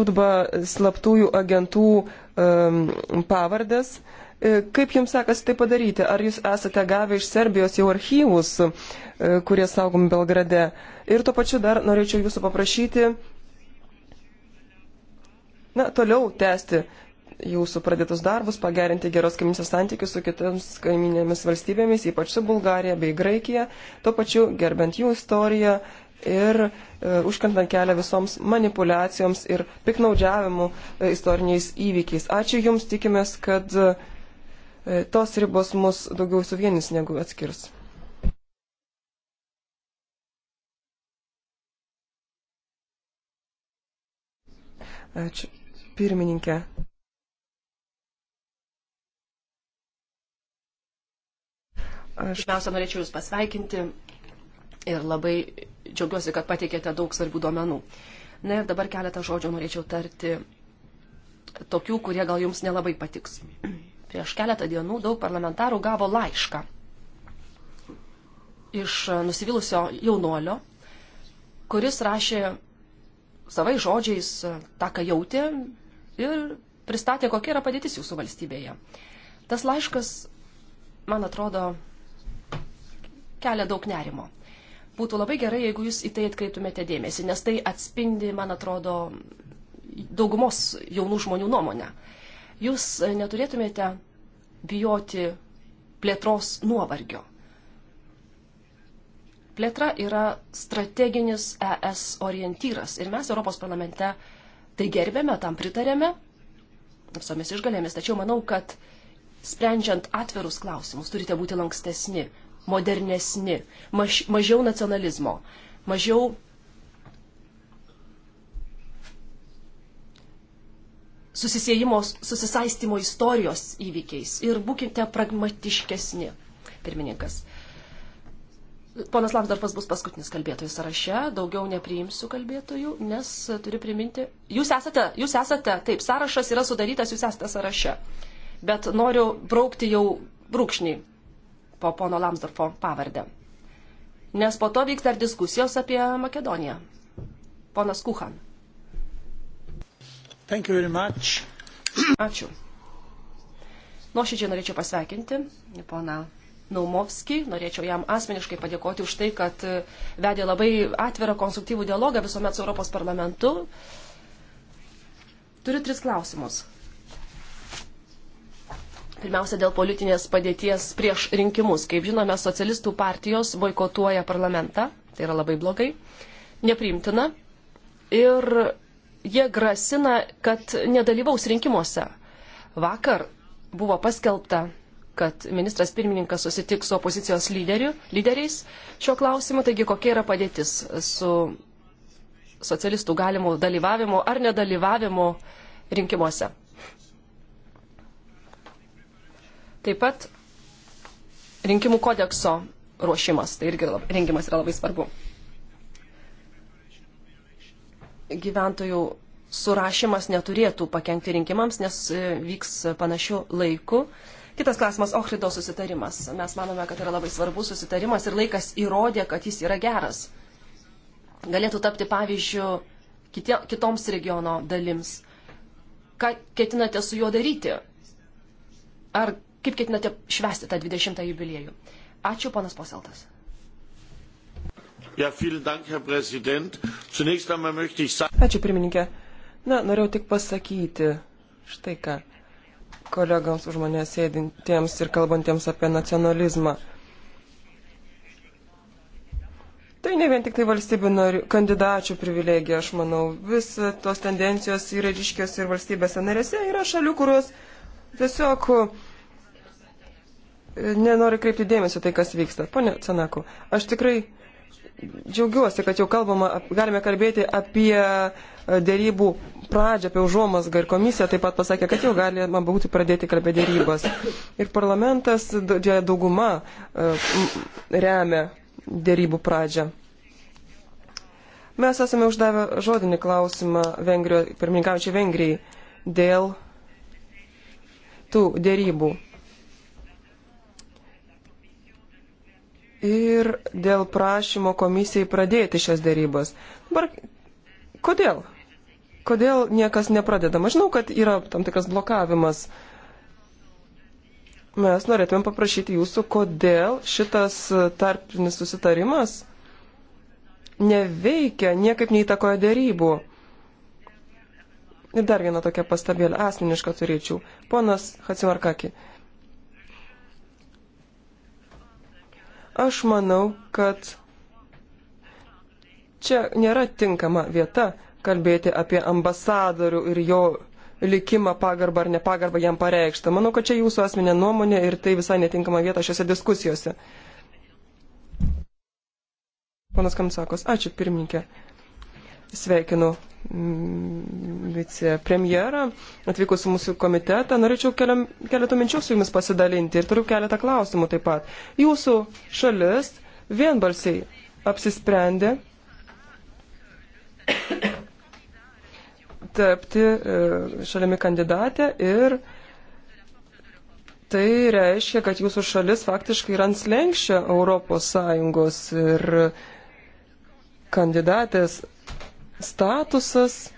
Speaker 4: UDBA slaptųjų agentų e, pavardas. Kaip jums sekasi tai padaryti? Ar jūs esate gavę iš Serbijos jau archyvus, kurie saugomi Belgrade? Ir tuo pačiu dar norėčiau jūsų paprašyti na, toliau tęsti jūsų pradėtus darbus, pagerinti geros kaiminės santykius su kitoms kaiminėmis valstybėmis, ypač su Bulgarija bei Graikija, tuo pačiu gerbent jų istoriją ir e, užkantant kelią visoms manipulacijoms ir piknaudžiavimu e, istoriniais įvykiais. Ačiū Jums, tikimės, kad e, tos ribos mus daugiau suvienis negu atskirs. Ačiū pirmininkė.
Speaker 3: Aš pirmiausia norėčiau Jūs pasveikinti ir labai džiaugiuosi, kad pateikėte daug svarbių duomenų. Na ir dabar keletą žodžių norėčiau tarti tokių, kurie gal Jums nelabai patiks. Prieš keletą dienų daug parlamentarų gavo laišką iš nusivylusio jaunuolio, kuris rašė savai žodžiais tą, ką jautė, ir pristatė, kokia yra padėtis jūsų valstybėje. Tas laiškas, man atrodo, kelia daug nerimo. Būtų labai gerai, jeigu jūs į tai atkreiptumėte dėmesį, nes tai atspindi, man atrodo, daugumos jaunų žmonių nuomonę. Jūs e, neturėtumėte bijoti plėtros nuovargio. Plėtra yra strateginis ES orientyras ir mes Europos parlamente Tai gerbėme, tam pritarėme visomis išgalėmis, tačiau manau, kad sprendžiant atvirus klausimus turite būti lankstesni, modernesni, maž, mažiau nacionalizmo, mažiau susisiejimos, susisaistymo istorijos įvykiais ir būkite pragmatiškesni, pirmininkas. Ponas Lamsdorfas bus paskutinis kalbėtojų sąraše, daugiau nepriimsiu kalbėtojų, nes turiu priminti, jūs esate, jūs esate, taip, sąrašas yra sudarytas, jūs esate sąraše, bet noriu braukti jau brūkšnį po pono Lamsdorfo pavardę, nes po to vyks dar diskusijos apie Makedoniją. Ponas Kuhan. Ačiū. Nuoširdžiai norėčiau pasveikinti poną Naumovskį. Norėčiau jam asmeniškai padėkoti už tai, kad e, vedė labai atvirą konstruktyvų dialogą visuomet su Europos parlamentu. Turiu tris klausimus. Pirmiausia, dėl politinės padėties prieš rinkimus. Kaip žinome, socialistų partijos boikotuoja parlamentą. Tai yra labai blogai. Nepriimtina. Ir jie grasina, kad nedalyvaus rinkimuose. Vakar buvo paskelbta kad ministras pirmininkas susitiks su opozicijos lyderiu, lyderiais šio klausimu. Taigi, kokia yra padėtis su socialistų galimu dalyvavimu ar nedalyvavimu rinkimuose? Taip pat rinkimų kodekso ruošimas, tai irgi lab, rengimas yra labai svarbu. Gyventojų surašymas neturėtų pakengti rinkimams, nes e, vyks e, panašių laikų. Kitas klausimas - Ohrido susitarimas. Mes manome, kad yra labai svarbus susitarimas ir laikas įrodė, kad jis yra geras. Galėtų tapti pavyzdžių kitie, kitoms regiono dalims. Ką ketinate su juo daryti? Ar kaip ketinate švesti tą 20-ąjį jubiliejų? Ačiū, panas Poseltas.
Speaker 1: Ja, dank,
Speaker 3: Ačiū, pirmininkė. Na, norėjau
Speaker 4: tik pasakyti štai ką kolegams už mane sėdintiems ir kalbantiems apie nacionalizmą. Tai ne vien tik tai valstybių narių, kandidačių privilegija, aš manau. Vis tos tendencijos yra ryškios ir valstybėse narėse. Yra šalių, kurios tiesiog e, nenori kreipti dėmesio tai, kas vyksta. Pone Cenaku, aš tikrai džiaugiuosi, kad jau kalbama, galime kalbėti apie e, dėrybų pradžią, apie užuomasgą ir komisija taip pat pasakė, kad jau galima būti pradėti kalbėti dėrybas. Ir parlamentas, didžiąją daugumą, e, remia dėrybų pradžią. Mes esame uždavę žodinį klausimą Vengrijo, pirmininkaučiai Vengrijai dėl tų dėrybų. ir dėl prašymo komisijai pradėti šias dėrybas. Dabar, kodėl? Kodėl niekas nepradedama? Žinau, kad yra tam tikras blokavimas. Mes norėtumėm paprašyti jūsų, kodėl šitas tarpinis susitarimas neveikia, niekaip neįtakoja dėrybų. Ir dar viena tokia pastabėlė, asmeniška turėčiau. Ponas Hatsimarkaki, uh, Aš manau, kad čia nėra tinkama vieta kalbėti apie ambasadorių ir jo likimą pagarbą ar nepagarbą jam pareikštą. Manau, kad čia jūsų asmenė nuomonė ir tai visai netinkama vieta šiuose diskusijose. Ponas Kamsakos, ačiū pirmininkė. Sveikinu Mm, vicepremjerą, atvykus į mūsų komitetą. Norėčiau keliam, keletą minčių su jumis pasidalinti ir turiu keletą klausimų taip pat. Jūsų šalis vienbalsiai apsisprendė tapti e, šalimi kandidatę ir tai reiškia, kad jūsų šalis faktiškai yra ant slengščio Europos Sąjungos ir kandidatės statusas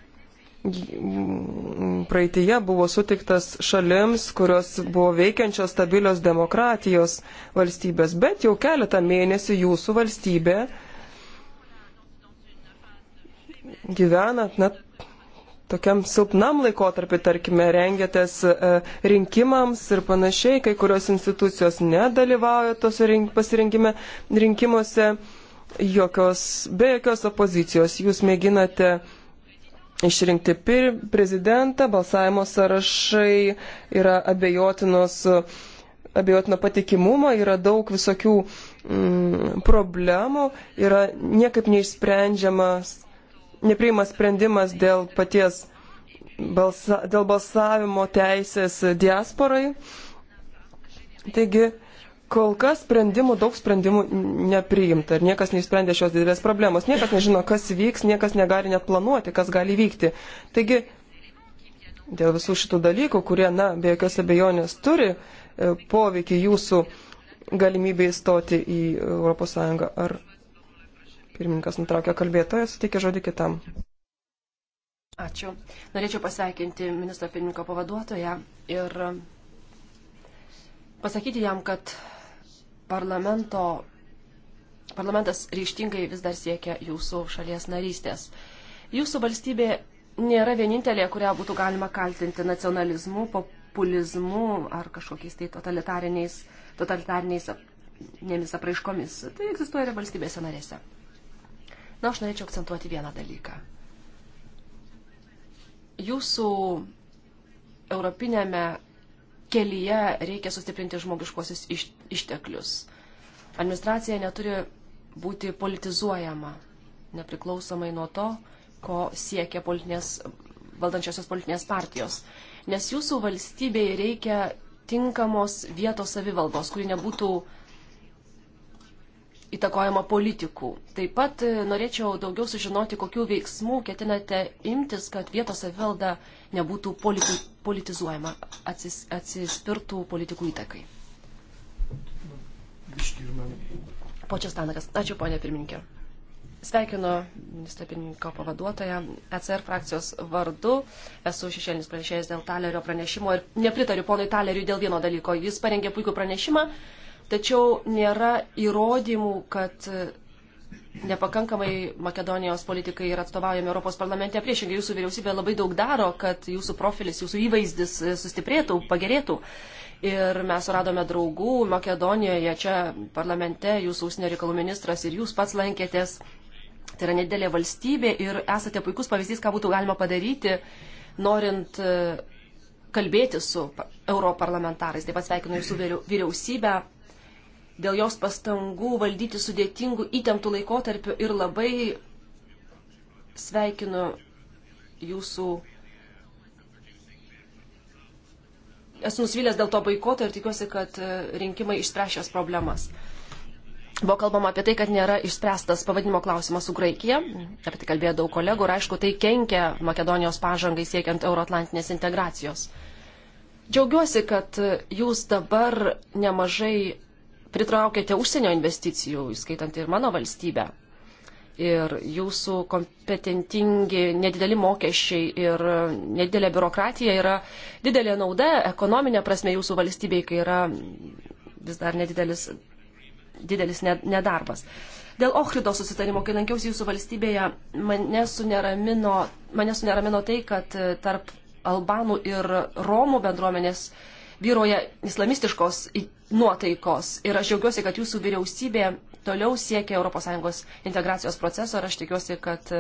Speaker 4: praeitėje buvo sutiktas šalims, kurios buvo veikiančios stabilios demokratijos valstybės, bet jau keletą mėnesių jūsų valstybė gyvena net tokiam silpnam laikotarpiu, tarkime, rengiatės e, rinkimams ir panašiai, kai kurios institucijos nedalyvauja tose pasirinkime rinkimuose. Rink, jokios, be jokios opozicijos. Jūs mėginate išrinkti pir, prezidentą, balsavimo sąrašai yra abejotinos, abejotino patikimumo, yra daug visokių mm, problemų, yra niekaip neišsprendžiamas, nepriimas sprendimas dėl paties balsa, dėl balsavimo teisės diasporai. Taigi Kol kas sprendimų, daug sprendimų nepriimta ir niekas neišsprendė šios didelės problemos. Niekas nežino, kas vyks, niekas negali net planuoti, kas gali vykti. Taigi, dėl visų šitų dalykų, kurie, na, be jokios abejonės turi e, poveikį jūsų galimybę įstoti į ES. Ar pirmininkas nutraukė kalbėtoją, suteikė žodį kitam.
Speaker 3: Ačiū. Norėčiau pasveikinti ministro pirmininko pavaduotoją ir pasakyti jam, kad parlamentas ryštingai vis dar siekia jūsų šalies narystės. Jūsų valstybė nėra vienintelė, kurią būtų galima kaltinti nacionalizmu, populizmu ar kažkokiais tai totalitariniais, totalitariniais apraiškomis. Tai egzistuoja ir valstybėse narėse. Na, aš norėčiau akcentuoti vieną dalyką. Jūsų europinėme kelyje reikia sustiprinti žmogiškosius iš, išteklius. Administracija neturi būti politizuojama, nepriklausomai nuo to, ko siekia politinės, valdančiosios politinės partijos. Nes jūsų valstybei reikia tinkamos vietos savivaldos, kuri nebūtų įtakojama politikų. Taip pat e, norėčiau daugiau sužinoti, kokių veiksmų ketinate imtis, kad vietos savivalda nebūtų politi politizuojama, atsis, atsispirtų politikų įtakai. Počias Tanakas. Ačiū, ponė pirmininkė. Sveikinu ministro pirmininko pavaduotoją ECR frakcijos vardu. Esu šešėlinis pranešėjas dėl Talerio pranešimo ir nepritariu ponui Taleriui dėl vieno dalyko. Jis parengė puikų pranešimą, tačiau nėra įrodymų, kad nepakankamai Makedonijos politikai yra atstovaujami Europos parlamente. Priešingai, jūsų vyriausybė labai daug daro, kad jūsų profilis, jūsų įvaizdis sustiprėtų, pagerėtų. Ir mes radome draugų Makedonijoje, čia parlamente jūsų užsienio reikalų ministras ir jūs pats lankėtės. Tai yra nedidelė valstybė ir esate puikus pavyzdys, ką būtų galima padaryti, norint e, kalbėti su europarlamentarais. Taip pat sveikinu jūsų vyriausybę dėl jos pastangų valdyti sudėtingų įtemptų laikotarpių ir labai sveikinu jūsų esu nusivylęs dėl to boikoto ir tikiuosi, kad e, rinkimai išspręs šias problemas. Buvo kalbama apie tai, kad nėra išspręstas pavadinimo klausimas su Graikija, apie tai kalbėjo daug kolegų ir aišku, tai kenkia Makedonijos pažangai siekiant euroatlantinės integracijos. Džiaugiuosi, kad e, jūs dabar nemažai pritraukėte užsienio investicijų, įskaitant ir mano valstybę ir jūsų kompetentingi nedideli mokesčiai ir nedidelė biurokratija yra didelė nauda ekonominė prasme jūsų valstybei, kai yra vis dar nedidelis didelis nedarbas. Dėl Ohrido susitarimo, kai lankiausi jūsų valstybėje, mane suneramino, mane suneramino tai, kad tarp Albanų ir Romų bendruomenės vyroja islamistiškos nuotaikos. Ir aš džiaugiuosi, kad jūsų vyriausybė toliau siekia ES integracijos proceso ir aš tikiuosi, kad e,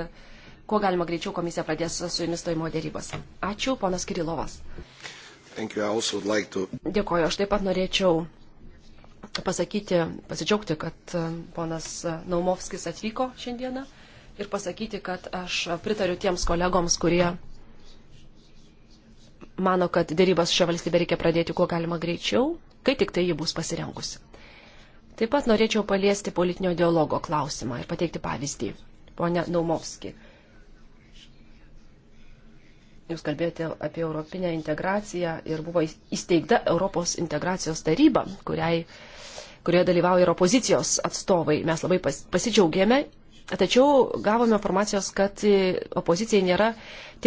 Speaker 3: kuo galima greičiau komisija pradės su jumis stojimo dėrybas. Ačiū, ponas Kirilovas.
Speaker 1: Like to...
Speaker 3: Dėkoju, aš taip pat norėčiau pasakyti, pasidžiaugti, kad e, ponas e, Naumovskis atvyko šiandieną ir pasakyti, kad aš pritariu tiems kolegoms, kurie mano, kad dėrybas šią valstybę reikia pradėti kuo galima greičiau, kai tik tai ji bus pasirengusi. Taip pat norėčiau paliesti politinio dialogo klausimą ir pateikti pavyzdį. Pone Naumovski, jūs kalbėjote apie europinę integraciją ir buvo įsteigta Europos integracijos taryba, kuriai, kurioje dalyvauja ir opozicijos atstovai. Mes labai pas, pasidžiaugėme, tačiau gavome informacijos, kad e, opozicijai nėra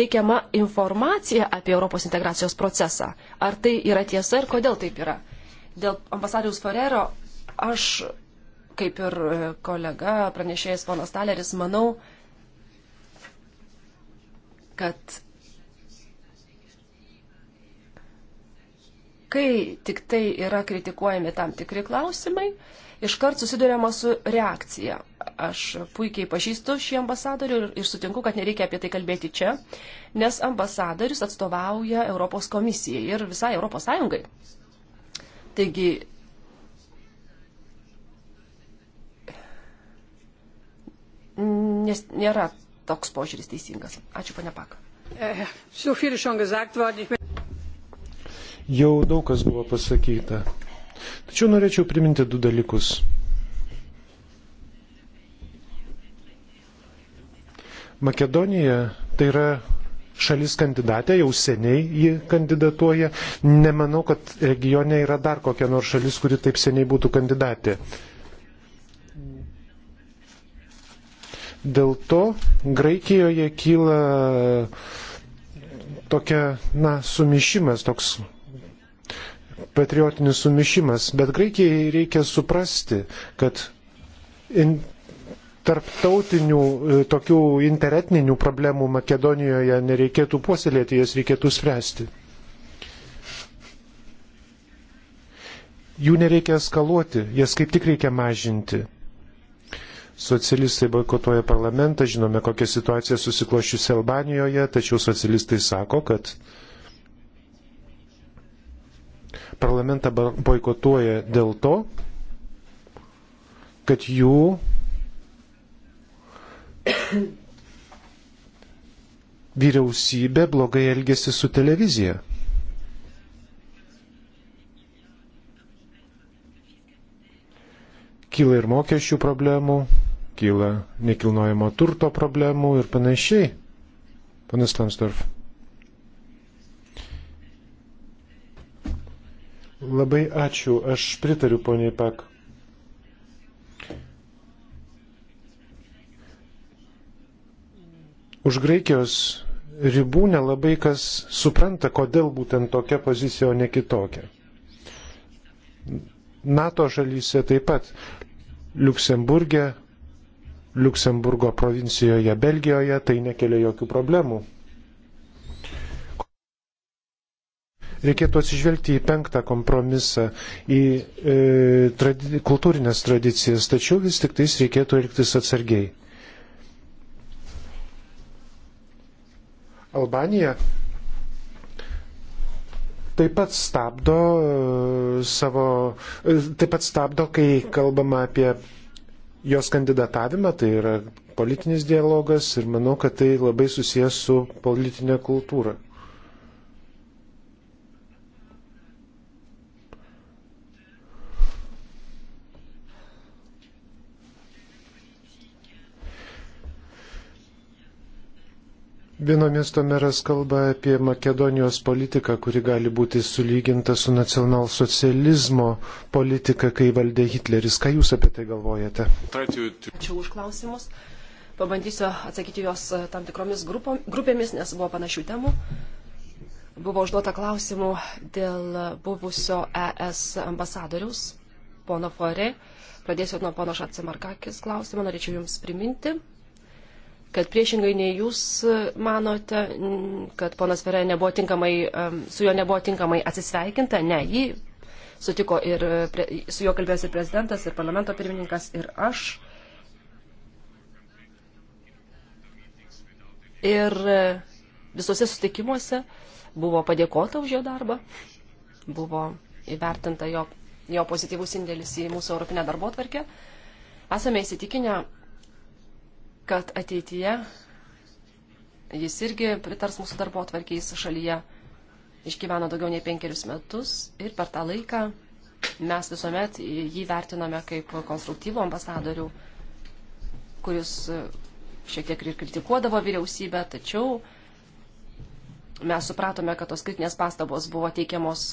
Speaker 3: teikiama informacija apie Europos integracijos procesą. Ar tai yra tiesa ir kodėl taip yra? Dėl ambasadoriaus Farero Aš, kaip ir kolega pranešėjas ponas Taleris, manau, kad kai tik tai yra kritikuojami tam tikri klausimai, iškart susidurėma su reakcija. Aš puikiai pažįstu šį ambasadorių ir, ir sutinku, kad nereikia apie tai kalbėti čia, nes ambasadorius atstovauja Europos komisijai ir visai Europos Sąjungai. Taigi nes nėra toks požiūris teisingas. Ačiū, pane Pak.
Speaker 1: Jau daug kas buvo pasakyta. Tačiau norėčiau priminti du dalykus. Makedonija tai yra šalis kandidatė, jau seniai ji kandidatuoja. Nemanau, kad regione yra dar kokia nors šalis, kuri taip seniai būtų kandidatė. Uh, Dėl to Graikijoje kyla tokia, na, sumišimas, toks patriotinis sumišimas. Bet Graikijai reikia suprasti, kad in, tarptautinių e, tokių interetninių problemų Makedonijoje nereikėtų puoselėti, jas reikėtų spręsti. Jų nereikia eskaluoti, jas kaip tik reikia mažinti. Socialistai boikotuoja parlamentą, žinome, kokia situacija susiklošiusi Albanijoje, tačiau socialistai sako, kad parlamentą boikotuoja dėl to, kad jų vyriausybė blogai elgėsi su televizija. Kyla ir mokesčių problemų, kyla nekilnojamo turto problemų ir panašiai. Panas Lansdorf. Labai ačiū, aš pritariu poniai Pak. Už Graikijos ribų nelabai kas supranta, kodėl būtent tokia pozicija, o ne kitokia. NATO šalyse taip pat Luksemburgė, Luksemburgo provincijoje Belgijoje, tai nekelia jokių problemų. Reikėtų atsižvelgti į penktą kompromisą, į e, tradi kultūrinės tradicijas, tačiau vis tik tais reikėtų elgtis atsargiai. Albanija taip pat stabdo e, savo, e, taip pat stabdo, kai kalbama apie jos kandidatavimą, tai yra politinis dialogas ir manau, kad tai labai susijęs su politinė kultūra. Vienomis tomeras kalba apie Makedonijos politiką, kuri gali būti sulyginta su nacionalsocializmo politika, kai valdė Hitleris. Ką Jūs apie tai galvojate? Ačiū už klausimus.
Speaker 3: Pabandysiu atsakyti juos e, tam tikromis grupom, grupėmis, nes buvo panašių temų. Buvo užduota klausimų dėl buvusio ES ambasadoriaus, pono Fore. Pradėsiu nuo pono Šatsimarkakis klausimą, norėčiau Jums priminti kad priešingai nei jūs e, manote, kad ponas Ferė nebuvo tinkamai, e, su juo nebuvo tinkamai atsisveikinta, ne, jį sutiko ir e, su juo kalbėjosi prezidentas, ir parlamento pirmininkas, ir aš. Ir visuose sustikimuose buvo padėkota už jo darbą, buvo įvertinta jo, jo pozityvus indėlis į mūsų europinę darbo tvarkę. Esame įsitikinę, kad ateityje jis irgi pritars mūsų darbo atvarkiais šalyje. Išgyveno daugiau nei penkerius metus ir per tą laiką mes visuomet jį vertiname kaip konstruktyvų ambasadorių, kuris šiek tiek ir kritikuodavo vyriausybę, tačiau mes supratome, kad tos kritinės pastabos buvo teikiamos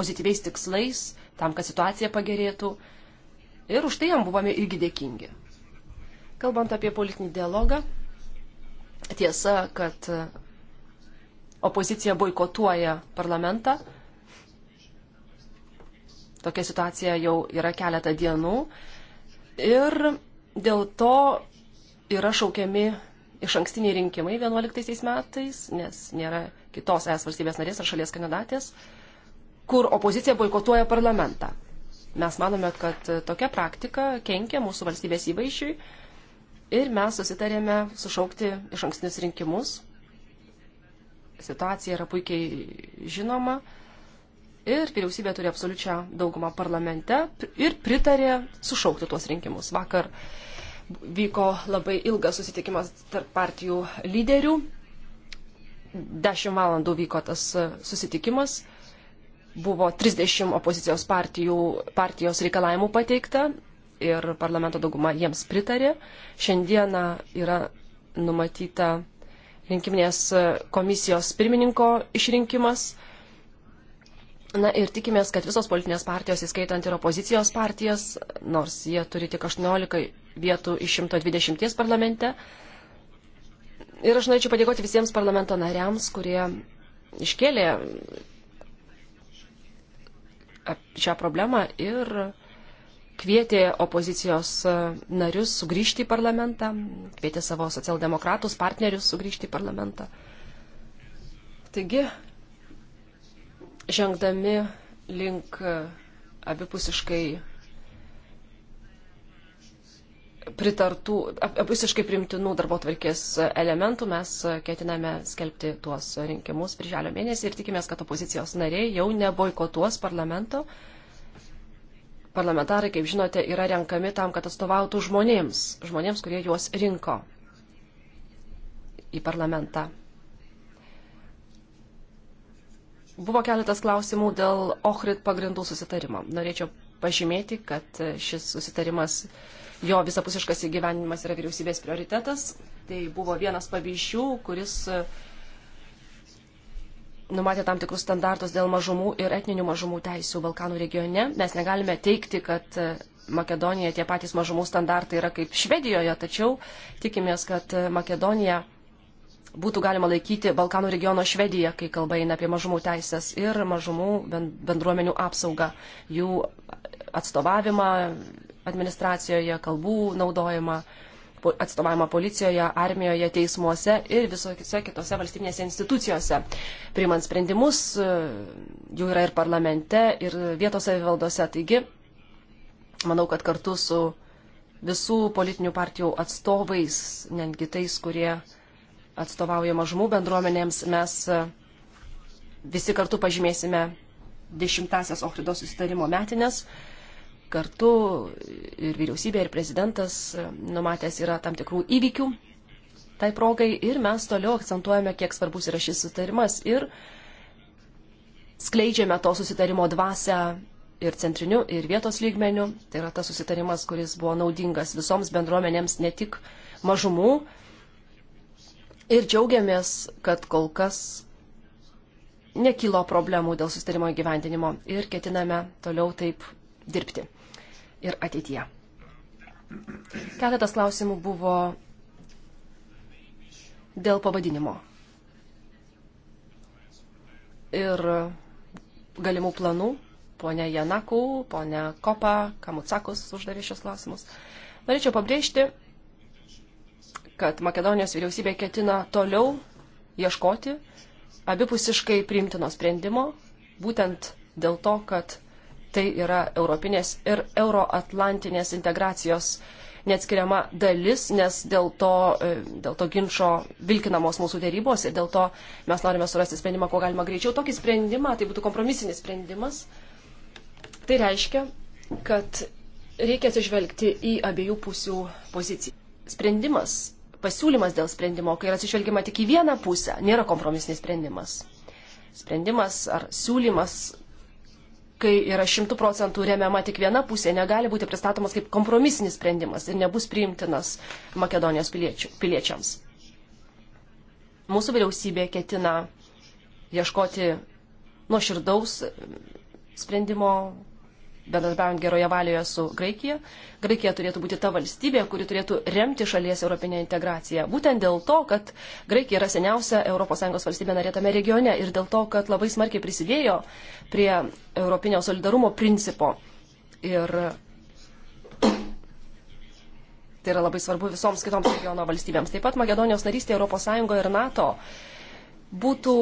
Speaker 3: pozityviais tikslais, tam, kad situacija pagerėtų. Ir už tai jam buvome irgi dėkingi. Kalbant apie politinį dialogą, tiesa, kad opozicija boikotuoja parlamentą. Tokia situacija jau yra keletą dienų. Ir dėl to yra šaukiami iš ankstiniai rinkimai 11 metais, nes nėra kitos es valstybės narės ar šalies kandidatės, kur opozicija boikotuoja parlamentą. Mes manome, kad tokia praktika kenkia mūsų valstybės įvaizdžiui ir mes susitarėme sušaukti iš ankstinius rinkimus. Situacija yra puikiai žinoma ir vyriausybė turi absoliučią daugumą parlamente ir pritarė sušaukti tuos rinkimus. Vakar vyko labai ilgas susitikimas tarp partijų lyderių. Dešimt valandų vyko tas susitikimas. Buvo 30 opozicijos partijų, partijos reikalavimų pateikta ir parlamento dauguma jiems pritarė. Šiandieną yra numatyta rinkiminės komisijos pirmininko išrinkimas. Na ir tikimės, kad visos politinės partijos, įskaitant ir opozicijos partijas, nors jie turi tik 18 vietų iš 120 parlamente. Ir aš norėčiau padėkoti visiems parlamento nariams, kurie iškėlė šią problemą ir kvietė opozicijos e, narius sugrįžti į parlamentą, kvietė savo socialdemokratus partnerius sugrįžti į parlamentą. Taigi, žengdami link e, abipusiškai pritartų, visiškai primtinų darbo tvarkės elementų mes ketiname skelbti tuos rinkimus birželio mėnesį ir tikimės, kad opozicijos nariai jau neboikotuos parlamento, uh, Parlamentarai, kaip žinote, yra renkami tam, kad atstovautų žmonėms, žmonėms, kurie juos rinko į parlamentą. Buvo keletas klausimų dėl Ohrid pagrindų susitarimo. Norėčiau pažymėti, kad šis susitarimas, jo visapusiškas įgyvenimas yra vyriausybės prioritetas. Tai buvo vienas pavyzdžių, kuris uh, numatė tam tikrus standartus dėl mažumų ir etninių mažumų teisų Balkanų regione. Mes negalime teikti, kad e, Makedonijoje tie patys mažumų standartai yra kaip Švedijoje, tačiau tikimės, kad e, Makedonija būtų galima laikyti Balkanų regiono Švediją, kai kalba eina apie mažumų teisės ir mažumų bendruomenių apsaugą, jų atstovavimą administracijoje, kalbų naudojimą atstovavimą policijoje, armijoje, teismuose ir visose kitose valstybinėse institucijose. Primant sprendimus, e, jų yra ir parlamente, ir vietos savivaldose. Taigi, manau, kad kartu su visų politinių partijų atstovais, netgi tais, kurie atstovauja mažumų bendruomenėms, mes e, visi kartu pažymėsime dešimtasias Ohrido susitarimo metinės kartu ir vyriausybė, ir prezidentas e, numatęs yra tam tikrų įvykių tai progai ir mes toliau akcentuojame, kiek svarbus yra šis sutarimas ir skleidžiame to susitarimo dvasę ir centriniu, ir vietos lygmeniu. Tai yra tas susitarimas, kuris buvo naudingas visoms bendruomenėms, ne tik mažumų. Ir džiaugiamės, kad kol kas nekilo problemų dėl susitarimo įgyvendinimo ir ketiname toliau taip dirbti ir ateityje. Keletas klausimų buvo dėl pavadinimo ir galimų planų. Pone Janakų, pone Kopa, Kamucakus uždavė šios klausimus. Norėčiau pabrėžti, kad Makedonijos vyriausybė ketina toliau ieškoti abipusiškai priimtino sprendimo, būtent dėl to, kad tai yra europinės ir euroatlantinės integracijos neatskiriama dalis, nes dėl to, e, dėl to ginčio vilkinamos mūsų dėrybos ir dėl to mes norime surasti sprendimą, kuo galima greičiau. Tokį sprendimą, tai būtų kompromisinis sprendimas. Tai reiškia, kad reikia atsižvelgti į abiejų pusių poziciją. Sprendimas, pasiūlymas dėl sprendimo, kai yra atsižvelgiama tik į vieną pusę, nėra kompromisinis sprendimas. Sprendimas ar siūlymas kai yra šimtų procentų remiama tik viena pusė, negali būti pristatomas kaip kompromisinis sprendimas ir nebus priimtinas Makedonijos piliečių, piliečiams. Mūsų vyriausybė ketina ieškoti nuoširdaus mm, sprendimo bendradarbiaujant geroje valioje su Graikija. Graikija turėtų būti ta valstybė, kuri turėtų remti šalies europinę integraciją. Būtent dėl to, kad Graikija yra seniausia ES valstybė narė tame regione ir dėl to, kad labai smarkiai prisidėjo prie europinio solidarumo principo. Ir tai yra labai svarbu visoms kitoms regiono valstybėms. Taip pat Makedonijos narystė ES ir NATO būtų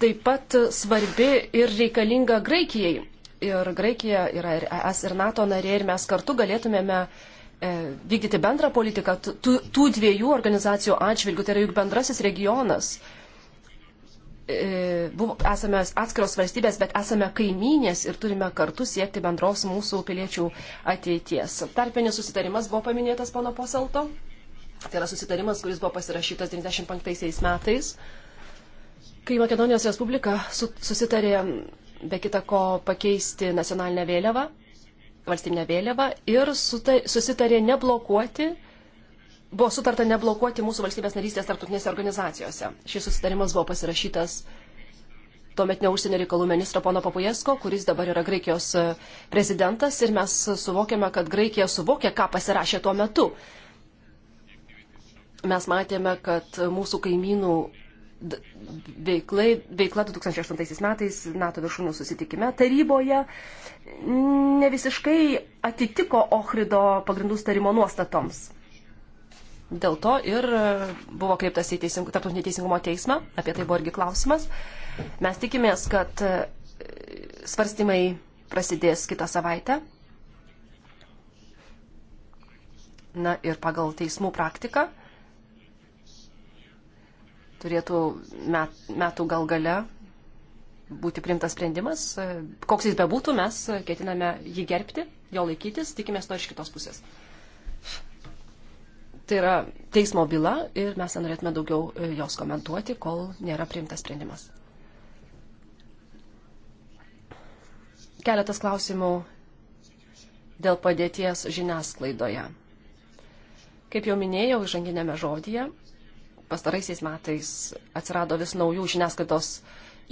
Speaker 3: taip pat svarbi ir reikalinga Graikijai ir Graikija yra ir ES, ir NATO narė, ir mes kartu galėtumėme e, vykdyti bendrą politiką tų, tų dviejų organizacijų atžvilgių, tai yra juk bendrasis regionas. E, buvo, esame atskiros valstybės, bet esame kaimynės ir turime kartu siekti bendros mūsų piliečių ateities. Tarpinis susitarimas buvo paminėtas pono Posalto. Tai yra susitarimas, kuris buvo pasirašytas 95 metais, kai Makedonijos Respublika susitarė be kita ko pakeisti nacionalinę vėliavą, valstybinę vėliavą ir susitarė neblokuoti, buvo sutarta neblokuoti mūsų valstybės narystės tarptautinėse organizacijose. Šis susitarimas buvo pasirašytas tuometinio užsienio reikalų ministro pono Papujesko, kuris dabar yra Graikijos e, prezidentas ir mes suvokiame, kad Graikija suvokė, ką pasirašė tuo metu. Mes matėme, kad mūsų kaimynų veiklai, veikla 2008 metais NATO viršūnių susitikime taryboje ne visiškai atitiko Ohrido pagrindų starimo nuostatoms. Dėl to ir buvo kreiptas į teising, tarptautinį teisingumo teismą, apie tai buvo irgi klausimas. Mes tikimės, kad e, svarstymai prasidės kitą savaitę. Na ir pagal teismų praktiką turėtų met, metų gal gale būti primtas sprendimas. Koks jis bebūtų, mes ketiname jį gerbti, jo laikytis, tikimės to iš kitos pusės. Tai yra teismo byla ir mes nenorėtume daugiau e, jos komentuoti, kol nėra priimtas sprendimas. Keletas klausimų dėl padėties žiniasklaidoje. Kaip jau minėjau, žanginėme žodyje, pastaraisiais metais atsirado vis naujų žiniasklaidos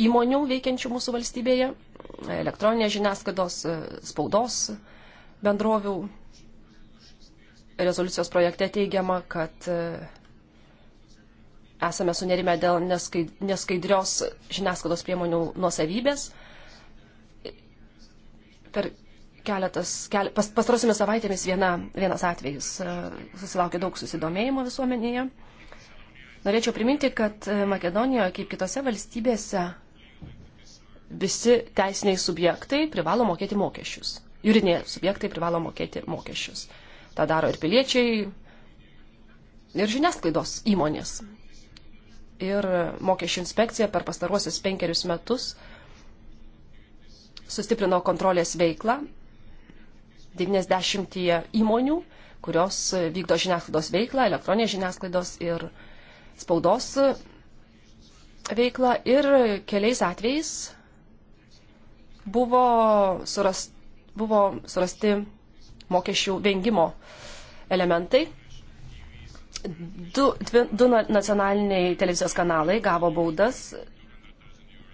Speaker 3: įmonių veikiančių mūsų valstybėje, elektroninės žiniasklaidos, spaudos bendrovių. Rezoliucijos projekte teigiama, kad e, esame sunerime dėl neskaidrios žiniasklaidos priemonių nuosavybės. Per keletas, kel, pas, pastarosiomis savaitėmis viena, vienas atvejis e, susilaukė daug susidomėjimo visuomenėje. Norėčiau priminti, kad e, Makedonijoje, kaip kitose valstybėse, visi teisiniai subjektai privalo mokėti mokesčius. Jūriniai subjektai privalo mokėti mokesčius. Ta daro ir piliečiai, ir žiniasklaidos įmonės. Ir mokesčių inspekcija per pastaruosius penkerius metus sustiprino kontrolės veiklą 90 įmonių, kurios vykdo žiniasklaidos veiklą, elektroninės žiniasklaidos ir žiniasklaidos spaudos veiklą ir keliais atvejais buvo, suras, buvo surasti mokesčių vengimo elementai. Du, dvi, du nacionaliniai televizijos kanalai gavo baudas.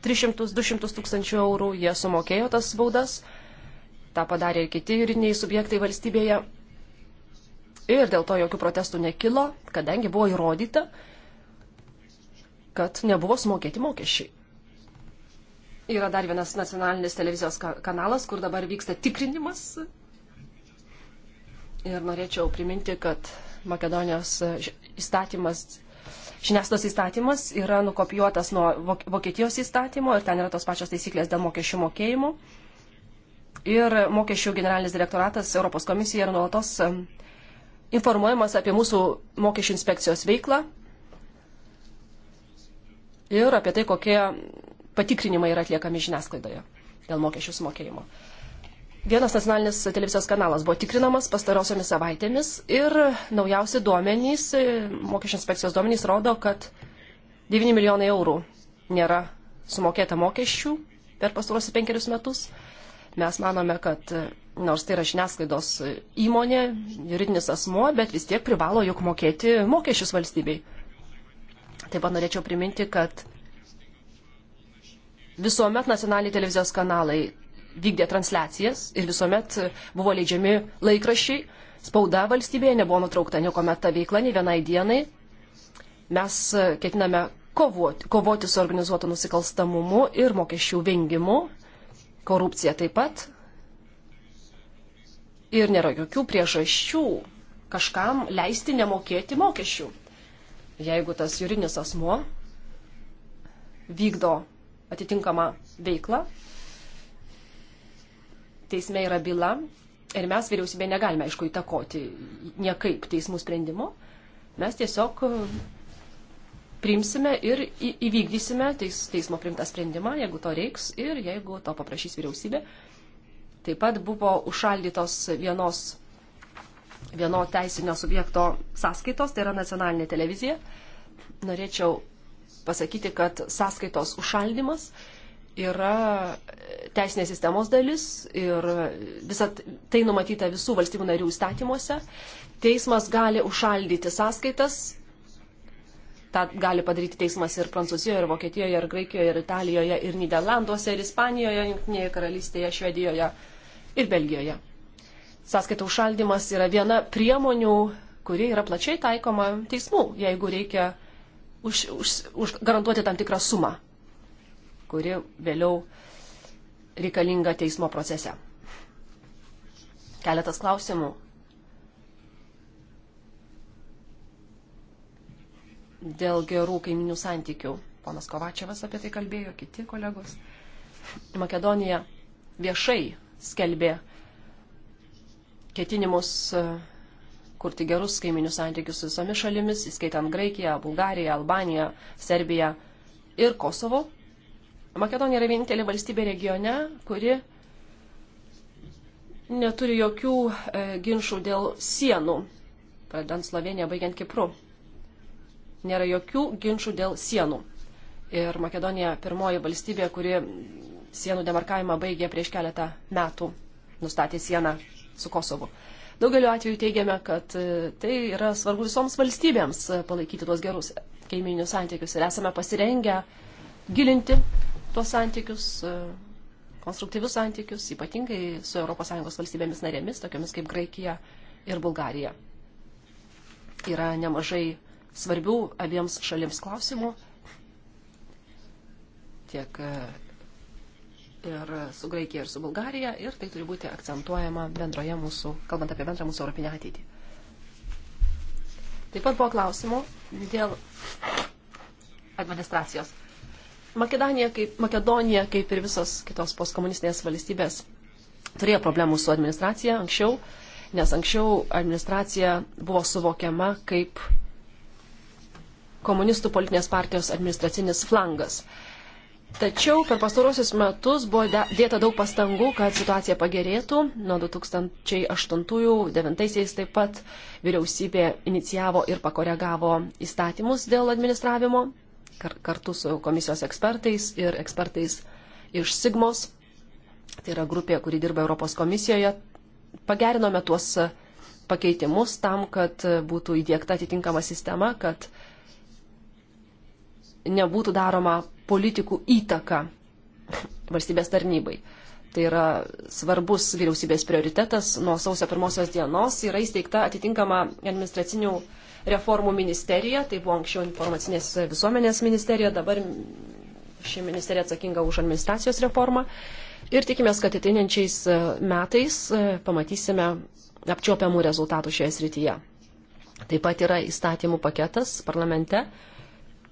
Speaker 3: 300-200 tūkstančių eurų jie sumokėjo tas baudas. Ta padarė ir kiti jūriniai subjektai valstybėje. Ir dėl to jokių protestų nekilo, kadangi buvo įrodyta, kad nebuvo sumokėti mokesčiai. Yra dar vienas nacionalinis televizijos kanalas, kur dabar vyksta tikrinimas. Ir norėčiau priminti, kad Makedonijos įstatymas, žiniasklaidos įstatymas yra nukopijuotas nuo Vokietijos įstatymo ir ten yra tos pačios taisyklės dėl mokesčių mokėjimų. Ir mokesčių generalinis direktoratas Europos komisija yra nuolatos informuojamas apie mūsų mokesčių inspekcijos veiklą, ir apie tai, kokie patikrinimai yra atliekami žiniasklaidoje dėl mokesčių sumokėjimo. Vienas nacionalinis televizijos kanalas buvo tikrinamas pastarosiomis savaitėmis ir naujausi duomenys, mokesčių inspekcijos duomenys rodo, kad 9 milijonai eurų nėra sumokėta mokesčių per pastarosius penkerius metus. Mes manome, kad nors tai yra žiniasklaidos įmonė, juridinis asmo, bet vis tiek privalo juk mokėti mokesčius valstybei. Taip pat norėčiau priminti, kad visuomet nacionaliniai televizijos kanalai vykdė transliacijas ir visuomet buvo leidžiami laikrašiai, spauda valstybėje nebuvo nutraukta niekuomet ta veikla nei vienai dienai. Mes ketiname kovoti, kovoti su organizuotu nusikalstamumu ir mokesčių vengimu, korupcija taip pat. Ir nėra jokių priežasčių kažkam leisti nemokėti mokesčių jeigu tas juridinis asmuo vykdo atitinkamą veiklą, teisme yra byla ir mes vyriausybė negalime, aišku, įtakoti niekaip teismų sprendimo, mes tiesiog e, priimsime ir įvykdysime teis, teismo primtą sprendimą, jeigu to reiks ir jeigu to paprašys vyriausybė. Taip pat buvo užšaldytos vienos vieno teisinio subjekto sąskaitos, tai yra nacionalinė televizija. Norėčiau pasakyti, kad sąskaitos užšaldimas yra teisinės sistemos dalis ir visą tai numatyta visų valstybių narių įstatymuose. Teismas gali užšaldyti sąskaitas. Ta gali padaryti teismas ir Prancūzijoje, ir Vokietijoje, ir Graikijoje, ir Italijoje, ir Niderlanduose, ir Ispanijoje, Junktinėje karalystėje, Švedijoje ir Belgijoje. Sąskaitų užšaldimas yra viena priemonių, kuri yra plačiai taikoma teismų, jeigu reikia už, už, už garantuoti tam tikrą sumą, kuri vėliau reikalinga teismo procese. Keletas klausimų. Dėl gerų kaiminių santykių. Ponas Kovačiavas apie tai kalbėjo, kiti kolegos. Makedonija viešai skelbė ketinimus e, kurti gerus kaiminius santykius su visomis šalimis, įskaitant Graikiją, Bulgariją, Albaniją, Serbiją ir Kosovo. Makedonija yra vienintelė valstybė regione, kuri neturi jokių e, ginčių dėl sienų, pradant Sloveniją, baigiant Kipru. Nėra jokių ginčių dėl sienų. Ir Makedonija pirmoji valstybė, kuri sienų demarkavimą baigė prieš keletą metų, nustatė sieną su Kosovu. Daugeliu atveju teigiame, kad e, tai yra svarbu visoms valstybėms e, palaikyti tuos gerus kaiminius santykius ir esame pasirengę gilinti tuos santykius, e, konstruktyvius santykius, ypatingai su ES valstybėmis narėmis, tokiamis kaip Graikija ir Bulgarija. Yra nemažai svarbių abiems šalims klausimų tiek ir su Graikija, ir su Bulgarija, ir tai turi būti akcentuojama bendroje mūsų, kalbant apie bendrą mūsų europinę ateitį. Taip pat buvo klausimų dėl administracijos. Makedonija kaip, Makedonija, kaip ir visos kitos postkomunistinės valstybės, turėjo problemų su administracija anksčiau, nes anksčiau administracija buvo suvokiama kaip komunistų politinės partijos administracinis flangas. Tačiau per pastarosius metus buvo dėta daug pastangų, kad situacija pagerėtų. Nuo 2008-2009 taip pat vyriausybė inicijavo ir pakoregavo įstatymus dėl administravimo kar kartu su komisijos ekspertais ir ekspertais iš Sigmos. Tai yra grupė, kuri dirba Europos komisijoje. Pagerinome tuos pakeitimus tam, kad būtų įdėkta atitinkama sistema, kad nebūtų daroma politikų įtaka valstybės tarnybai. Tai yra svarbus vyriausybės prioritetas. Nuo sausio pirmosios dienos yra įsteigta atitinkama administracinių reformų ministerija. Tai buvo anksčiau informacinės visuomenės ministerija, dabar ši ministerija atsakinga už administracijos reformą. Ir tikimės, kad ateinančiais e, metais e, pamatysime apčiopiamų rezultatų šioje srityje. Taip pat yra įstatymų paketas parlamente,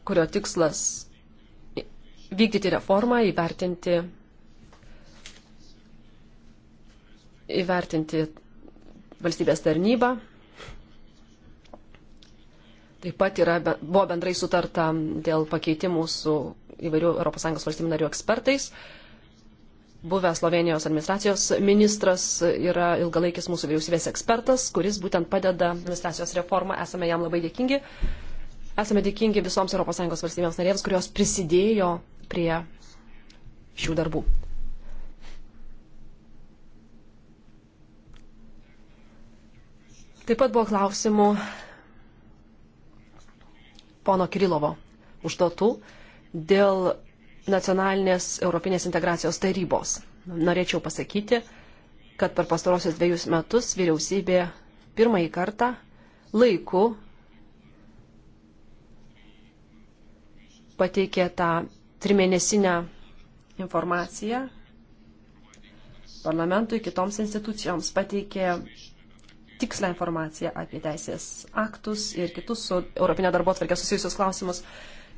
Speaker 3: kurio tikslas vykdyti reformą, įvertinti, įvertinti valstybės tarnybą. Taip pat yra, buvo bendrai sutarta dėl pakeitimų su įvairių ES valstybių narių ekspertais. Buvęs Slovenijos administracijos ministras yra ilgalaikis mūsų vyriausybės ekspertas, kuris būtent padeda administracijos reformą. Esame jam labai dėkingi. Esame dėkingi visoms ES valstybėms narėms, kurios prisidėjo prie šių darbų. Taip pat buvo klausimų pono Kirilovo užduotų dėl nacionalinės Europinės integracijos tarybos. Norėčiau pasakyti, kad per pastarosius dviejus metus vyriausybė pirmąjį kartą laiku pateikė tą trimėnesinę informaciją parlamentui kitoms institucijoms pateikė tikslę informaciją apie teisės aktus ir kitus su Europinė darbo atvarkė susijusius klausimus.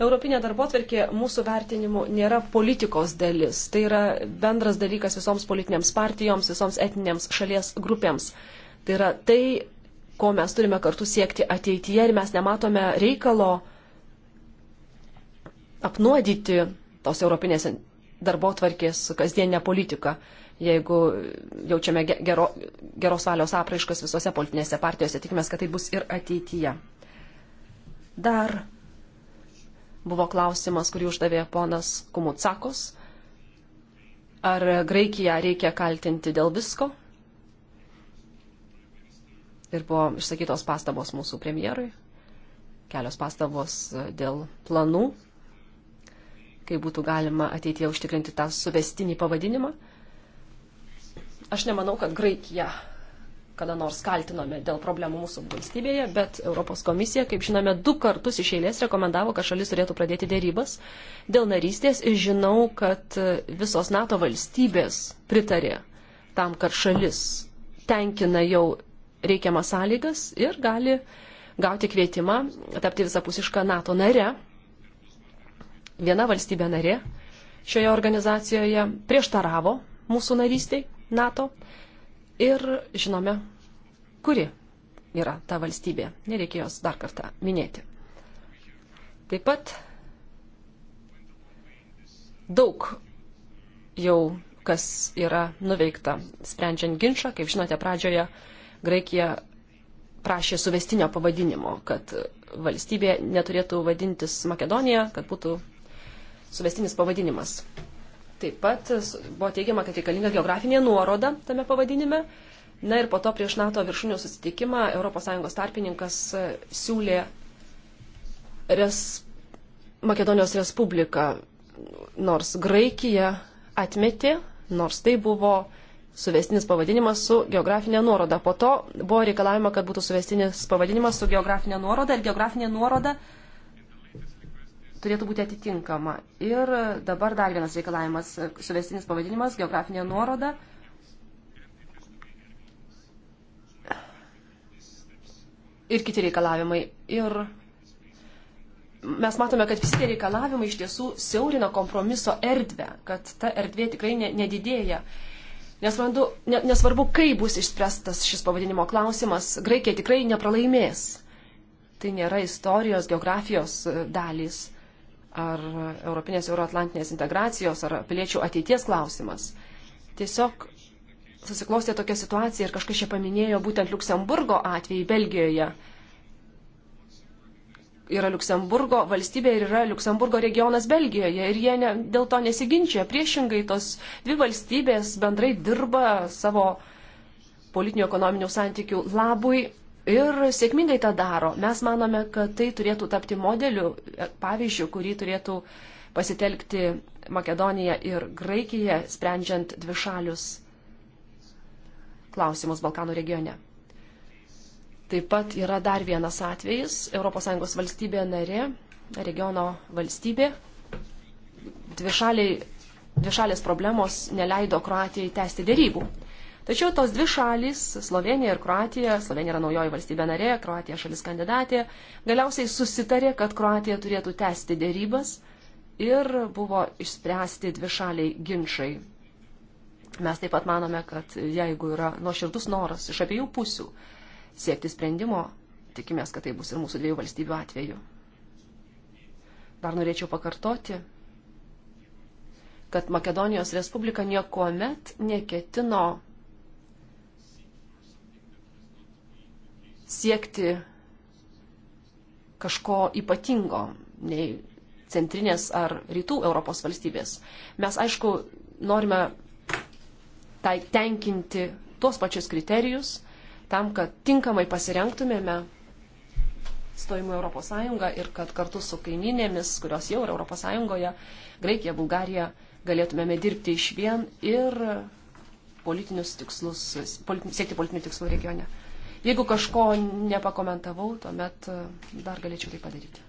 Speaker 3: Europinė darbo atvarkė mūsų vertinimu nėra politikos dalis. Tai yra bendras dalykas visoms politinėms partijoms, visoms etinėms šalies grupėms. Tai yra tai, ko mes turime kartu siekti ateityje ir mes nematome reikalo uh, apnuodyti tos europinės darbo tvarkės kasdienę politiką, jeigu jaučiame gero, geros valios apraiškas visose politinėse partijose. Tikimės, kad tai bus ir ateityje. Dar buvo klausimas, kurį uždavė ponas Kumutsakos. Ar Graikiją reikia kaltinti dėl visko? Ir buvo išsakytos pastabos mūsų premjerui, kelios pastabos dėl planų kaip būtų galima ateityje užtikrinti tą suvestinį pavadinimą. Aš nemanau, kad Graikija kada nors kaltinome dėl problemų mūsų valstybėje, bet Europos komisija, kaip žinome, du kartus iš eilės rekomendavo, kad šalis turėtų pradėti dėrybas dėl narystės ir žinau, kad visos NATO valstybės pritarė tam, kad šalis tenkina jau reikiamas sąlygas ir gali gauti kvietimą tapti visapusišką NATO nare viena valstybė narė šioje organizacijoje prieštaravo mūsų narystiai NATO ir žinome, kuri yra ta valstybė. Nereikia jos dar kartą minėti. Taip pat daug jau kas yra nuveikta sprendžiant ginčą. Kaip žinote, pradžioje Graikija prašė suvestinio pavadinimo, kad valstybė neturėtų vadintis Makedonija, kad būtų suvestinis pavadinimas. Taip pat buvo teigiama, kad reikalinga geografinė nuoroda tame pavadinime. Na ir po to prieš NATO viršūnių susitikimą ES tarpininkas e, siūlė res, Makedonijos Respubliką, nors Graikija atmetė, nors tai buvo suvestinis pavadinimas su geografinė nuoroda. Po to buvo reikalavima, kad būtų suvestinis pavadinimas su geografinė nuoroda ir geografinė nuoroda uh, turėtų būti atitinkama. Ir dabar dar vienas reikalavimas - suvestinis pavadinimas, geografinė nuoroda. Ir kiti reikalavimai. Ir mes matome, kad visi tie reikalavimai iš tiesų siaurina kompromiso erdvę, kad ta erdvė tikrai nedidėja. Nesvarbu, nesvarbu, kai bus išspręstas šis pavadinimo klausimas, Graikija tikrai nepralaimės. Tai nėra istorijos, geografijos dalys ar Europinės Euroatlantinės integracijos, ar piliečių ateities klausimas. Tiesiog susiklostė tokia situacija ir kažkas čia paminėjo būtent Luksemburgo atvejį Belgijoje. Yra Luksemburgo valstybė ir yra Luksemburgo regionas Belgijoje ir jie ne, dėl to nesiginčia. Priešingai tos dvi valstybės bendrai dirba savo politinių ekonominių santykių labui ir sėkmingai tą daro. Mes manome, kad tai turėtų tapti modeliu, e, pavyzdžių, kurį turėtų pasitelkti Makedonija ir Graikija, sprendžiant dvišalius klausimus Balkanų regione. Taip pat yra dar vienas atvejis - ES valstybė narė, regiono valstybė. Dvišaliai, dvišalės problemos neleido Kroatijai tęsti dėrybų. Tačiau tos dvi šalys, Slovenija ir Kroatija, Slovenija yra naujoji valstybė narė, Kroatija šalis kandidatė, galiausiai susitarė, kad Kroatija turėtų tęsti dėrybas ir buvo išspręsti dvi šaliai ginčiai. Mes taip pat manome, kad jeigu yra nuoširdus noras iš abiejų pusių siekti sprendimo, tikimės, kad tai bus ir mūsų dviejų valstybių atveju. Dar norėčiau pakartoti, kad Makedonijos Respublika niekuomet neketino siekti kažko ypatingo nei centrinės ar rytų Europos valstybės. Mes, aišku, norime tai tenkinti tuos pačius kriterijus tam, kad tinkamai pasirenktumėme stojimui Europos Sąjungą ir kad kartu su kaiminėmis, kurios jau yra Europos Sąjungoje, Graikija, Bulgarija, galėtumėme dirbti iš vien ir politinius tikslus, politi, siekti politinių tikslų regione. Jeigu kažko nepakomentavau, tuomet e, dar galėčiau tai padaryti.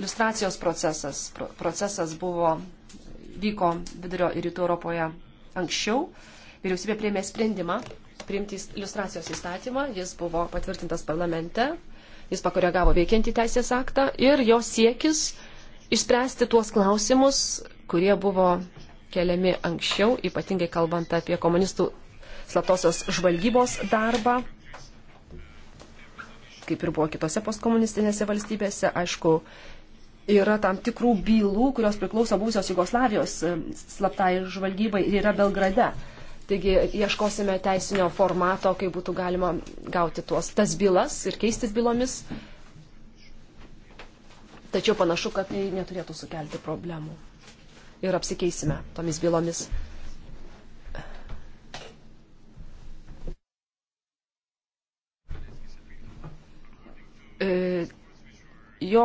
Speaker 3: Ilustracijos procesas. Procesas buvo, vyko vidurio ir rytų Europoje anksčiau. Vyriausybė priėmė sprendimą priimti iliustracijos įstatymą. Jis buvo patvirtintas parlamente. Jis pakoregavo veikiantį teisės aktą ir jo siekis išspręsti tuos klausimus, kurie buvo keliami anksčiau, ypatingai kalbant apie komunistų slaptosios žvalgybos darbą, kaip ir buvo kitose postkomunistinėse valstybėse. Aišku, yra tam tikrų bylų, kurios priklauso būsios Jugoslavijos e, slaptai žvalgybai ir yra Belgrade. Taigi ieškosime teisinio formato, kaip būtų galima gauti tuos tas bylas ir keistis bylomis. Tačiau panašu, kad tai neturėtų sukelti problemų ir apsikeisime tomis bylomis. E, jo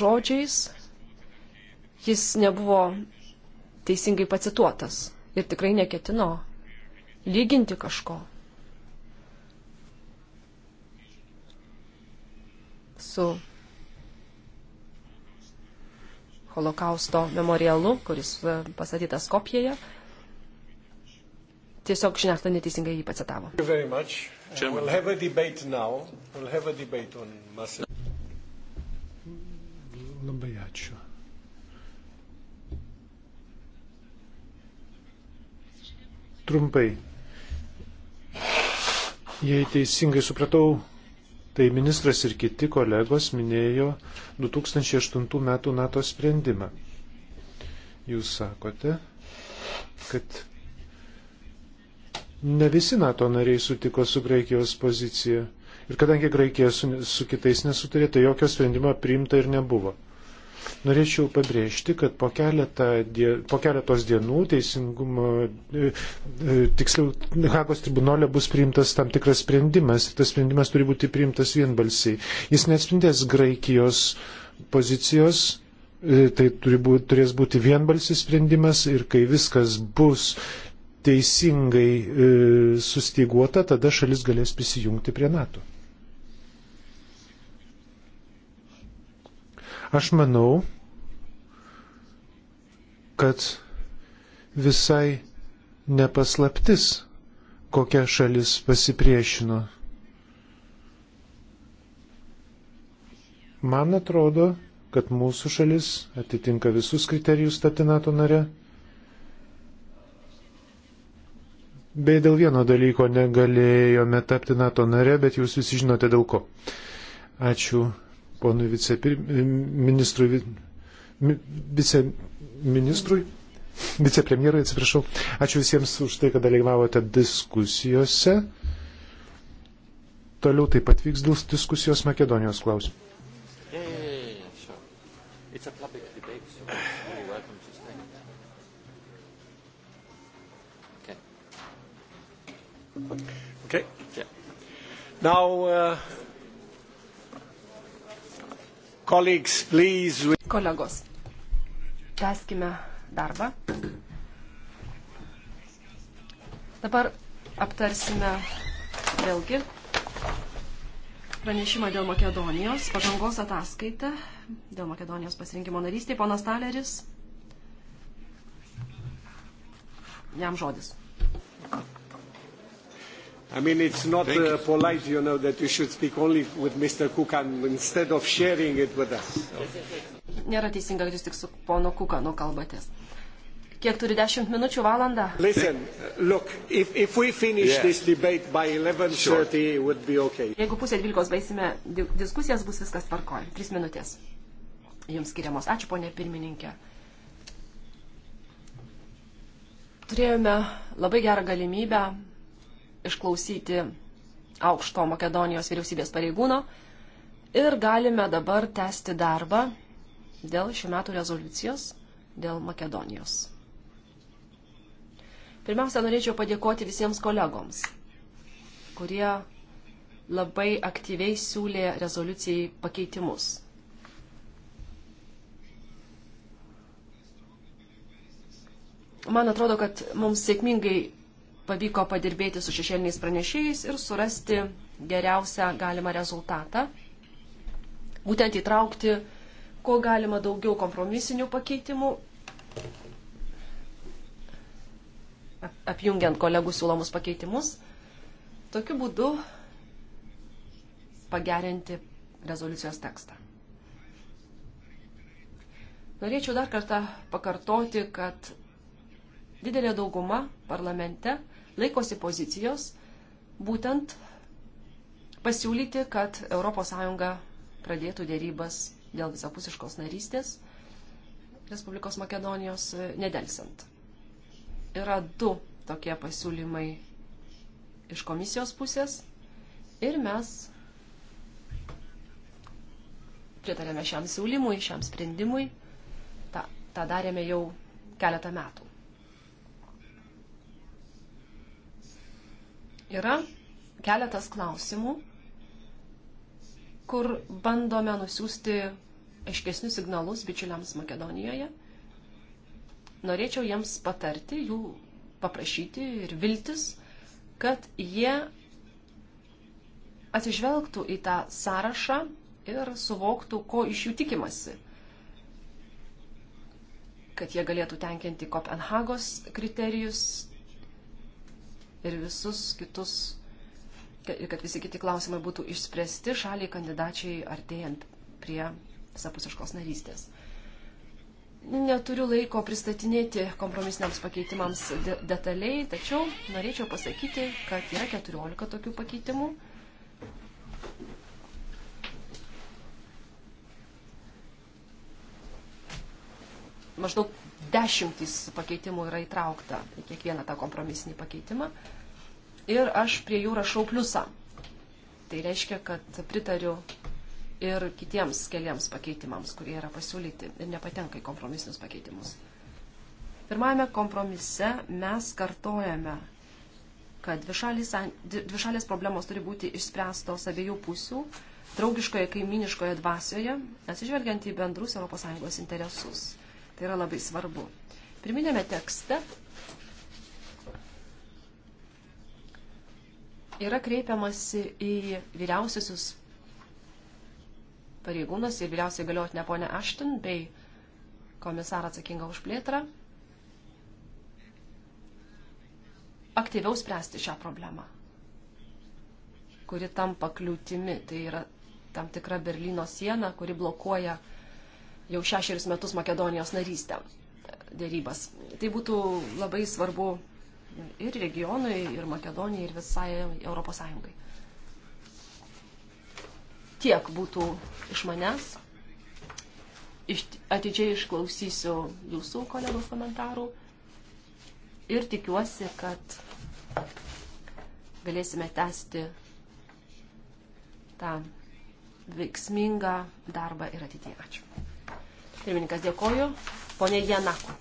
Speaker 3: žodžiais jis nebuvo teisingai pacituotas ir tikrai neketino lyginti kažko su holokausto memorialu, kuris e, pasatytas Kopijoje. Tiesiog žiniasklaida neteisingai jį pacitavo.
Speaker 1: Labai ačiū. Trumpai. Jei teisingai supratau, Tai ministras ir kiti kolegos minėjo 2008 metų NATO sprendimą. Jūs sakote, kad ne visi NATO nariai sutiko su Graikijos pozicija. Ir kadangi Graikija su, su kitais nesutarė, tai jokio sprendimo priimta ir nebuvo. Norėčiau pabrėžti, kad po, die, po keletos dienų teisingumo, e, e, tiksliau, Hagos tribunolė bus priimtas tam tikras sprendimas ir tas sprendimas turi būti priimtas vienbalsiai. Jis neatspindės Graikijos pozicijos, e, tai būti, turės būti vienbalsis sprendimas ir kai viskas bus teisingai e, sustiguota, tada šalis galės prisijungti prie NATO. Aš manau, kad visai nepaslaptis, kokia šalis pasipriešino. Man atrodo, kad mūsų šalis atitinka visus kriterijus tapti NATO nare. Bei dėl vieno dalyko negalėjome tapti NATO nare, bet jūs visi žinote dėl ko. Ačiū ponui viceministrui, viceministrui, vicepremjerui, atsiprašau. Ačiū visiems už tai, kad dalyvavote diskusijose. Toliau taip pat vyks diskusijos Makedonijos klausimu.
Speaker 2: Yeah, yeah, yeah, sure. It's a public debate, so you're welcome to stay. Okay. Okay. Yeah. Now, uh, Kolegos,
Speaker 3: tęskime darbą. Dabar aptarsime vėlgi pranešimą dėl Makedonijos, pažangos ataskaitą dėl Makedonijos pasirinkimo narystėje. Ponas Taleris,
Speaker 1: jam žodis. Thank you. I mean, it's not uh, polite, you know, that you should speak only with Mr. Kukan instead of sharing it with us. So.
Speaker 3: Nėra teisinga, kad jūs tik su pono Kukanu kalbatės. Kiek turi 10 minučių valandą?
Speaker 1: Listen, look, if, if we finish yeah. this debate by 11.30, sure. it would be okay.
Speaker 3: Jeigu pusė 12 baisime diskusijas, bus viskas tvarkoj. 3 minutės. Jums skiriamos. Ačiū, ponė pirmininkė. Turėjome labai gerą galimybę išklausyti aukšto Makedonijos vyriausybės pareigūno ir galime dabar tęsti darbą dėl šių metų rezoliucijos dėl Makedonijos. Pirmiausia, norėčiau padėkoti visiems kolegoms, kurie labai aktyviai siūlė rezoliucijai pakeitimus. Man atrodo, kad mums sėkmingai pavyko padirbėti su šešėliniais pranešėjais ir surasti geriausią galimą rezultatą. Būtent įtraukti, kuo galima daugiau kompromisinių pakeitimų, apjungiant kolegų siūlomus pakeitimus. Tokiu būdu pagerinti rezoliucijos tekstą. Norėčiau dar kartą pakartoti, kad didelė dauguma parlamente laikosi pozicijos būtent pasiūlyti, kad ES pradėtų dėrybas dėl visapusiškos narystės Respublikos Makedonijos e, nedelsant. Yra du tokie pasiūlymai iš komisijos pusės ir mes pritarėme šiam siūlymui, šiam sprendimui. Ta, tą darėme jau keletą metų. Yra keletas klausimų, kur bandome nusiųsti aiškesnius signalus bičiuliams Makedonijoje. Norėčiau jiems patarti, jų paprašyti ir viltis, kad jie atsižvelgtų į tą sąrašą ir suvoktų, ko iš jų tikimasi kad jie galėtų tenkinti Kopenhagos kriterijus, ir visus kitus, ir kad visi kiti klausimai būtų išspręsti šaliai kandidačiai artėjant prie visapusiškos narystės. Neturiu laiko pristatinėti kompromisiniams pakeitimams de detaliai, tačiau norėčiau pasakyti, kad yra 14 tokių pakeitimų. Maždaug dešimtys pakeitimų yra įtraukta į kiekvieną tą kompromisinį pakeitimą. Ir aš prie jų rašau pliusą. Tai reiškia, kad pritariu ir kitiems keliams pakeitimams, kurie yra pasiūlyti ir nepatenka į kompromisinius pakeitimus. Pirmajame kompromise mes kartojame, kad dvišalės, dvišalės problemos turi būti išspręstos abiejų pusių draugiškoje kaiminiškoje dvasioje, atsižvelgiant į bendrus ES interesus. Tai yra labai svarbu. Pirminėme tekste yra kreipiamasi į vyriausiasius pareigūnus ir vyriausiai galiotinę ponę Ashton bei komisarą atsakingą už plėtrą aktyviau spręsti šią problemą, kuri tampa kliūtimi. Tai yra tam tikra Berlyno siena, kuri blokuoja jau šešerius metus Makedonijos narystę dėrybas. Tai būtų labai svarbu ir regionui, ir Makedonijai, ir visai Europos Sąjungai. Tiek būtų iš manęs. Iš, atidžiai išklausysiu jūsų kolegų komentarų ir tikiuosi, kad galėsime tęsti tą veiksmingą darbą ir ateityje. Ačiū. Pirmininkas dėkoju. Pone Janaku.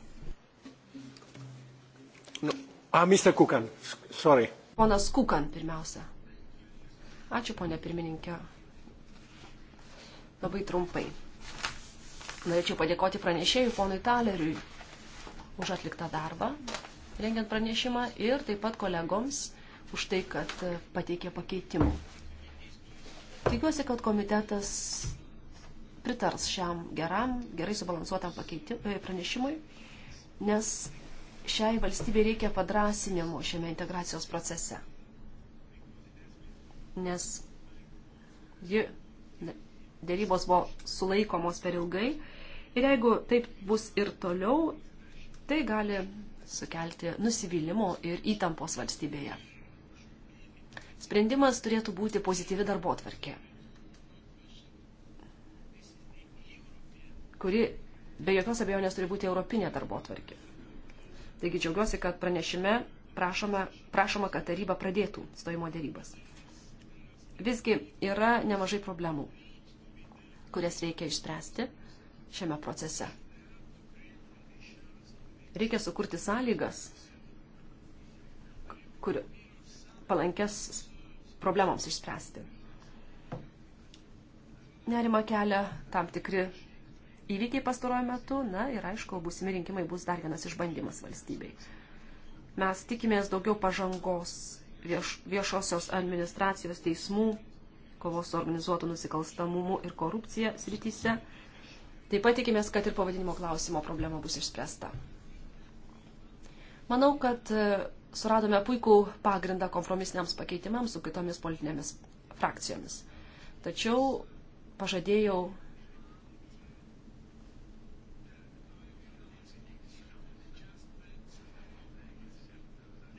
Speaker 2: No. Nu,
Speaker 1: a, Mr. Kukan. Sorry.
Speaker 3: Ponas Kukan pirmiausia. Ačiū, ponė pirmininkė. Labai trumpai. Norėčiau padėkoti pranešėjui, ponui Taleriui, už atliktą darbą, rengiant pranešimą ir taip pat kolegoms už tai, kad pateikė pakeitimų. Tikiuosi, kad komitetas pritars šiam geram, gerai subalansuotam e, pranešimui, nes šiai valstybei reikia padrasinimo šiame integracijos procese. Nes ji dėrybos buvo sulaikomos per ilgai ir jeigu taip bus ir toliau, tai gali sukelti nusivylimų ir įtampos valstybėje. Sprendimas turėtų būti pozityvi darbo tvarkė. kuri be jokios abejonės turi būti europinė darbo tvarkė. Taigi džiaugiuosi, kad pranešime prašoma, prašoma, kad taryba pradėtų stojimo dėrybas. Visgi yra nemažai problemų, kurias reikia išspręsti šiame procese. Reikia sukurti sąlygas, kur palankės problemams išspręsti. Nerima kelia tam tikri įvykiai pastaruoju metu, na ir aišku, būsimi rinkimai bus dar vienas išbandymas valstybei. Mes tikimės daugiau pažangos vieš, viešosios administracijos teismų, kovos su organizuotu nusikalstamumu ir korupcija srityse. Taip pat tikimės, kad ir pavadinimo klausimo problema bus išspręsta. Manau, kad e, suradome puikų pagrindą kompromisiniams pakeitimams su kitomis politinėmis frakcijomis. Tačiau pažadėjau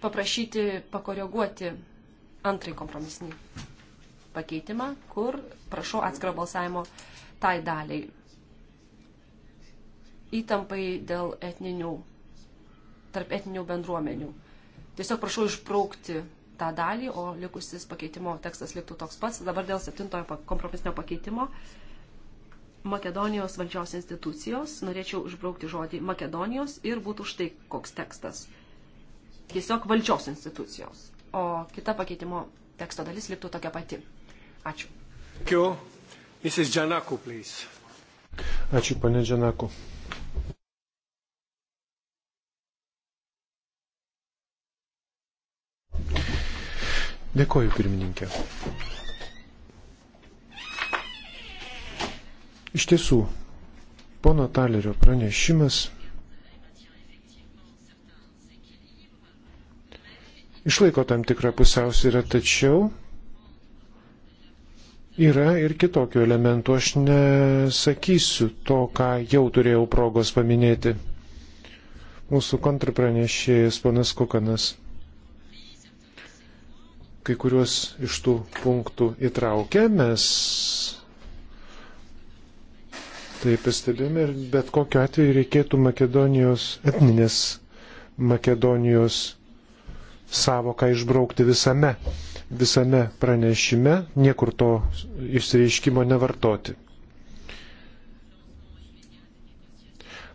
Speaker 3: paprašyti pakoreguoti antrąjį kompromisinį pakeitimą, kur prašau atskiro balsavimo tai daliai. Įtampai dėl etninių, tarp etninių bendruomenių. Tiesiog prašau išbraukti tą dalį, o likusis pakeitimo tekstas liktų toks pats. Dabar dėl septintojo kompromisinio pakeitimo. Makedonijos valdžios institucijos, norėčiau išbraukti žodį Makedonijos ir būtų štai koks tekstas – tiesiog valdžios institucijos. O kita pakeitimo teksto dalis liktų tokia pati.
Speaker 1: Ačiū. Ačiū. Mrs. Janaku, please. Ačiū, pane Džanaku. Dėkoju, pirmininkė. Iš tiesų, pono Talerio pranešimas išlaiko tam tikrą pusiausvyrą, tačiau yra ir kitokių elementų. Aš nesakysiu to, ką jau turėjau progos paminėti. Mūsų kontrapranešėjas panas Kukanas kai kuriuos iš tų punktų įtraukia, mes tai pastebėjome ir bet kokiu atveju reikėtų Makedonijos etninės Makedonijos savoką išbraukti visame, visame pranešime, niekur to išsireiškimo nevartoti.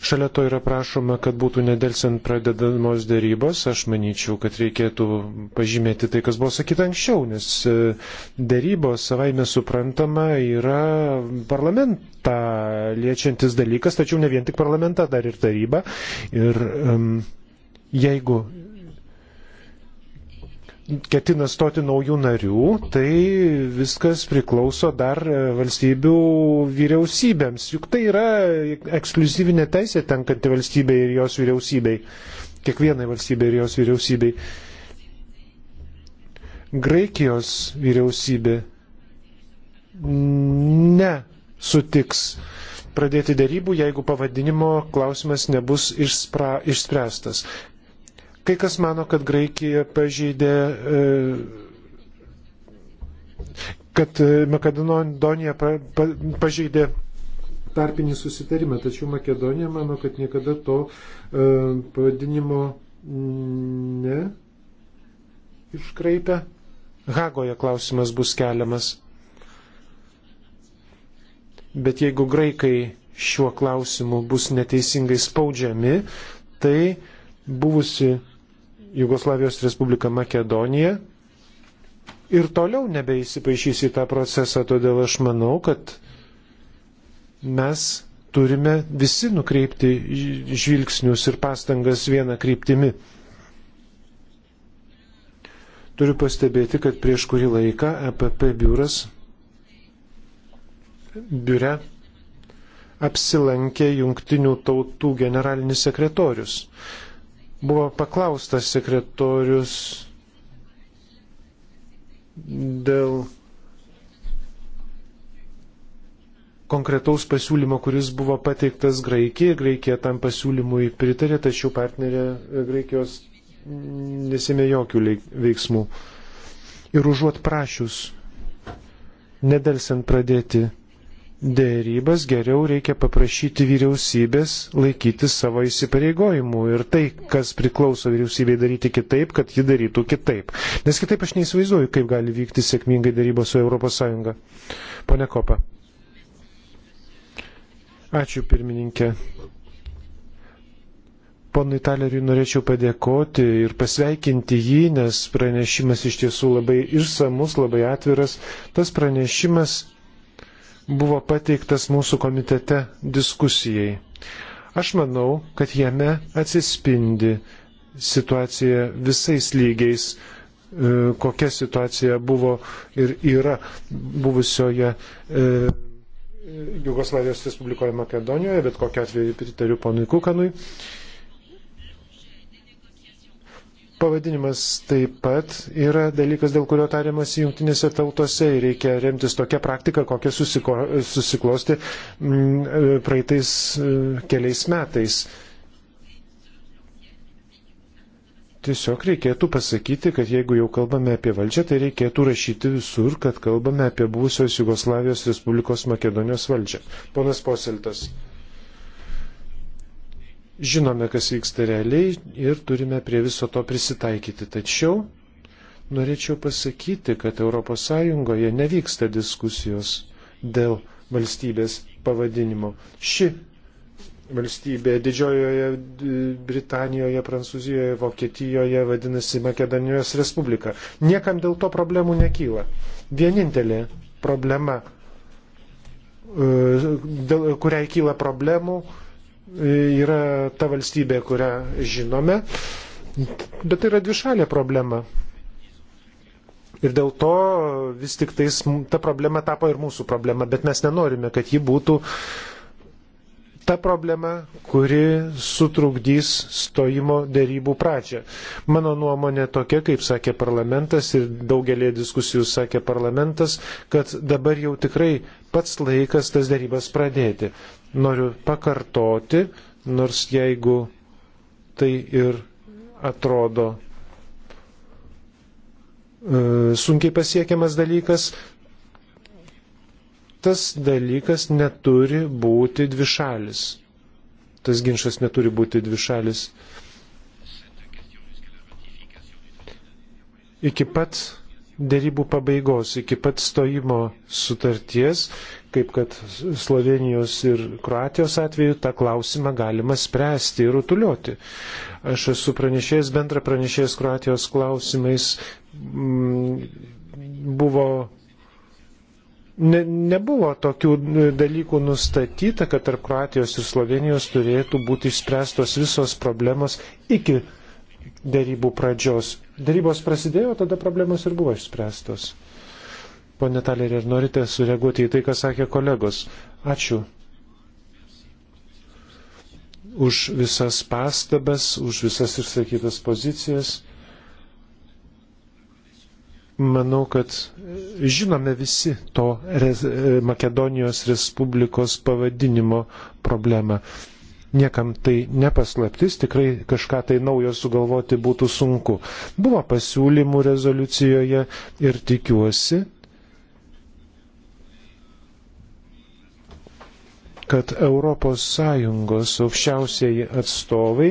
Speaker 1: Šalia to yra prašoma, kad būtų nedelsiant pradedamos dėrybos. Aš manyčiau, kad reikėtų pažymėti tai, kas buvo sakyta anksčiau, nes e, dėrybos savaime suprantama yra parlamentą liečiantis dalykas, tačiau ne vien tik parlamentą, dar ir tarybą. Ir um, jeigu ketina stoti naujų narių, tai viskas priklauso dar e, valstybių vyriausybėms. Juk tai yra ekskluzyvinė teisė tenkanti valstybei ir jos vyriausybei. Kiekvienai valstybei ir jos vyriausybei. Graikijos vyriausybė nesutiks pradėti dėrybų, jeigu pavadinimo klausimas nebus išspra, išspręstas. Kai kas mano, kad Graikija pažydė e, kad e, Makedonija pa, pa, pažeidė tarpinį susitarimą, tačiau Makedonija mano, kad niekada to e, pavadinimo ne iškraipė. Hagoje klausimas bus keliamas. Bet jeigu graikai šiuo klausimu bus neteisingai spaudžiami, tai buvusi Jugoslavijos Respubliką Makedoniją ir toliau nebeįsipaišys į tą procesą, todėl aš manau, kad mes turime visi nukreipti žvilgsnius ir pastangas vieną kryptimį. Turiu pastebėti, kad prieš kurį laiką EPP biuras biure apsilankė jungtinių tautų generalinis sekretorius. Buvo paklaustas sekretorius dėl konkretaus pasiūlymo, kuris buvo pateiktas Graikijai. Graikija tam pasiūlymui pritarė, tačiau partnerė Graikijos nesėmė jokių veiksmų. Ir užuot prašius, nedelsiant pradėti dėrybas, geriau reikia paprašyti vyriausybės laikyti savo įsipareigojimų ir tai, kas priklauso vyriausybei daryti kitaip, kad ji darytų kitaip. Nes kitaip aš neįsivaizduoju, kaip gali vykti sėkmingai dėrybos su ES. Pone Kopa. Ačiū pirmininkė. Ponui Taleriui norėčiau padėkoti ir pasveikinti jį, nes pranešimas iš tiesų labai išsamus, labai atviras. Tas pranešimas buvo pateiktas mūsų komitete diskusijai. Aš manau, kad jame atsispindi situacija visais lygiais, e, kokia situacija buvo ir yra buvusioje e, Jugoslavijos Respublikoje Makedonijoje, bet kokiu atveju pritariu ponui Kukanui. E, Pavadinimas taip pat yra dalykas, dėl kurio tariamas jungtinėse tautose ir reikia remtis tokią praktiką, kokią susiko, susiklosti m, mm, praeitais e, keliais metais. Tiesiog reikėtų pasakyti, kad jeigu jau kalbame apie valdžią, tai reikėtų rašyti visur, kad kalbame apie buvusios Jugoslavijos Respublikos Makedonijos valdžią. Ponas Posiltas. Žinome, kas vyksta realiai ir turime prie viso to prisitaikyti. Tačiau norėčiau pasakyti, kad ES nevyksta diskusijos dėl valstybės pavadinimo. Ši valstybė Didžiojoje Britanijoje, Prancūzijoje, Vokietijoje vadinasi Makedonijos Respublika. Niekam dėl to problemų nekyla. Vienintelė problema, e, dėl kuriai kyla problemų, yra ta valstybė, kurią žinome, bet tai yra dvišalė problema. Ir dėl to vis tik tais ta problema tapo ir mūsų problema, bet mes nenorime, kad ji būtų ta problema, kuri sutrukdys stojimo dėrybų pradžią. Mano nuomonė tokia, kaip sakė parlamentas ir daugelį diskusijų sakė parlamentas, kad dabar jau tikrai pats laikas tas dėrybas pradėti noriu pakartoti, nors jeigu tai ir atrodo e, sunkiai pasiekiamas dalykas, tas dalykas neturi būti dvišalis. Tas ginčas neturi būti dvišalis. Iki pat dėrybų pabaigos, iki pat stojimo sutarties kaip kad Slovenijos ir Kroatijos atveju, tą klausimą galima spręsti ir rutuliuoti. Aš esu pranešėjęs, bendra pranešėjęs Kroatijos klausimais mm, buvo. Ne, nebuvo tokių dalykų nustatyta, kad tarp Kroatijos ir Slovenijos turėtų būti išspręstos visos problemos iki dėrybų pradžios. Dėrybos prasidėjo, tada problemos ir buvo išspręstos. Pone Talerį, ar norite sureaguoti į tai, ką sakė kolegos? Ačiū už visas pastabas, už visas išsakytas pozicijas. Manau, kad žinome visi to Makedonijos Respublikos pavadinimo problemą. Niekam tai nepaslaptis, tikrai kažką tai naujo sugalvoti būtų sunku. Buvo pasiūlymų rezoliucijoje ir tikiuosi, kad ES aukščiausiai atstovai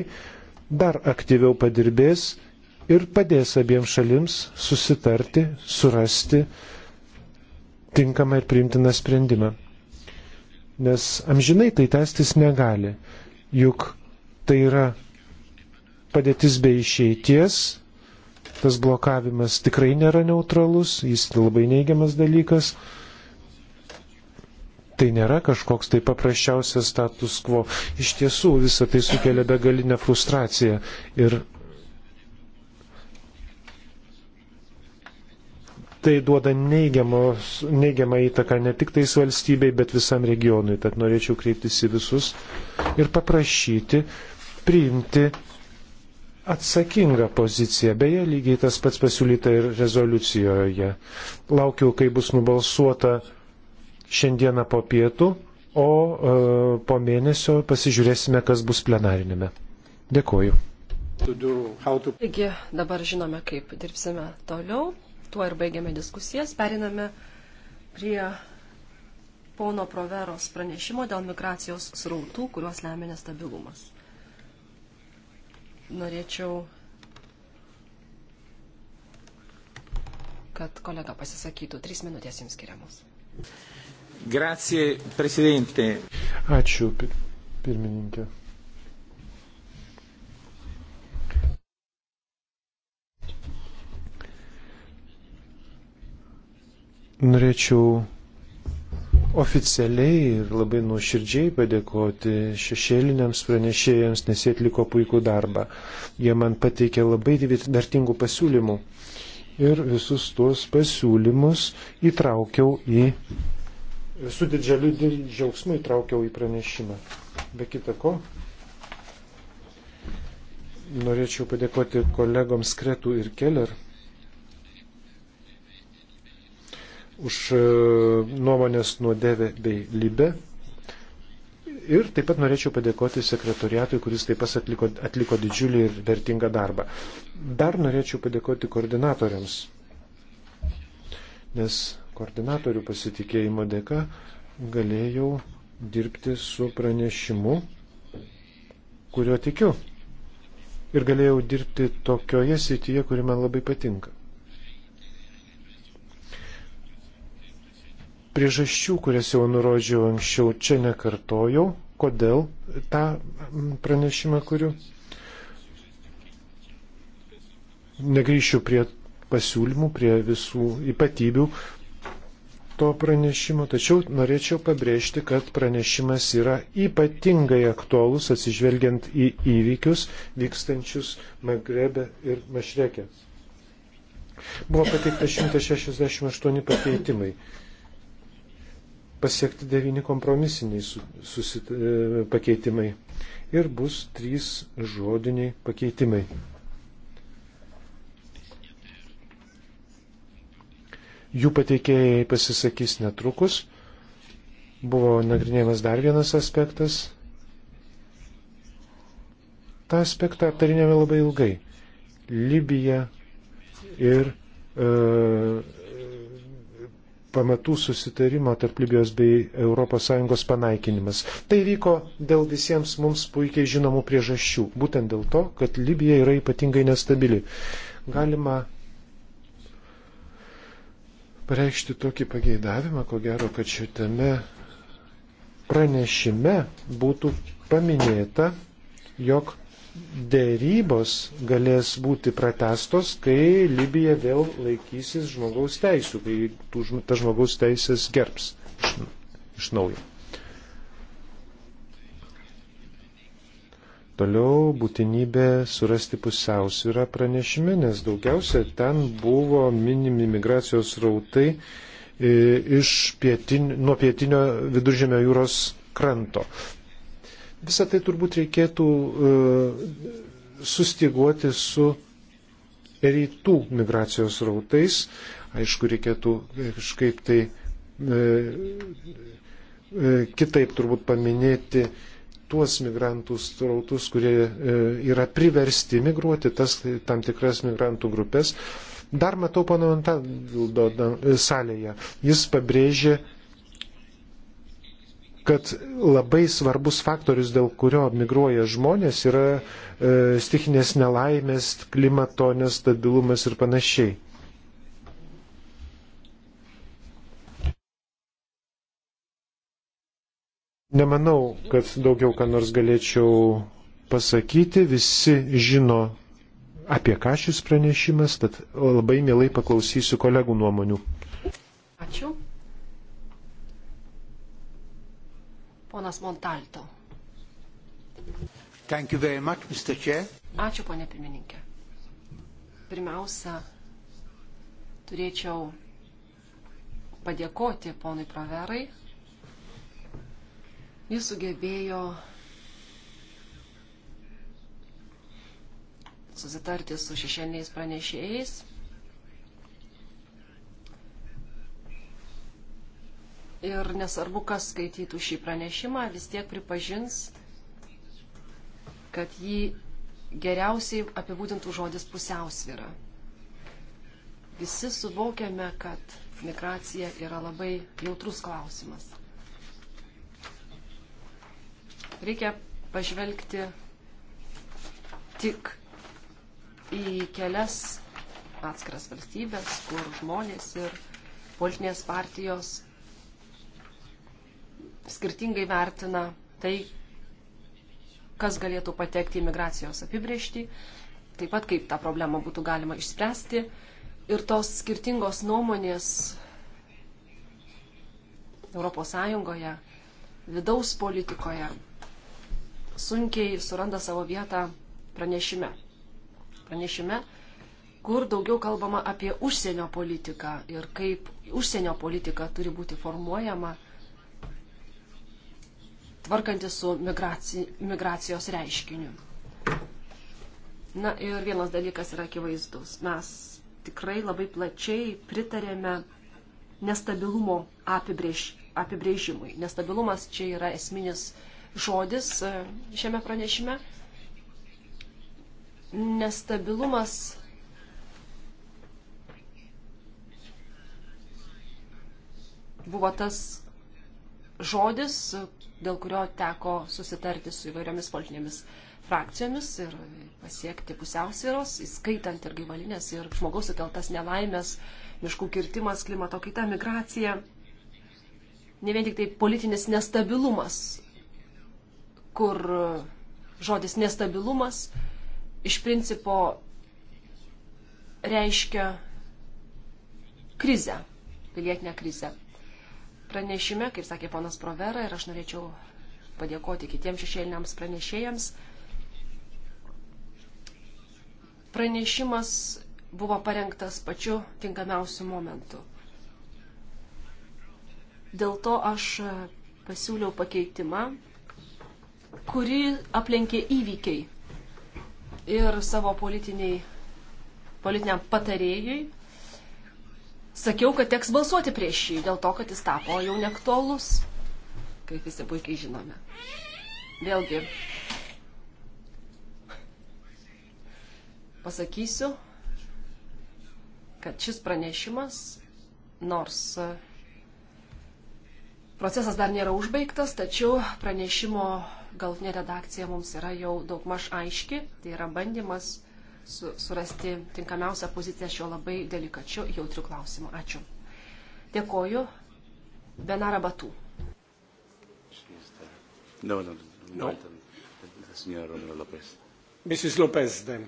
Speaker 1: dar aktyviau padirbės ir padės abiems šalims susitarti, surasti tinkamą ir priimtiną sprendimą. Nes amžinai tai tęstis negali, juk tai yra padėtis be išeities, tas blokavimas tikrai nėra neutralus, jis labai neigiamas dalykas. Tai nėra kažkoks tai paprasčiausias status quo. Iš tiesų visą tai sukelia begalinę frustraciją ir tai duoda neigiamą įtaką ne tik tais valstybei, bet visam regionui. Tad norėčiau kreiptis į visus ir paprašyti priimti atsakingą poziciją. Beje, lygiai tas pats pasiūlyta ir rezoliucijoje. Laukiu, kai bus nubalsuota šiandieną po pietų, o e, po mėnesio pasižiūrėsime, kas bus plenarinėme. Dėkuoju.
Speaker 3: Taigi dabar žinome, kaip dirbsime toliau. Tuo ir baigiame diskusijas. Periname prie pono Proveros pranešimo dėl migracijos srautų, kuriuos lemia nestabilumas. Norėčiau, kad kolega pasisakytų. Trys minutės jums skiriamos.
Speaker 2: Grazie, prezidente.
Speaker 1: Ačiū, pirmininkė. Norėčiau oficialiai ir labai nuoširdžiai padėkoti šešėliniams pranešėjams, nes jie atliko puikų darbą. Jie man pateikė labai vertingų pasiūlymų. Ir visus tuos pasiūlymus įtraukiau į su didžiuliu džiaugsmu įtraukiau į pranešimą. Be kita ko, norėčiau padėkoti kolegoms Kretų ir Keller už e, nuomonės nuodėvę bei libę. Ir taip pat norėčiau padėkoti sekretoriatui, kuris taip pat atliko, atliko didžiulį ir vertingą darbą. Dar norėčiau padėkoti koordinatoriams, nes koordinatorių pasitikėjimo dėka galėjau dirbti su pranešimu, kuriuo tikiu. Ir galėjau dirbti tokioje srityje, kuri man labai patinka. Priežasčių, kurias jau nurodžiau anksčiau, čia nekartojau, kodėl tą pranešimą kuriu. Negryšiu prie pasiūlymų, prie visų ypatybių, to pranešimo, tačiau norėčiau pabrėžti, kad pranešimas yra ypatingai aktuolus atsižvelgiant į įvykius vykstančius Magrebe ir Mašrekė. Buvo pateikta 168 pakeitimai, pasiekti 9 kompromisiniai susit, e, pakeitimai ir bus 3 žodiniai pakeitimai. Jų pateikėjai pasisakys netrukus. Buvo nagrinėjamas dar vienas aspektas. Ta aspektą aptarinėme labai ilgai. Libija ir e, pamatų susitarimo tarp Libijos bei ES panaikinimas. Tai vyko dėl visiems mums puikiai žinomų priežasčių. Būtent dėl to, kad Libija yra ypatingai nestabili. Galima pareikšti tokį pageidavimą, ko gero, kad šitame pranešime būtų paminėta, jog dėrybos galės būti pratestos, kai Libija vėl laikysis žmogaus teisų, kai tų, ta žmogaus teisės gerbs iš, iš naujo. Toliau būtinybė surasti pusiausvyrą pranešime, nes daugiausia ten buvo minimi migracijos rautai e, iš pietin, nuo pietinio viduržėmio jūros kranto. Visą tai turbūt reikėtų e, sustiguoti su rytų migracijos rautais. Aišku, reikėtų kažkaip tai e, kitaip turbūt paminėti tuos migrantų strautus, kurie e, yra priversti migruoti, tas tam tikras migrantų grupės. Dar matau pono Antaldo e, salėje. Jis pabrėžė, kad labai svarbus faktorius, dėl kurio migruoja žmonės, yra e, stichinės nelaimės, klimato nestabilumas ir panašiai. Nemanau, kad daugiau ką nors galėčiau pasakyti. Visi žino, apie ką šis pranešimas, tad labai mielai paklausysiu kolegų nuomonių.
Speaker 3: Ačiū. Ponas Montalto. Much, Ačiū, ponė pirmininkė. Pirmiausia, turėčiau padėkoti ponui Proverai Jis sugebėjo susitarti su šešėliniais pranešėjais. Ir nesvarbu, kas skaitytų šį pranešimą, vis tiek pripažins, kad jį geriausiai apibūdintų žodis pusiausvyra. Visi suvokiame, kad migracija yra labai jautrus klausimas. Reikia pažvelgti tik į kelias atskiras valstybės, kur žmonės ir politinės partijos skirtingai vertina tai, kas galėtų patekti į migracijos apibriežtį, taip pat kaip tą problemą būtų galima išspręsti. Ir tos skirtingos nuomonės ES vidaus politikoje sunkiai suranda savo vietą pranešime. Pranešime, kur daugiau kalbama apie užsienio politiką ir kaip užsienio politika turi būti formuojama tvarkantis su migraci, migracijos reiškiniu. Na ir vienas dalykas yra akivaizdus. Mes tikrai labai plačiai pritarėme nestabilumo apibrėž, apibrėžimui. Nestabilumas čia yra esminis uh, žodis e, šiame pranešime. Nestabilumas buvo tas žodis, dėl kurio teko susitarti su įvairiomis politinėmis frakcijomis ir pasiekti pusiausvėros, įskaitant ir gyvalinės, ir žmogaus sukeltas nelaimės, miškų kirtimas, klimato kaita, migracija. Ne vien tik tai politinis nestabilumas kur žodis nestabilumas iš principo reiškia krizę, pilietinę krizę. Pranešime, kaip sakė ponas Provera, ir aš norėčiau padėkoti kitiems šešėliniams pranešėjams, pranešimas buvo parengtas pačiu tinkamiausiu momentu. Dėl to aš pasiūliau pakeitimą, kurį aplenkė įvykiai. Ir savo politiniam patarėjui sakiau, kad teks balsuoti prieš jį dėl to, kad jis tapo jau neaktuolus, kaip visi puikiai žinome. Vėlgi, pasakysiu, kad šis pranešimas, nors Procesas dar nėra užbaigtas, tačiau pranešimo galtinė redakcija mums yra jau daugmaž aiški. Tai yra bandymas su, surasti tinkamiausią poziciją šio labai delikačiu, jautriu klausimu. Ačiū. Dėkoju. Benara Batų.
Speaker 1: No, no, no. no. Mrs. Lopez, then.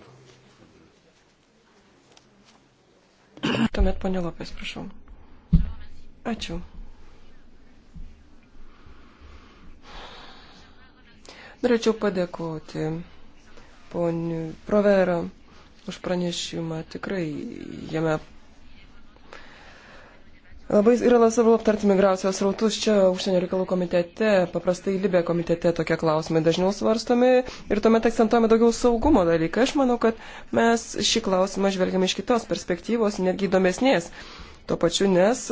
Speaker 4: Tuomet ponė Lopez, prašau. Ačiū. Norėčiau padėkoti poniu Provera už pranešimą. Tikrai jame labai yra labai svarbu aptarti migracijos rautus. Čia užsienio reikalų komitete, paprastai Libė komitete tokie klausimai dažniau svarstomi ir tuomet akcentuojame daugiau saugumo dalyką. Aš manau, kad mes šį klausimą žvelgiame iš kitos perspektyvos, netgi įdomesnės. Tuo pačiu, nes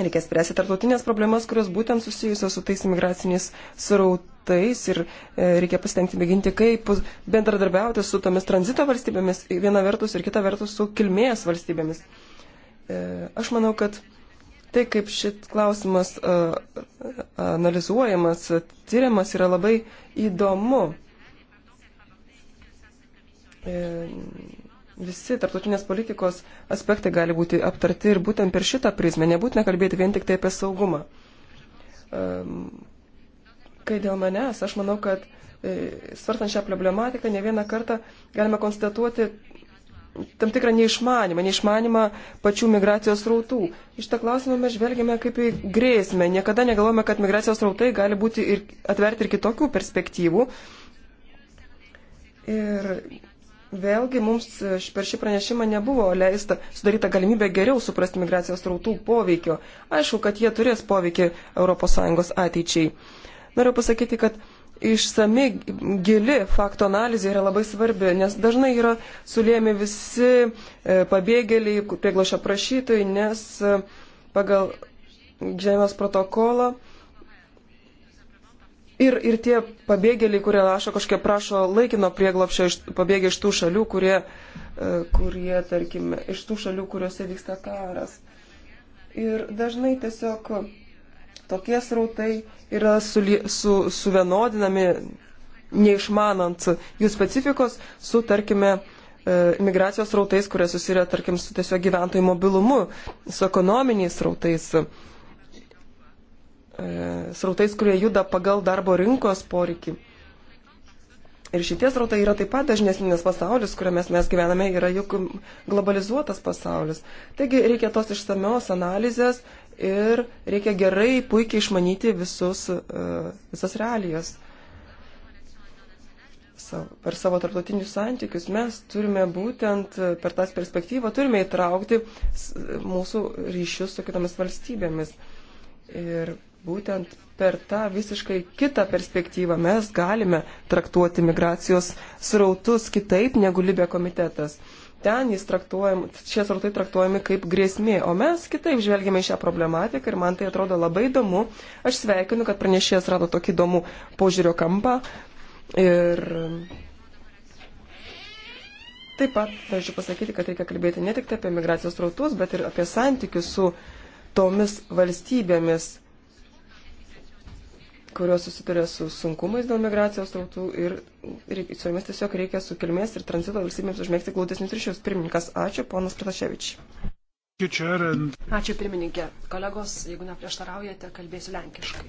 Speaker 4: Reikia spręsti tarptautinės problemas, kurios būtent susijusios su tais imigraciniais srautais ir e, reikia pasitengti mėginti, kaip bendradarbiauti su tomis tranzito valstybėmis, viena vertus ir kita vertus su kilmės valstybėmis. E, aš manau, kad tai, kaip šit klausimas e, analizuojamas, tyriamas, yra labai įdomu. Visi tarptautinės politikos aspektai gali būti aptarti ir būtent per šitą prizmę, nebūtina kalbėti vien tik tai apie saugumą. Ehm, kai dėl manęs, aš manau, kad e, svartant šią problematiką, ne vieną kartą galime konstatuoti tam tikrą neišmanimą, neišmanimą pačių migracijos rautų. Iš tą klausimą mes žvelgiame kaip į grėsmę. Niekada negalvome, kad migracijos rautai gali būti ir atverti ir kitokių perspektyvų. Ir Vėlgi mums e, per šį pranešimą nebuvo leista sudaryta galimybė geriau suprasti migracijos rautų poveikio. Aišku, kad jie turės poveikį ES ateičiai. Noriu pasakyti, kad išsami gili fakto analizė yra labai svarbi, nes dažnai yra sulėmi visi e, pabėgėliai, prieglošio prašytojai, nes e, pagal žemės protokolą Ir, ir tie pabėgėliai, kurie rašo kažkokie prašo laikino prieglapšio, iš, pabėgė iš tų šalių, kurie, e, kurie, tarkim, iš tų šalių, kuriuose vyksta karas. Ir dažnai tiesiog tokie srautai yra su, su, suvienodinami, neišmanant jų specifikos, su, tarkime, e, migracijos srautais, kurie susiria, tarkim, su tiesiog gyventojų mobilumu, su ekonominiais srautais. E, srautais, kurie juda pagal darbo rinkos poreikį. Ir šitie srautai yra taip pat dažnesni, nes pasaulis, kuriame mes gyvename, yra juk globalizuotas pasaulis. Taigi reikia tos išsamios analizės ir reikia gerai, puikiai išmanyti visus, e, visas realijas. Per savo tarptautinius santykius mes turime būtent e, per tas perspektyvą, turime įtraukti mūsų ryšius su kitomis valstybėmis. Ir būtent per tą visiškai kitą perspektyvą mes galime traktuoti migracijos srautus kitaip negu Libė komitetas. Ten jis traktuojam, šie srautai traktuojami kaip grėsmė, o mes kitaip žvelgiame į šią problematiką ir man tai atrodo labai įdomu. Aš sveikinu, kad pranešėjas rado tokį įdomų požiūrio kampą. Ir taip pat norėčiau pasakyti, kad reikia kalbėti ne tik apie migracijos srautus, bet ir apie santykius su tomis valstybėmis kurios susiduria su sunkumais dėl migracijos rautų ir, ir su jomis tiesiog reikia su kilmės ir tranzito valstybėms užmėgti glaudesnius ryšius. Pirmininkas, ačiū,
Speaker 1: ponas Prataševič. Ačiū
Speaker 3: pirmininkė. Kolegos, jeigu neprieštaraujate, kalbėsiu lenkiškai.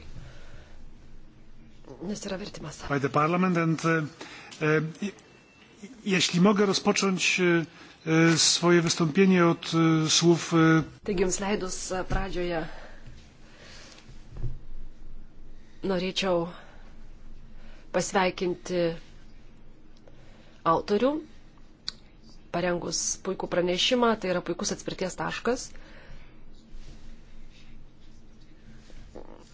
Speaker 3: Nes yra vertimas.
Speaker 1: Pajdę parlament and uh, uh, jeśli mogę rozpocząć uh, swoje wystąpienie od uh, słów. Uh...
Speaker 3: Taigi jums leidus pradžioje norėčiau pasveikinti autorių, parengus puikų pranešimą, tai yra puikus atspirties taškas.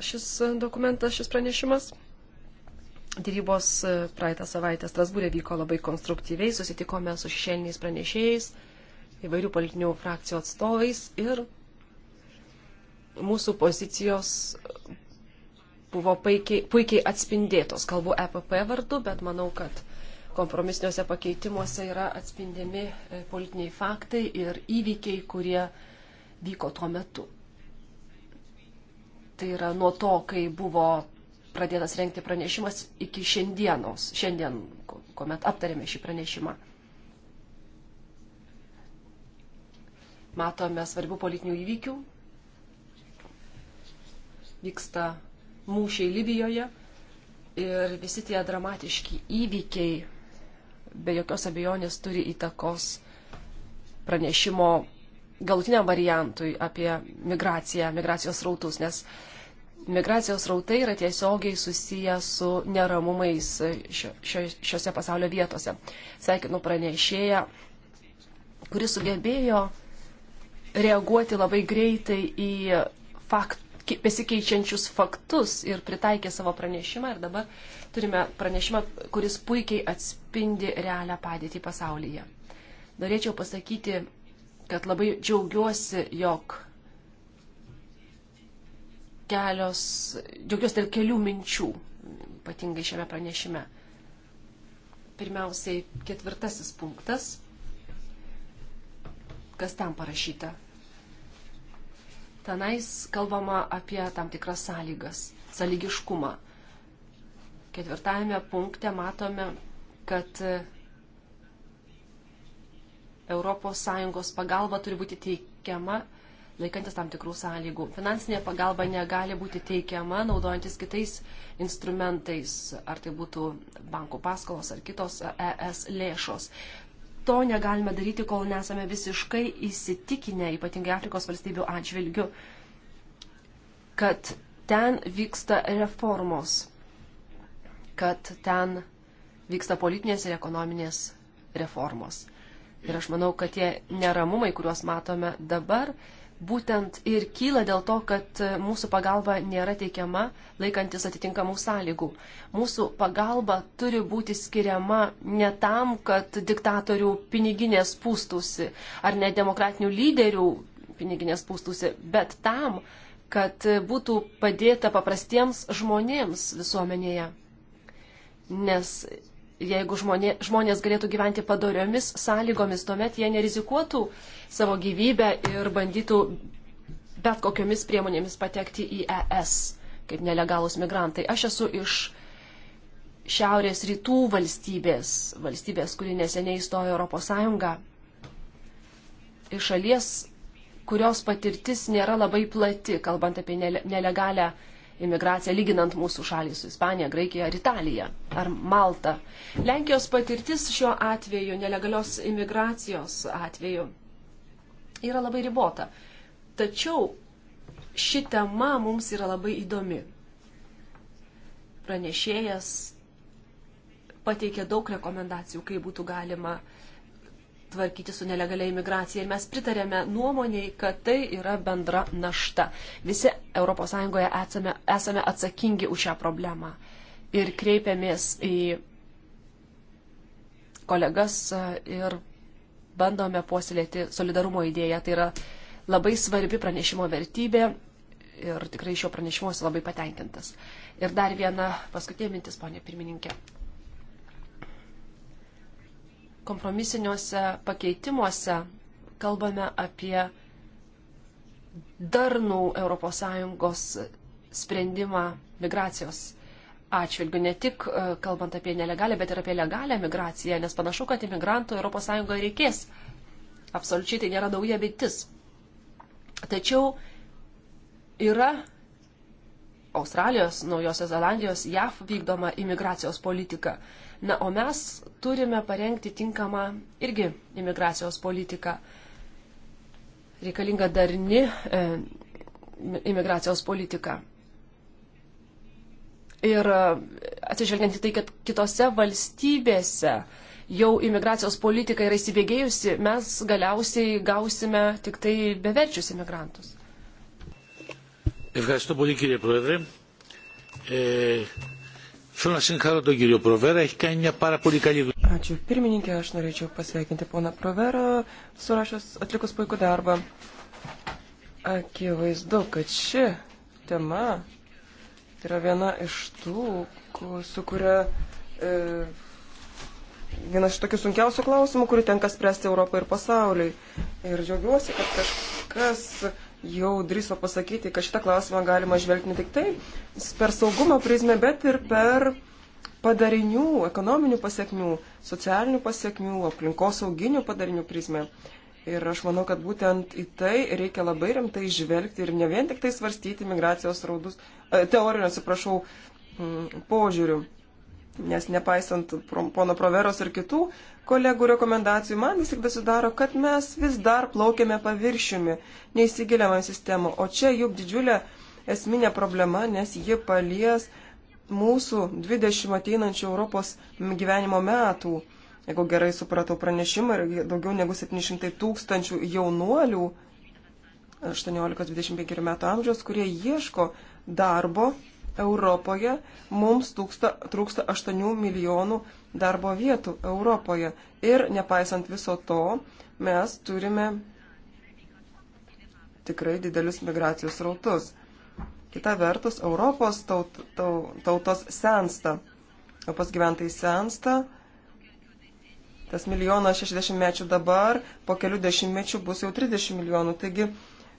Speaker 3: Šis dokumentas, šis pranešimas. Dėrybos praeitą savaitę Strasbūrė vyko labai konstruktyviai, susitikome su šešėliniais pranešėjais, įvairių politinių frakcijų atstovais ir mūsų pozicijos buvo puikiai, puikiai atspindėtos. Kalbu EPP vardu, bet manau, kad kompromisiniuose pakeitimuose yra atspindimi e, politiniai faktai ir įvykiai, kurie vyko tuo metu. Tai yra nuo to, kai buvo pradėtas renkti pranešimas iki šiandienos, šiandien, kuomet aptarėme šį pranešimą. matome svarbių politinių įvykių. Vyksta mūšiai Libijoje ir visi tie dramatiški įvykiai be jokios abejonės turi įtakos pranešimo galutiniam variantui apie migraciją, migracijos rautus, nes migracijos rautai yra tiesiogiai susiję su neramumais šio, šio, šiose pasaulio vietose. Sveikinu pranešėją, kuris sugebėjo reaguoti labai greitai į fakt, besikeičiančius faktus ir pritaikė savo pranešimą ir dabar turime pranešimą, kuris puikiai atspindi realią padėtį pasaulyje. Norėčiau pasakyti, kad labai džiaugiuosi, jog kelios, džiaugiuosi dėl kelių minčių, ypatingai šiame pranešime. Pirmiausiai ketvirtasis punktas. Kas ten parašyta? Tenais kalbama apie tam tikras sąlygas, sąlygiškumą. Ketvirtajame punkte matome, kad ES pagalba turi būti teikiama laikantis tam tikrų sąlygų. Finansinė pagalba negali būti teikiama naudojantis kitais instrumentais, ar tai būtų bankų paskolos ar kitos ES lėšos to negalime daryti, kol nesame visiškai įsitikinę, ypatingai Afrikos valstybių atžvilgių, kad ten vyksta reformos, kad ten vyksta politinės ir ekonominės reformos. Ir aš manau, kad tie neramumai, kuriuos matome dabar, uh, būtent ir kyla dėl to, kad e, mūsų pagalba nėra teikiama laikantis atitinkamų sąlygų. Mūsų pagalba turi būti skiriama ne tam, kad diktatorių piniginės pūstusi ar ne demokratinių lyderių piniginės pūstusi, bet tam, kad būtų padėta paprastiems žmonėms visuomenėje. Nes jeigu žmonė, žmonės galėtų gyventi padoriomis sąlygomis, tuomet jie nerizikuotų savo gyvybę ir bandytų bet kokiomis priemonėmis patekti į ES kaip nelegalus migrantai. Aš esu iš šiaurės rytų valstybės, valstybės, kuri neseniai įstojo Europos Sąjungą, iš šalies, kurios patirtis nėra labai plati, kalbant apie nelegalę migrantų imigraciją, lyginant mūsų šalį su Ispanija, Graikija ar Italija ar Malta. Lenkijos patirtis šiuo atveju, nelegalios imigracijos atveju, yra labai ribota. Tačiau ši tema mums yra labai įdomi. Pranešėjas pateikė daug rekomendacijų, kaip būtų galima uh, tvarkyti su nelegalia imigracija. Ir mes pritarėme nuomoniai, kad tai yra bendra našta. Visi ES esame, esame atsakingi už šią problemą. Ir kreipiamės į kolegas e, ir bandome puoselėti solidarumo idėją. Tai yra labai svarbi pranešimo vertybė ir tikrai šio pranešimo esu labai patenkintas. Ir dar viena paskutinė mintis, ponė pirmininkė kompromisiniuose pakeitimuose kalbame apie darnų ES sprendimą migracijos atšvilgių, ne tik e, kalbant apie nelegalę, bet ir apie legalę migraciją, nes panašu, kad imigrantų ES reikės. Absoliučiai tai nėra nauja mintis. Tačiau yra Australijos, Naujosios Zelandijos, JAV vykdoma imigracijos politika. Na, o mes turime parengti tinkamą irgi imigracijos politiką. Reikalinga darni e, imigracijos politika. Ir e, atsižvelgiant į tai, kad kitose valstybėse jau imigracijos politika yra įsibėgėjusi, mes galiausiai gausime tik tai beverčius imigrantus.
Speaker 1: Ευχαριστώ πολύ κύριε Πρόεδρε. Ε, Θέλω να συγχαρώ τον κύριο Προβέρα, έχει κάνει μια πάρα πολύ καλή δουλειά.
Speaker 4: Ačiū pirmininkė, aš norėčiau pasveikinti poną Proverą, surašęs atlikus puikų darbą. Akivaizdu, kad ši tema yra viena iš tų, su kuria e, vienas iš tokių sunkiausių klausimų, kurį tenka spręsti Europai ir pasauliui. Ir džiaugiuosi, kad kažkas jau drįso pasakyti, kad šitą klausimą galima žvelgti ne tik tai per saugumo prizmę, bet ir per padarinių, ekonominių pasiekmių, socialinių pasiekmių, aplinkosauginių padarinių prizmę. Ir aš manau, kad būtent į tai reikia labai rimtai žvelgti ir ne vien tik tai svarstyti migracijos raudus, e, teorinio, atsiprašau, mm, požiūrių. Nes nepaisant pono Proveros ir kitų kolegų rekomendacijų man vis tik besidaro, kad mes vis dar plaukiame paviršiumi, neįsigiliamą sistemą. O čia juk didžiulė esminė problema, nes ji palies mūsų 20 ateinančių Europos gyvenimo metų. Jeigu gerai supratau pranešimą, daugiau negu 700 tūkstančių jaunuolių 18-25 metų amžiaus, kurie ieško darbo Europoje mums tūksta, trūksta 8 milijonų darbo vietų Europoje. Ir nepaisant viso to, mes turime tikrai didelius migracijos rautus. Kita vertus, Europos taut, taut, tautos sensta. Europos gyventojai sensta. Tas milijonas šešdešimtmečių dabar, po kelių dešimtmečių bus jau 30 milijonų. Taigi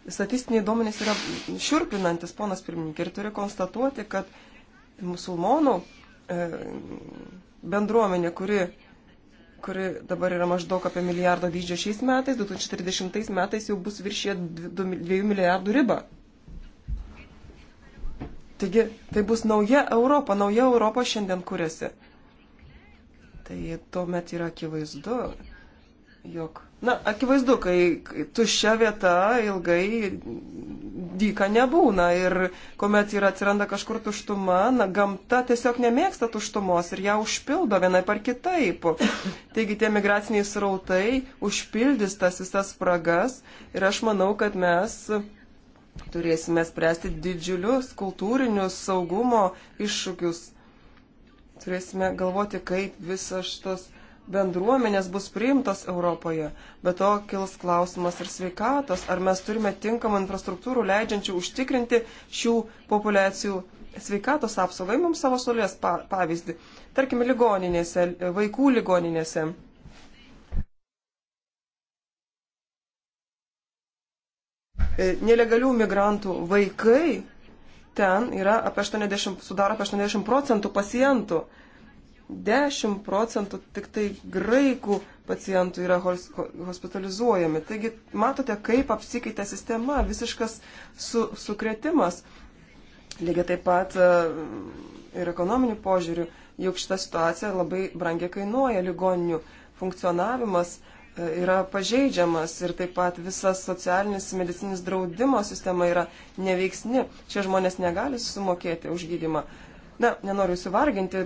Speaker 4: statistiniai duomenys yra šiurpinantis, ponas pirmininkė, ir turiu konstatuoti, kad musulmonų e, bendruomenė, kuri, kuri dabar yra maždaug apie milijardo dydžio šiais metais, 2030 metais jau bus viršė 2 milijardų ribą. Taigi tai bus nauja Europa, nauja Europa šiandien kuriasi. Tai tuomet yra akivaizdu, jog, na, akivaizdu, kai tuščia vieta ilgai dyka nebūna ir kuomet ir atsiranda kažkur tuštuma, na, gamta tiesiog nemėgsta tuštumos ir ją užpildo vienai par kitaip. Taigi tie migraciniai srautai užpildys tas visas spragas ir aš manau, kad mes turėsime spręsti didžiulius kultūrinius saugumo iššūkius. Turėsime galvoti, kaip visas šitas bendruomenės bus priimtos Europoje, bet to kils klausimas ir sveikatos, ar mes turime tinkamą infrastruktūrų leidžiančių užtikrinti šių populiacijų sveikatos apsaugai mums savo šalies pavyzdį. Tarkime, ligoninėse, vaikų ligoninėse. E, nelegalių migrantų vaikai ten yra apie 80, sudaro apie 80 procentų pacientų. 10 procentų tik tai graikų pacientų yra hospitalizuojami. Taigi matote, kaip apsikeitė sistema, visiškas su, sukretimas. Lygiai taip pat e, ir ekonominių požiūrių, juk šita situacija labai brangiai kainuoja, ligoninių funkcionavimas e, yra pažeidžiamas ir taip pat visas socialinis medicinis draudimo sistema yra neveiksni. Šie žmonės negali sumokėti už gydimą. Na, nenoriu suvarginti,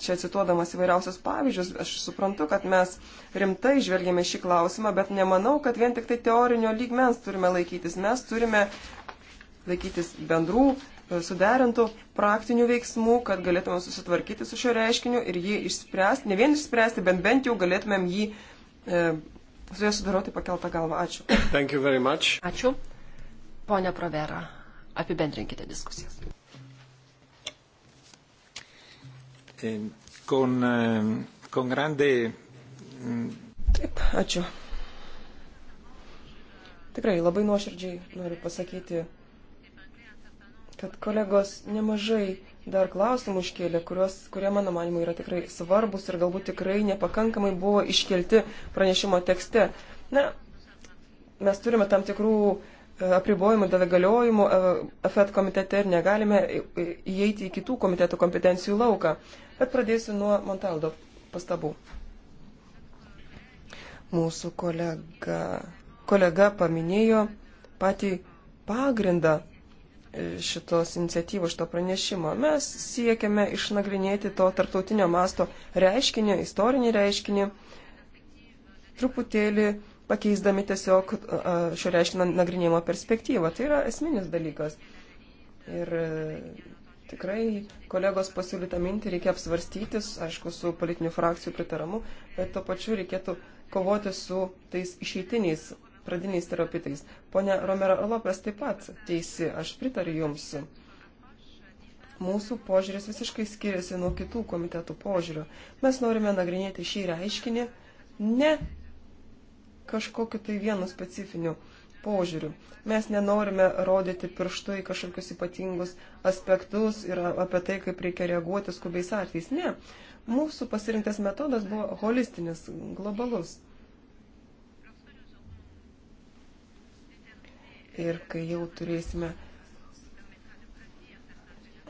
Speaker 4: čia cituodamas įvairiausius pavyzdžius, aš suprantu, kad mes rimtai žvelgėme šį klausimą, bet nemanau, kad vien tik tai teorinio lygmens turime laikytis. Mes turime laikytis bendrų, e, suderintų praktinių veiksmų, kad galėtume susitvarkyti su šio reiškiniu ir jį išspręsti, ne vien išspręsti, bet bent jau galėtumėm jį e, su juo sudaroti pakeltą
Speaker 1: galvą. Ačiū.
Speaker 3: Ačiū. Pone Provera, apibendrinkite
Speaker 1: diskusijas. con,
Speaker 2: ehm, con grande. Mm, Taip, ačiū.
Speaker 4: Tikrai labai nuoširdžiai noriu pasakyti, kad kolegos nemažai dar klausimų iškėlė, kurios, kurie mano manimu yra tikrai svarbus ir galbūt tikrai nepakankamai buvo iškelti pranešimo tekste. Na, mes turime tam tikrų e, apribojimų dėl galiojimų e, FED komitete ir negalime įeiti į kitų komitetų kompetencijų lauką bet pradėsiu nuo Montaldo pastabų. Mūsų kolega, kolega paminėjo patį pagrindą e, šitos iniciatyvos, šito pranešimo. Mes siekiame išnagrinėti to tartautinio masto reiškinį, istorinį reiškinį, truputėlį pakeisdami tiesiog šio reiškinio nagrinėjimo perspektyvą. Tai yra esminis dalykas. Ir Tikrai kolegos pasiūlytą mintį reikia apsvarstyti, aišku, su politinių frakcijų pritaramu, bet to pačiu reikėtų kovoti su tais išeitiniais pradiniais stereopitais. Pone Romero Lopes taip pat teisi, aš pritariu Jums. Mūsų požiūris visiškai skiriasi nuo kitų komitetų požiūrio. Mes norime nagrinėti šį reiškinį ne kažkokiu tai vienu specifiniu požiūrių. Mes nenorime rodyti pirštu į kažkokius ypatingus aspektus ir apie tai, kaip reikia reaguoti skubiais atvejais. Ne. Mūsų pasirinktas metodas buvo holistinis, globalus. Ir kai jau turėsime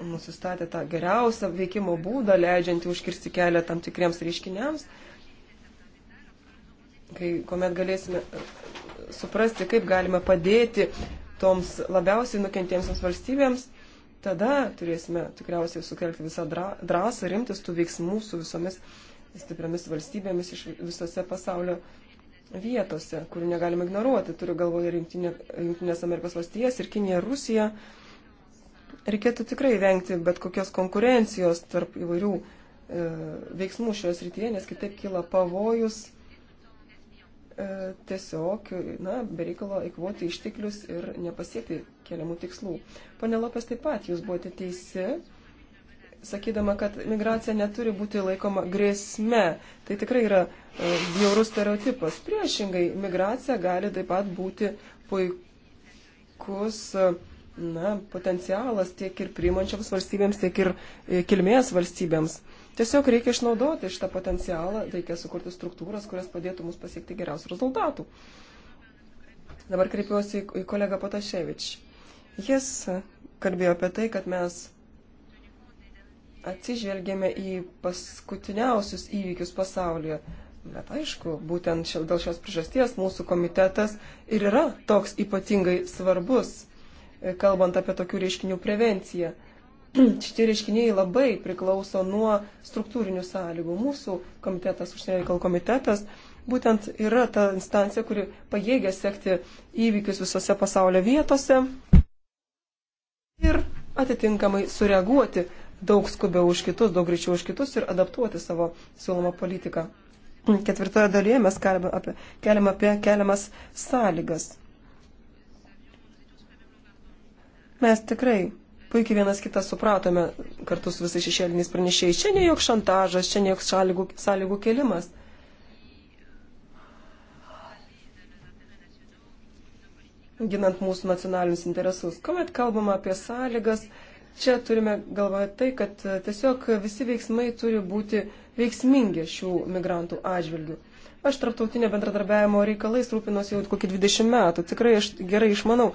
Speaker 4: nusistatę tą geriausią veikimo būdą, leidžiantį užkirsti kelią tam tikriems reiškiniams, kai kuomet galėsime suprasti, kaip galime padėti toms labiausiai nukentėjimsiams valstybėms, tada turėsime tikriausiai sukelti visą drąsą rimtis tų veiksmų su visomis stipriamis valstybėmis iš visose pasaulio vietose, kurių negalime ignoruoti. Turiu galvoje ir Junktinės Amerikos valstijas, ir Kinija, Rusija. Reikėtų tikrai vengti bet kokios konkurencijos tarp įvairių e, veiksmų šioje srityje, nes kitaip kyla pavojus e, E, tiesiog, na, bereikalo eikvoti išteklius ir nepasiekti keliamų tikslų. Pane Lopes, taip pat jūs buvote teisi, sakydama, kad migracija neturi būti laikoma grėsme. Tai tikrai yra e, bjaurus stereotipas. Priešingai, migracija gali taip pat būti puikus e, na, potencialas tiek ir priimančioms valstybėms, tiek ir kilmės valstybėms. Tiesiog reikia išnaudoti šitą potencialą, reikia sukurti struktūras, kurias padėtų mums pasiekti geriausių rezultatų. Dabar kreipiuosi į kolegą Potaševič. Jis kalbėjo apie tai, kad mes atsižvelgėme į paskutiniausius įvykius pasaulyje. Bet aišku, būtent šio, dėl šios priežasties mūsų komitetas ir yra toks ypatingai svarbus, kalbant apie tokių reiškinių prevenciją. šitie reiškiniai labai priklauso nuo struktūrinių sąlygų. Mūsų komitetas, užsienio reikalų komitetas, būtent yra ta instancija, kuri pajėgia sekti įvykius visose pasaulio vietose ir atitinkamai sureaguoti daug skubiau už kitus, daug greičiau už kitus ir adaptuoti savo siūlomą politiką. Ketvirtoje dalyje mes keliam apie, keliam apie keliamas sąlygas. Mes tikrai puikiai vienas kitą supratome kartu su visais šešėliniais pranešėjais. Čia ne joks šantažas, čia ne joks sąlygų, sąlygų kelimas. Ginant mūsų nacionalinius interesus. Komet kalbama apie sąlygas, čia turime galvoje tai, kad tiesiog visi veiksmai turi būti veiksmingi šių migrantų atžvilgių. Aš tarptautinio bendradarbiavimo reikalais rūpinosi jau kokį 20 metų, tikrai aš gerai išmanau,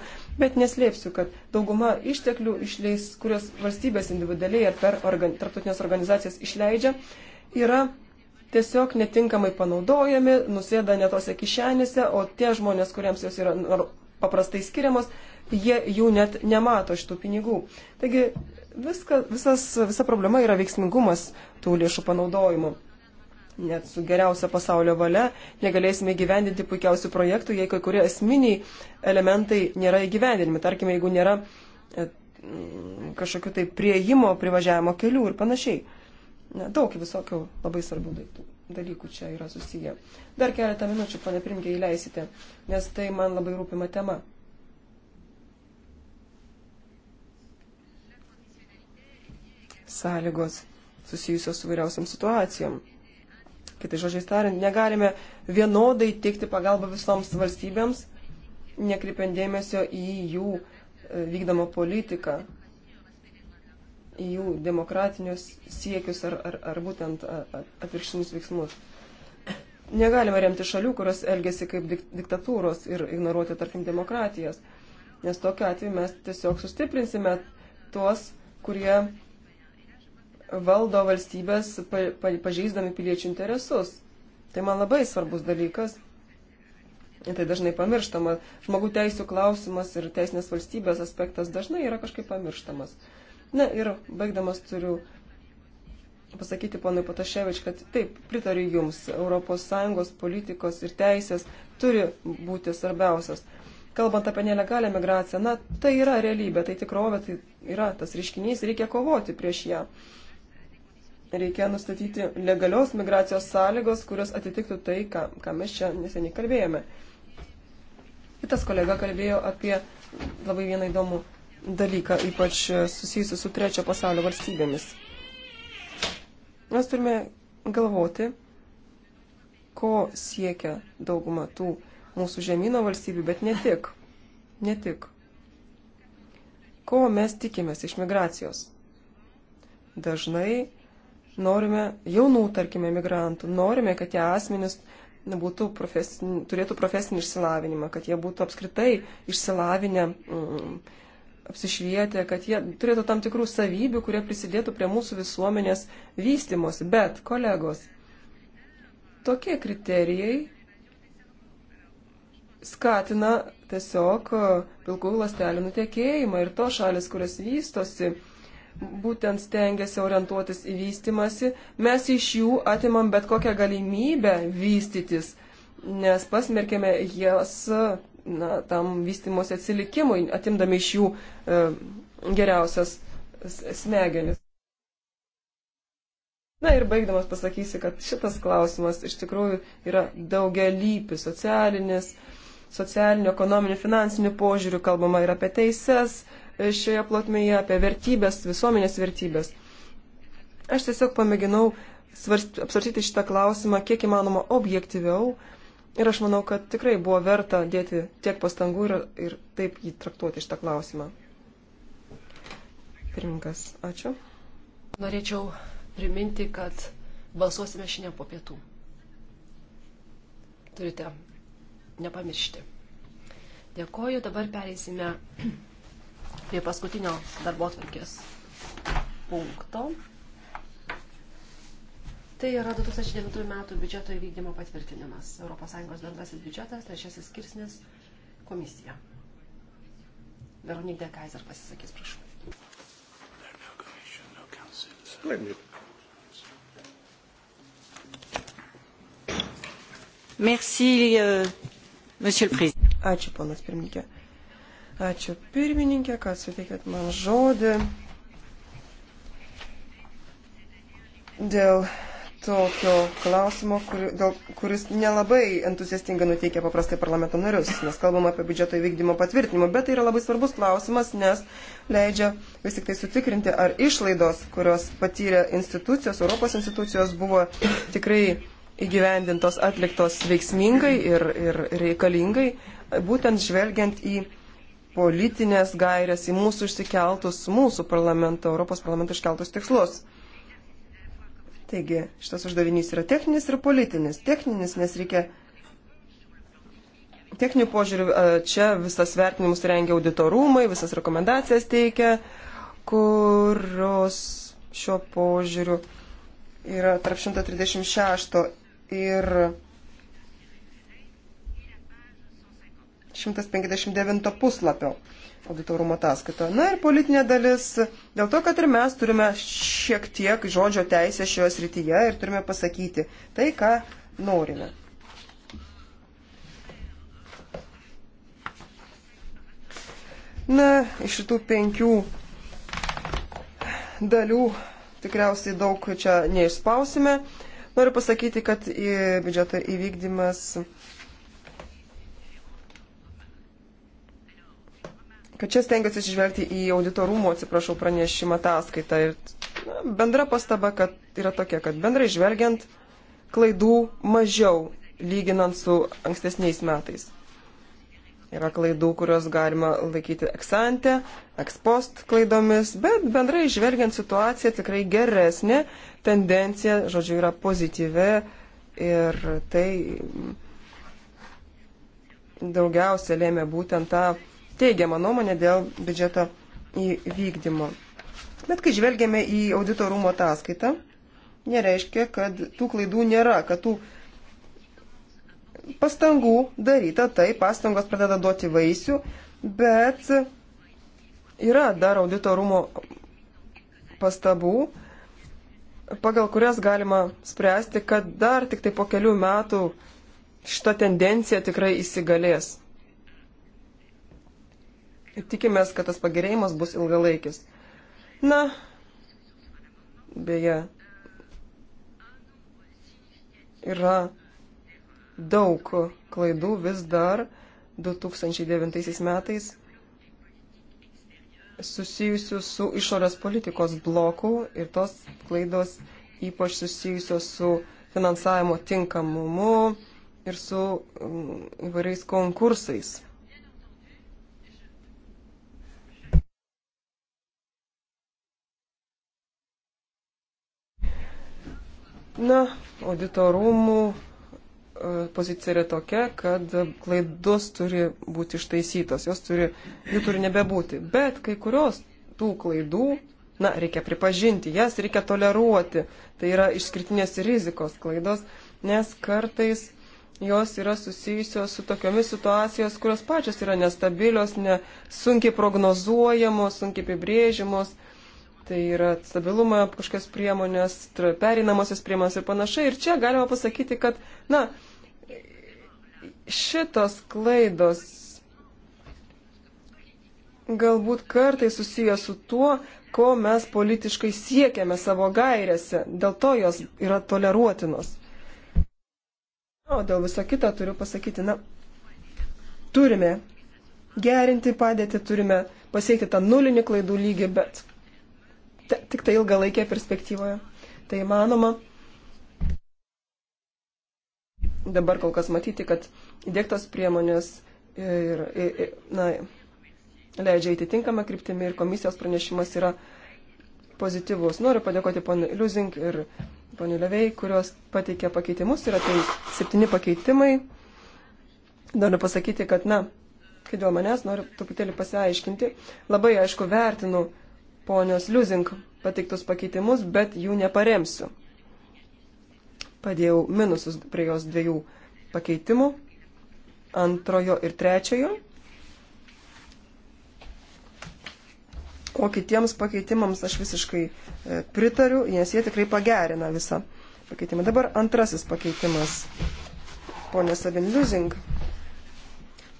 Speaker 4: bet neslėpsiu, kad dauguma išteklių, išleis, kurios valstybės individualiai ar per organ, tarptautinės organizacijas išleidžia, yra tiesiog netinkamai panaudojami, nusėda netose kišenėse, o tie žmonės, kuriems jos yra paprastai skiriamos, jie jų net nemato šitų pinigų. Taigi viska, visas, visa problema yra veiksmingumas tų lėšų panaudojimo net su geriausia pasaulio valia negalėsime gyvendinti puikiausių projektų, jei kai kurie esminiai elementai nėra įgyvendinami. Tarkime, jeigu nėra e, kažkokiu tai prieimo, privažiavimo kelių ir panašiai. Na, daug visokių labai svarbių dalykų čia yra susiję. Dar keletą minučių, pane Primkė, įleisite, nes tai man labai rūpima tema. Sąlygos susijusios su vairiausiam situacijom. Kitai žodžiai tariant, negalime vienodai teikti pagalbą visoms valstybėms, nekreipiant dėmesio į jų e, vykdomą politiką, į jų demokratinius siekius ar, ar, ar būtent atvirkštinius veiksmus. Negalime remti šalių, kurios elgesi kaip dik diktatūros ir ignoruoti, tarkim, demokratijas, nes tokiu atveju mes tiesiog sustiprinsime tuos, kurie valdo valstybės pa, pa, pažeisdami piliečių interesus. Tai man labai svarbus dalykas. Ir tai dažnai pamirštama. Žmogų teisų klausimas ir teisinės valstybės aspektas dažnai yra kažkaip pamirštamas. Na ir baigdamas turiu pasakyti ponui Pataševič, kad taip, pritariu Jums, ES politikos ir teisės turi būti svarbiausias. Kalbant apie nelegalią migraciją, na, tai yra realybė, tai tikrovė, tai yra tas reiškinys, reikia kovoti prieš ją reikia nustatyti legalios migracijos sąlygos, kurios atitiktų tai, ką, ką mes čia neseniai kalbėjome. Kitas kolega kalbėjo apie labai vieną įdomų dalyką, ypač susijusiu su trečio pasaulio valstybėmis. Mes turime galvoti, ko siekia dauguma tų mūsų žemynų valstybių, bet ne tik. Ne tik. Ko mes tikimės iš migracijos? Dažnai norime jaunų, tarkime, migrantų, norime, kad tie asmenys būtų profesin, turėtų profesinį išsilavinimą, kad jie būtų apskritai išsilavinę, mm, apsišvietę, kad jie turėtų tam tikrų savybių, kurie prisidėtų prie mūsų visuomenės vystimosi. Bet, kolegos, tokie kriterijai skatina tiesiog e, pilkų lastelių nutekėjimą ir to šalis, kurios vystosi, būtent stengiasi orientuotis į vystimasi, mes iš jų atimam bet kokią galimybę vystytis, nes pasmerkėme jas na, tam vystimosi atsilikimui, atimdami iš jų e, geriausias smegenis. Na ir baigdamas pasakysiu, kad šitas klausimas iš tikrųjų yra daugialypis socialinis, socialinio, ekonominio, finansinių požiūrių, kalbama ir apie teises, šioje plotmėje, apie vertybės, visuomenės vertybės. Aš tiesiog pamėginau apsvarstyti šitą klausimą kiek įmanoma objektyviau ir aš manau, kad tikrai buvo verta dėti tiek pastangų ir, ir taip jį traktuoti šitą klausimą.
Speaker 3: Pirmininkas, ačiū. Norėčiau priminti, kad balsuosime šiandien po pietų. Turite nepamiršti. Dėkoju, dabar pereisime prie paskutinio darbo atvarkės punkto. Tai yra 2009 metų biudžeto įvykdymo patvirtinimas. ES bendrasis biudžetas, trečiasis skirsnis, komisija. Veronika Kaiser pasisakys, prašau.
Speaker 1: Splendid.
Speaker 2: Merci, euh, Monsieur le Président.
Speaker 4: Ačiū, ponas pirmininkė. Ačiū pirmininkė, kad suteikėt man žodį. Dėl tokio klausimo, kur, dėl, kuris nelabai entuziastinga nuteikia paprastai parlamento narius, nes kalbam apie biudžeto įvykdymo patvirtinimą, bet tai yra labai svarbus klausimas, nes leidžia vis tik tai sutikrinti, ar išlaidos, kurios patyrė institucijos, Europos institucijos, buvo tikrai įgyvendintos, atliktos veiksmingai ir, ir reikalingai, būtent žvelgiant į politinės gairės, į mūsų išsikeltus, mūsų parlamento, Europos parlamento iškeltus tikslus. Taigi, šitas uždavinys yra techninis ir politinis. Techninis, nes reikia techninių požiūrių, čia visas vertinimus rengia auditorumai, visas rekomendacijas teikia, kurios šio požiūriu yra tarp 136 ir 159 puslapio auditorumo ataskaitoje. Na ir politinė dalis, dėl to, kad ir mes turime šiek tiek žodžio teisę šioje srityje ir turime pasakyti tai, ką norime. Na, iš šitų penkių dalių tikriausiai daug čia neišspausime. Noriu pasakyti, kad biudžeto įvykdymas kad čia stengiasi išvelgti į auditorumo, atsiprašau, pranešimą ataskaitą. Ir na, bendra pastaba kad yra tokia, kad bendrai žvelgiant klaidų mažiau lyginant su ankstesniais metais. Yra klaidų, kurios galima laikyti eksante, ekspost klaidomis, bet bendrai žvelgiant situacija tikrai geresnė, tendencija, žodžiu, yra pozityvi ir tai daugiausia lėmė būtent tą teigiamą nuomonę dėl biudžeto įvykdymo. Bet kai žvelgiame į audito rūmo ataskaitą, nereiškia, kad tų klaidų nėra, kad tų pastangų daryta, tai pastangos pradeda duoti vaisių, bet yra dar audito rūmo pastabų, pagal kurias galima spręsti, kad dar tik tai po kelių metų šita tendencija tikrai įsigalės. Ir tikimės, kad tas pagerėjimas bus ilgalaikis. Na, beje, yra daug klaidų vis dar 2009 metais susijusių su išorės politikos bloku ir tos klaidos ypač susijusios su finansavimo tinkamumu ir su mm, įvairiais konkursais. Na, auditorumų e, pozicija yra tokia, kad klaidos turi būti ištaisytos, jos turi, jų turi nebebūti. Bet kai kurios tų klaidų, na, reikia pripažinti, jas reikia toleruoti. Tai yra išskirtinės rizikos klaidos, nes kartais jos yra susijusios su tokiomis situacijos, kurios pačios yra nestabilios, ne, sunkiai prognozuojamos, sunkiai apibrėžimos. Uh, Tai yra stabilumą, kažkokios priemonės, pereinamosios priemonės ir panašiai. Ir čia galima pasakyti, kad, na, šitos klaidos galbūt kartai susijęs su tuo, ko mes politiškai siekiame savo gairėse, dėl to jos yra toleruotinos. O dėl viso kito turiu pasakyti, na, turime gerinti padėtį, turime pasiekti tą nulinį klaidų lygį, bet tik tai ilgalaikėje perspektyvoje. Tai manoma. Dabar kol kas matyti, kad įdėktos priemonės ir, ir, ir, na, leidžia įtitinkamą kryptimį ir komisijos pranešimas yra pozityvus. Noriu padėkoti ponui Liuzink ir ponui Levei, kurios pateikė pakeitimus. Yra tai septyni pakeitimai. Noriu pasakyti, kad, na, kai dėl manęs noriu truputėlį pasiaiškinti. Labai aišku vertinu ponios Liuzink pateiktus pakeitimus, bet jų neparemsiu. Padėjau minusus prie jos dviejų pakeitimų, antrojo ir trečiojo. O kitiems pakeitimams aš visiškai e, pritariu, nes jie tikrai pagerina visą pakeitimą. Dabar antrasis pakeitimas. Pone Sabin Liuzing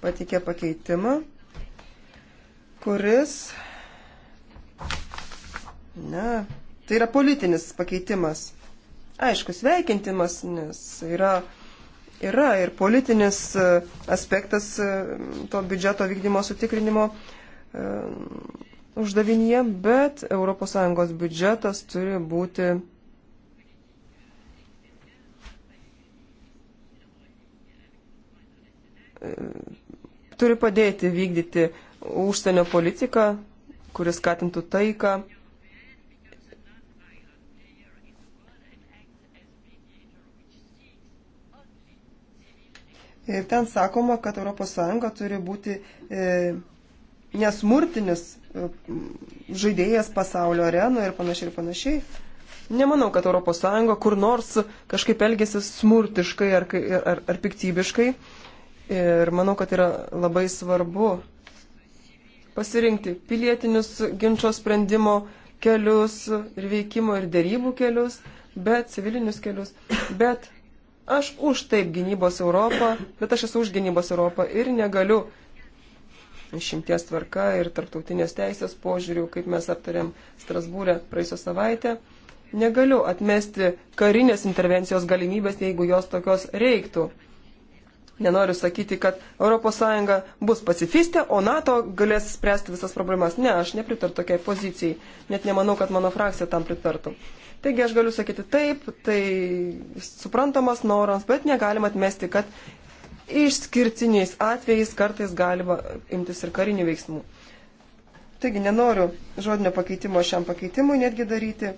Speaker 4: pateikė pakeitimą, kuris Ne, tai yra politinis pakeitimas. Aišku, sveikintimas, nes yra, yra ir politinis e, aspektas e, to biudžeto vykdymo sutikrinimo e, uždavinyje, bet ES biudžetas turi būti turi padėti vykdyti užsienio politiką, kuris skatintų taiką Ir ten sakoma, kad ES turi būti e, nesmurtinis e, žaidėjas pasaulio arenoje ir panašiai ir panašiai. Nemanau, kad ES kur nors kažkaip elgesi smurtiškai ar, ar, ar piktybiškai. Ir manau, kad yra labai svarbu pasirinkti pilietinius ginčio sprendimo kelius ir veikimo ir dėrybų kelius, bet civilinius kelius. Bet Aš už taip gynybos Europą, bet aš esu už gynybos Europą ir negaliu išimties tvarka ir tarptautinės teisės požiūrių, kaip mes aptarėm Strasbūrę praėjusią savaitę. Negaliu atmesti karinės intervencijos galimybės, jeigu jos tokios reiktų. Nenoriu sakyti, kad ES bus pacifistė, o NATO galės spręsti visas problemas. Ne, aš nepritart tokiai pozicijai. Net nemanau, kad mano frakcija tam pritartų. Taigi aš galiu sakyti taip, tai suprantamas norams, bet negalima atmesti, kad išskirtiniais atvejais kartais galima imtis ir karinių veiksmų. Taigi nenoriu žodinio pakeitimo šiam pakeitimui netgi daryti.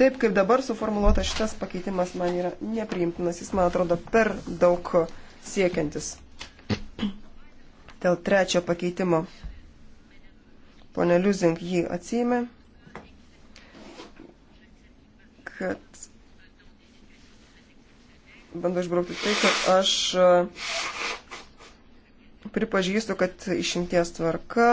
Speaker 4: Taip kaip dabar suformuoluotas šitas pakeitimas man yra nepriimtinas, jis man atrodo per daug siekiantis. Dėl trečio pakeitimo. Pone Liuzink jį atsijėmė kad bandau išbraukti tai, kad aš e, pripažįstu, kad išimties tvarka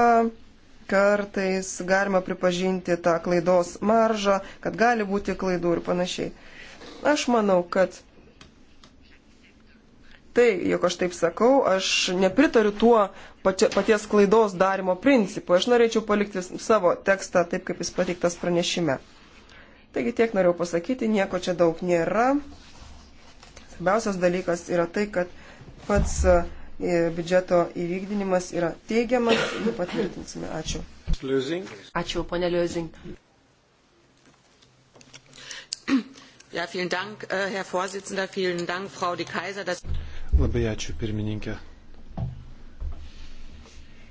Speaker 4: kartais galima pripažinti tą klaidos maržą, kad gali būti klaidų ir panašiai. Aš manau, kad tai, jog aš taip sakau, aš nepritariu tuo pačia, paties klaidos darimo principu. Aš norėčiau palikti savo tekstą taip, kaip jis pateiktas pranešime. Taigi tiek norėjau pasakyti, nieko čia daug nėra. Svarbiausias dalykas yra tai, kad pats e, biudžeto įvykdinimas yra teigiamas, jį patvirtinsime. Ačiū. Liuzing. Ačiū, ponė Liuzing.
Speaker 2: Ja, vielen Dank, äh, Herr Vorsitzender, vielen Dank, Frau de Kaiser. Dass...
Speaker 1: Labai ačiū, pirmininkė.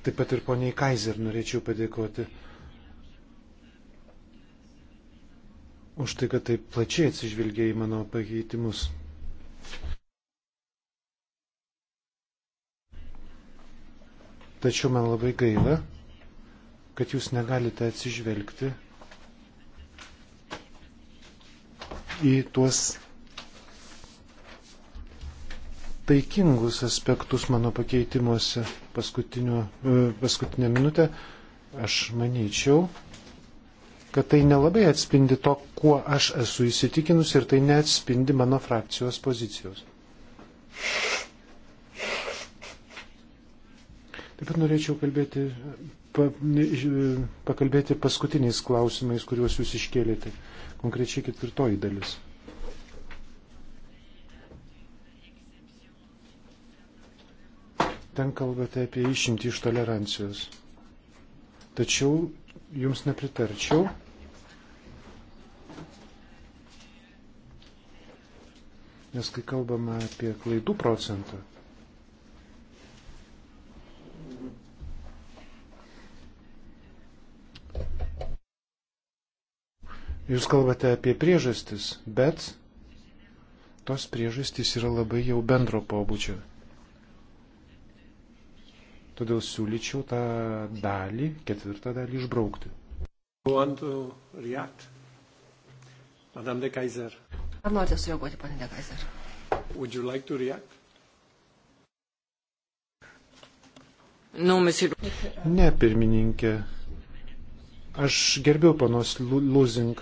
Speaker 1: Taip pat ir poniai Kaiser norėčiau padėkoti už tai, kad taip plačiai atsižvelgė į mano pakeitimus. Tačiau man labai gaila, kad jūs negalite atsižvelgti į tuos taikingus aspektus mano pakeitimuose e, paskutinę minutę. Aš manyčiau, kad tai nelabai atspindi to, kuo aš esu įsitikinus ir tai neatspindi mano frakcijos pozicijos. Taip pat norėčiau kalbėti, pa, pakalbėti paskutiniais klausimais, kuriuos jūs iškėlėte, konkrečiai ketvirtoji dalis. Ten kalbate apie išimtį iš tolerancijos. Tačiau jums nepritarčiau, Nes kai kalbame apie klaidų procentą, jūs kalbate apie priežastis, bet tos priežastys yra labai jau bendro pobūdžio. Todėl siūlyčiau tą dalį, ketvirtą dalį išbraukti. Madame de Kaiser.
Speaker 3: Ar norite sureaguoti, ponė Dekaiser?
Speaker 1: Would you like to react? No, monsieur... Ne, pirmininkė. Aš gerbiu panos Lūzing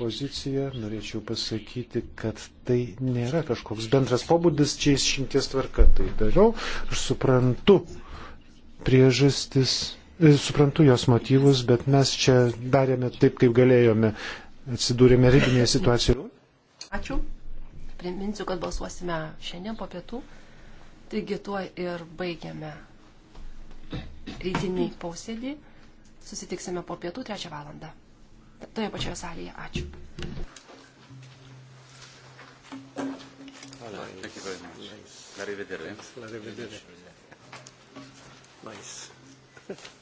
Speaker 1: poziciją, norėčiau pasakyti, kad tai nėra kažkoks bendras pobūdis, čia išimties tvarka tai dariau. Aš suprantu priežastis e, suprantu jos motyvus, bet mes čia darėme taip, kaip galėjome atsidūrėme ribinėje situacijoje.
Speaker 3: Ačiū. Priminsiu, kad balsuosime šiandien po pietų. Taigi tuo ir baigiame rytinį posėdį. Susitiksime po pietų trečią valandą. Toje pačioje salėje. Ačiū.
Speaker 1: Thank you very much. Nice. Arrivederci. Arrivederci. Nice.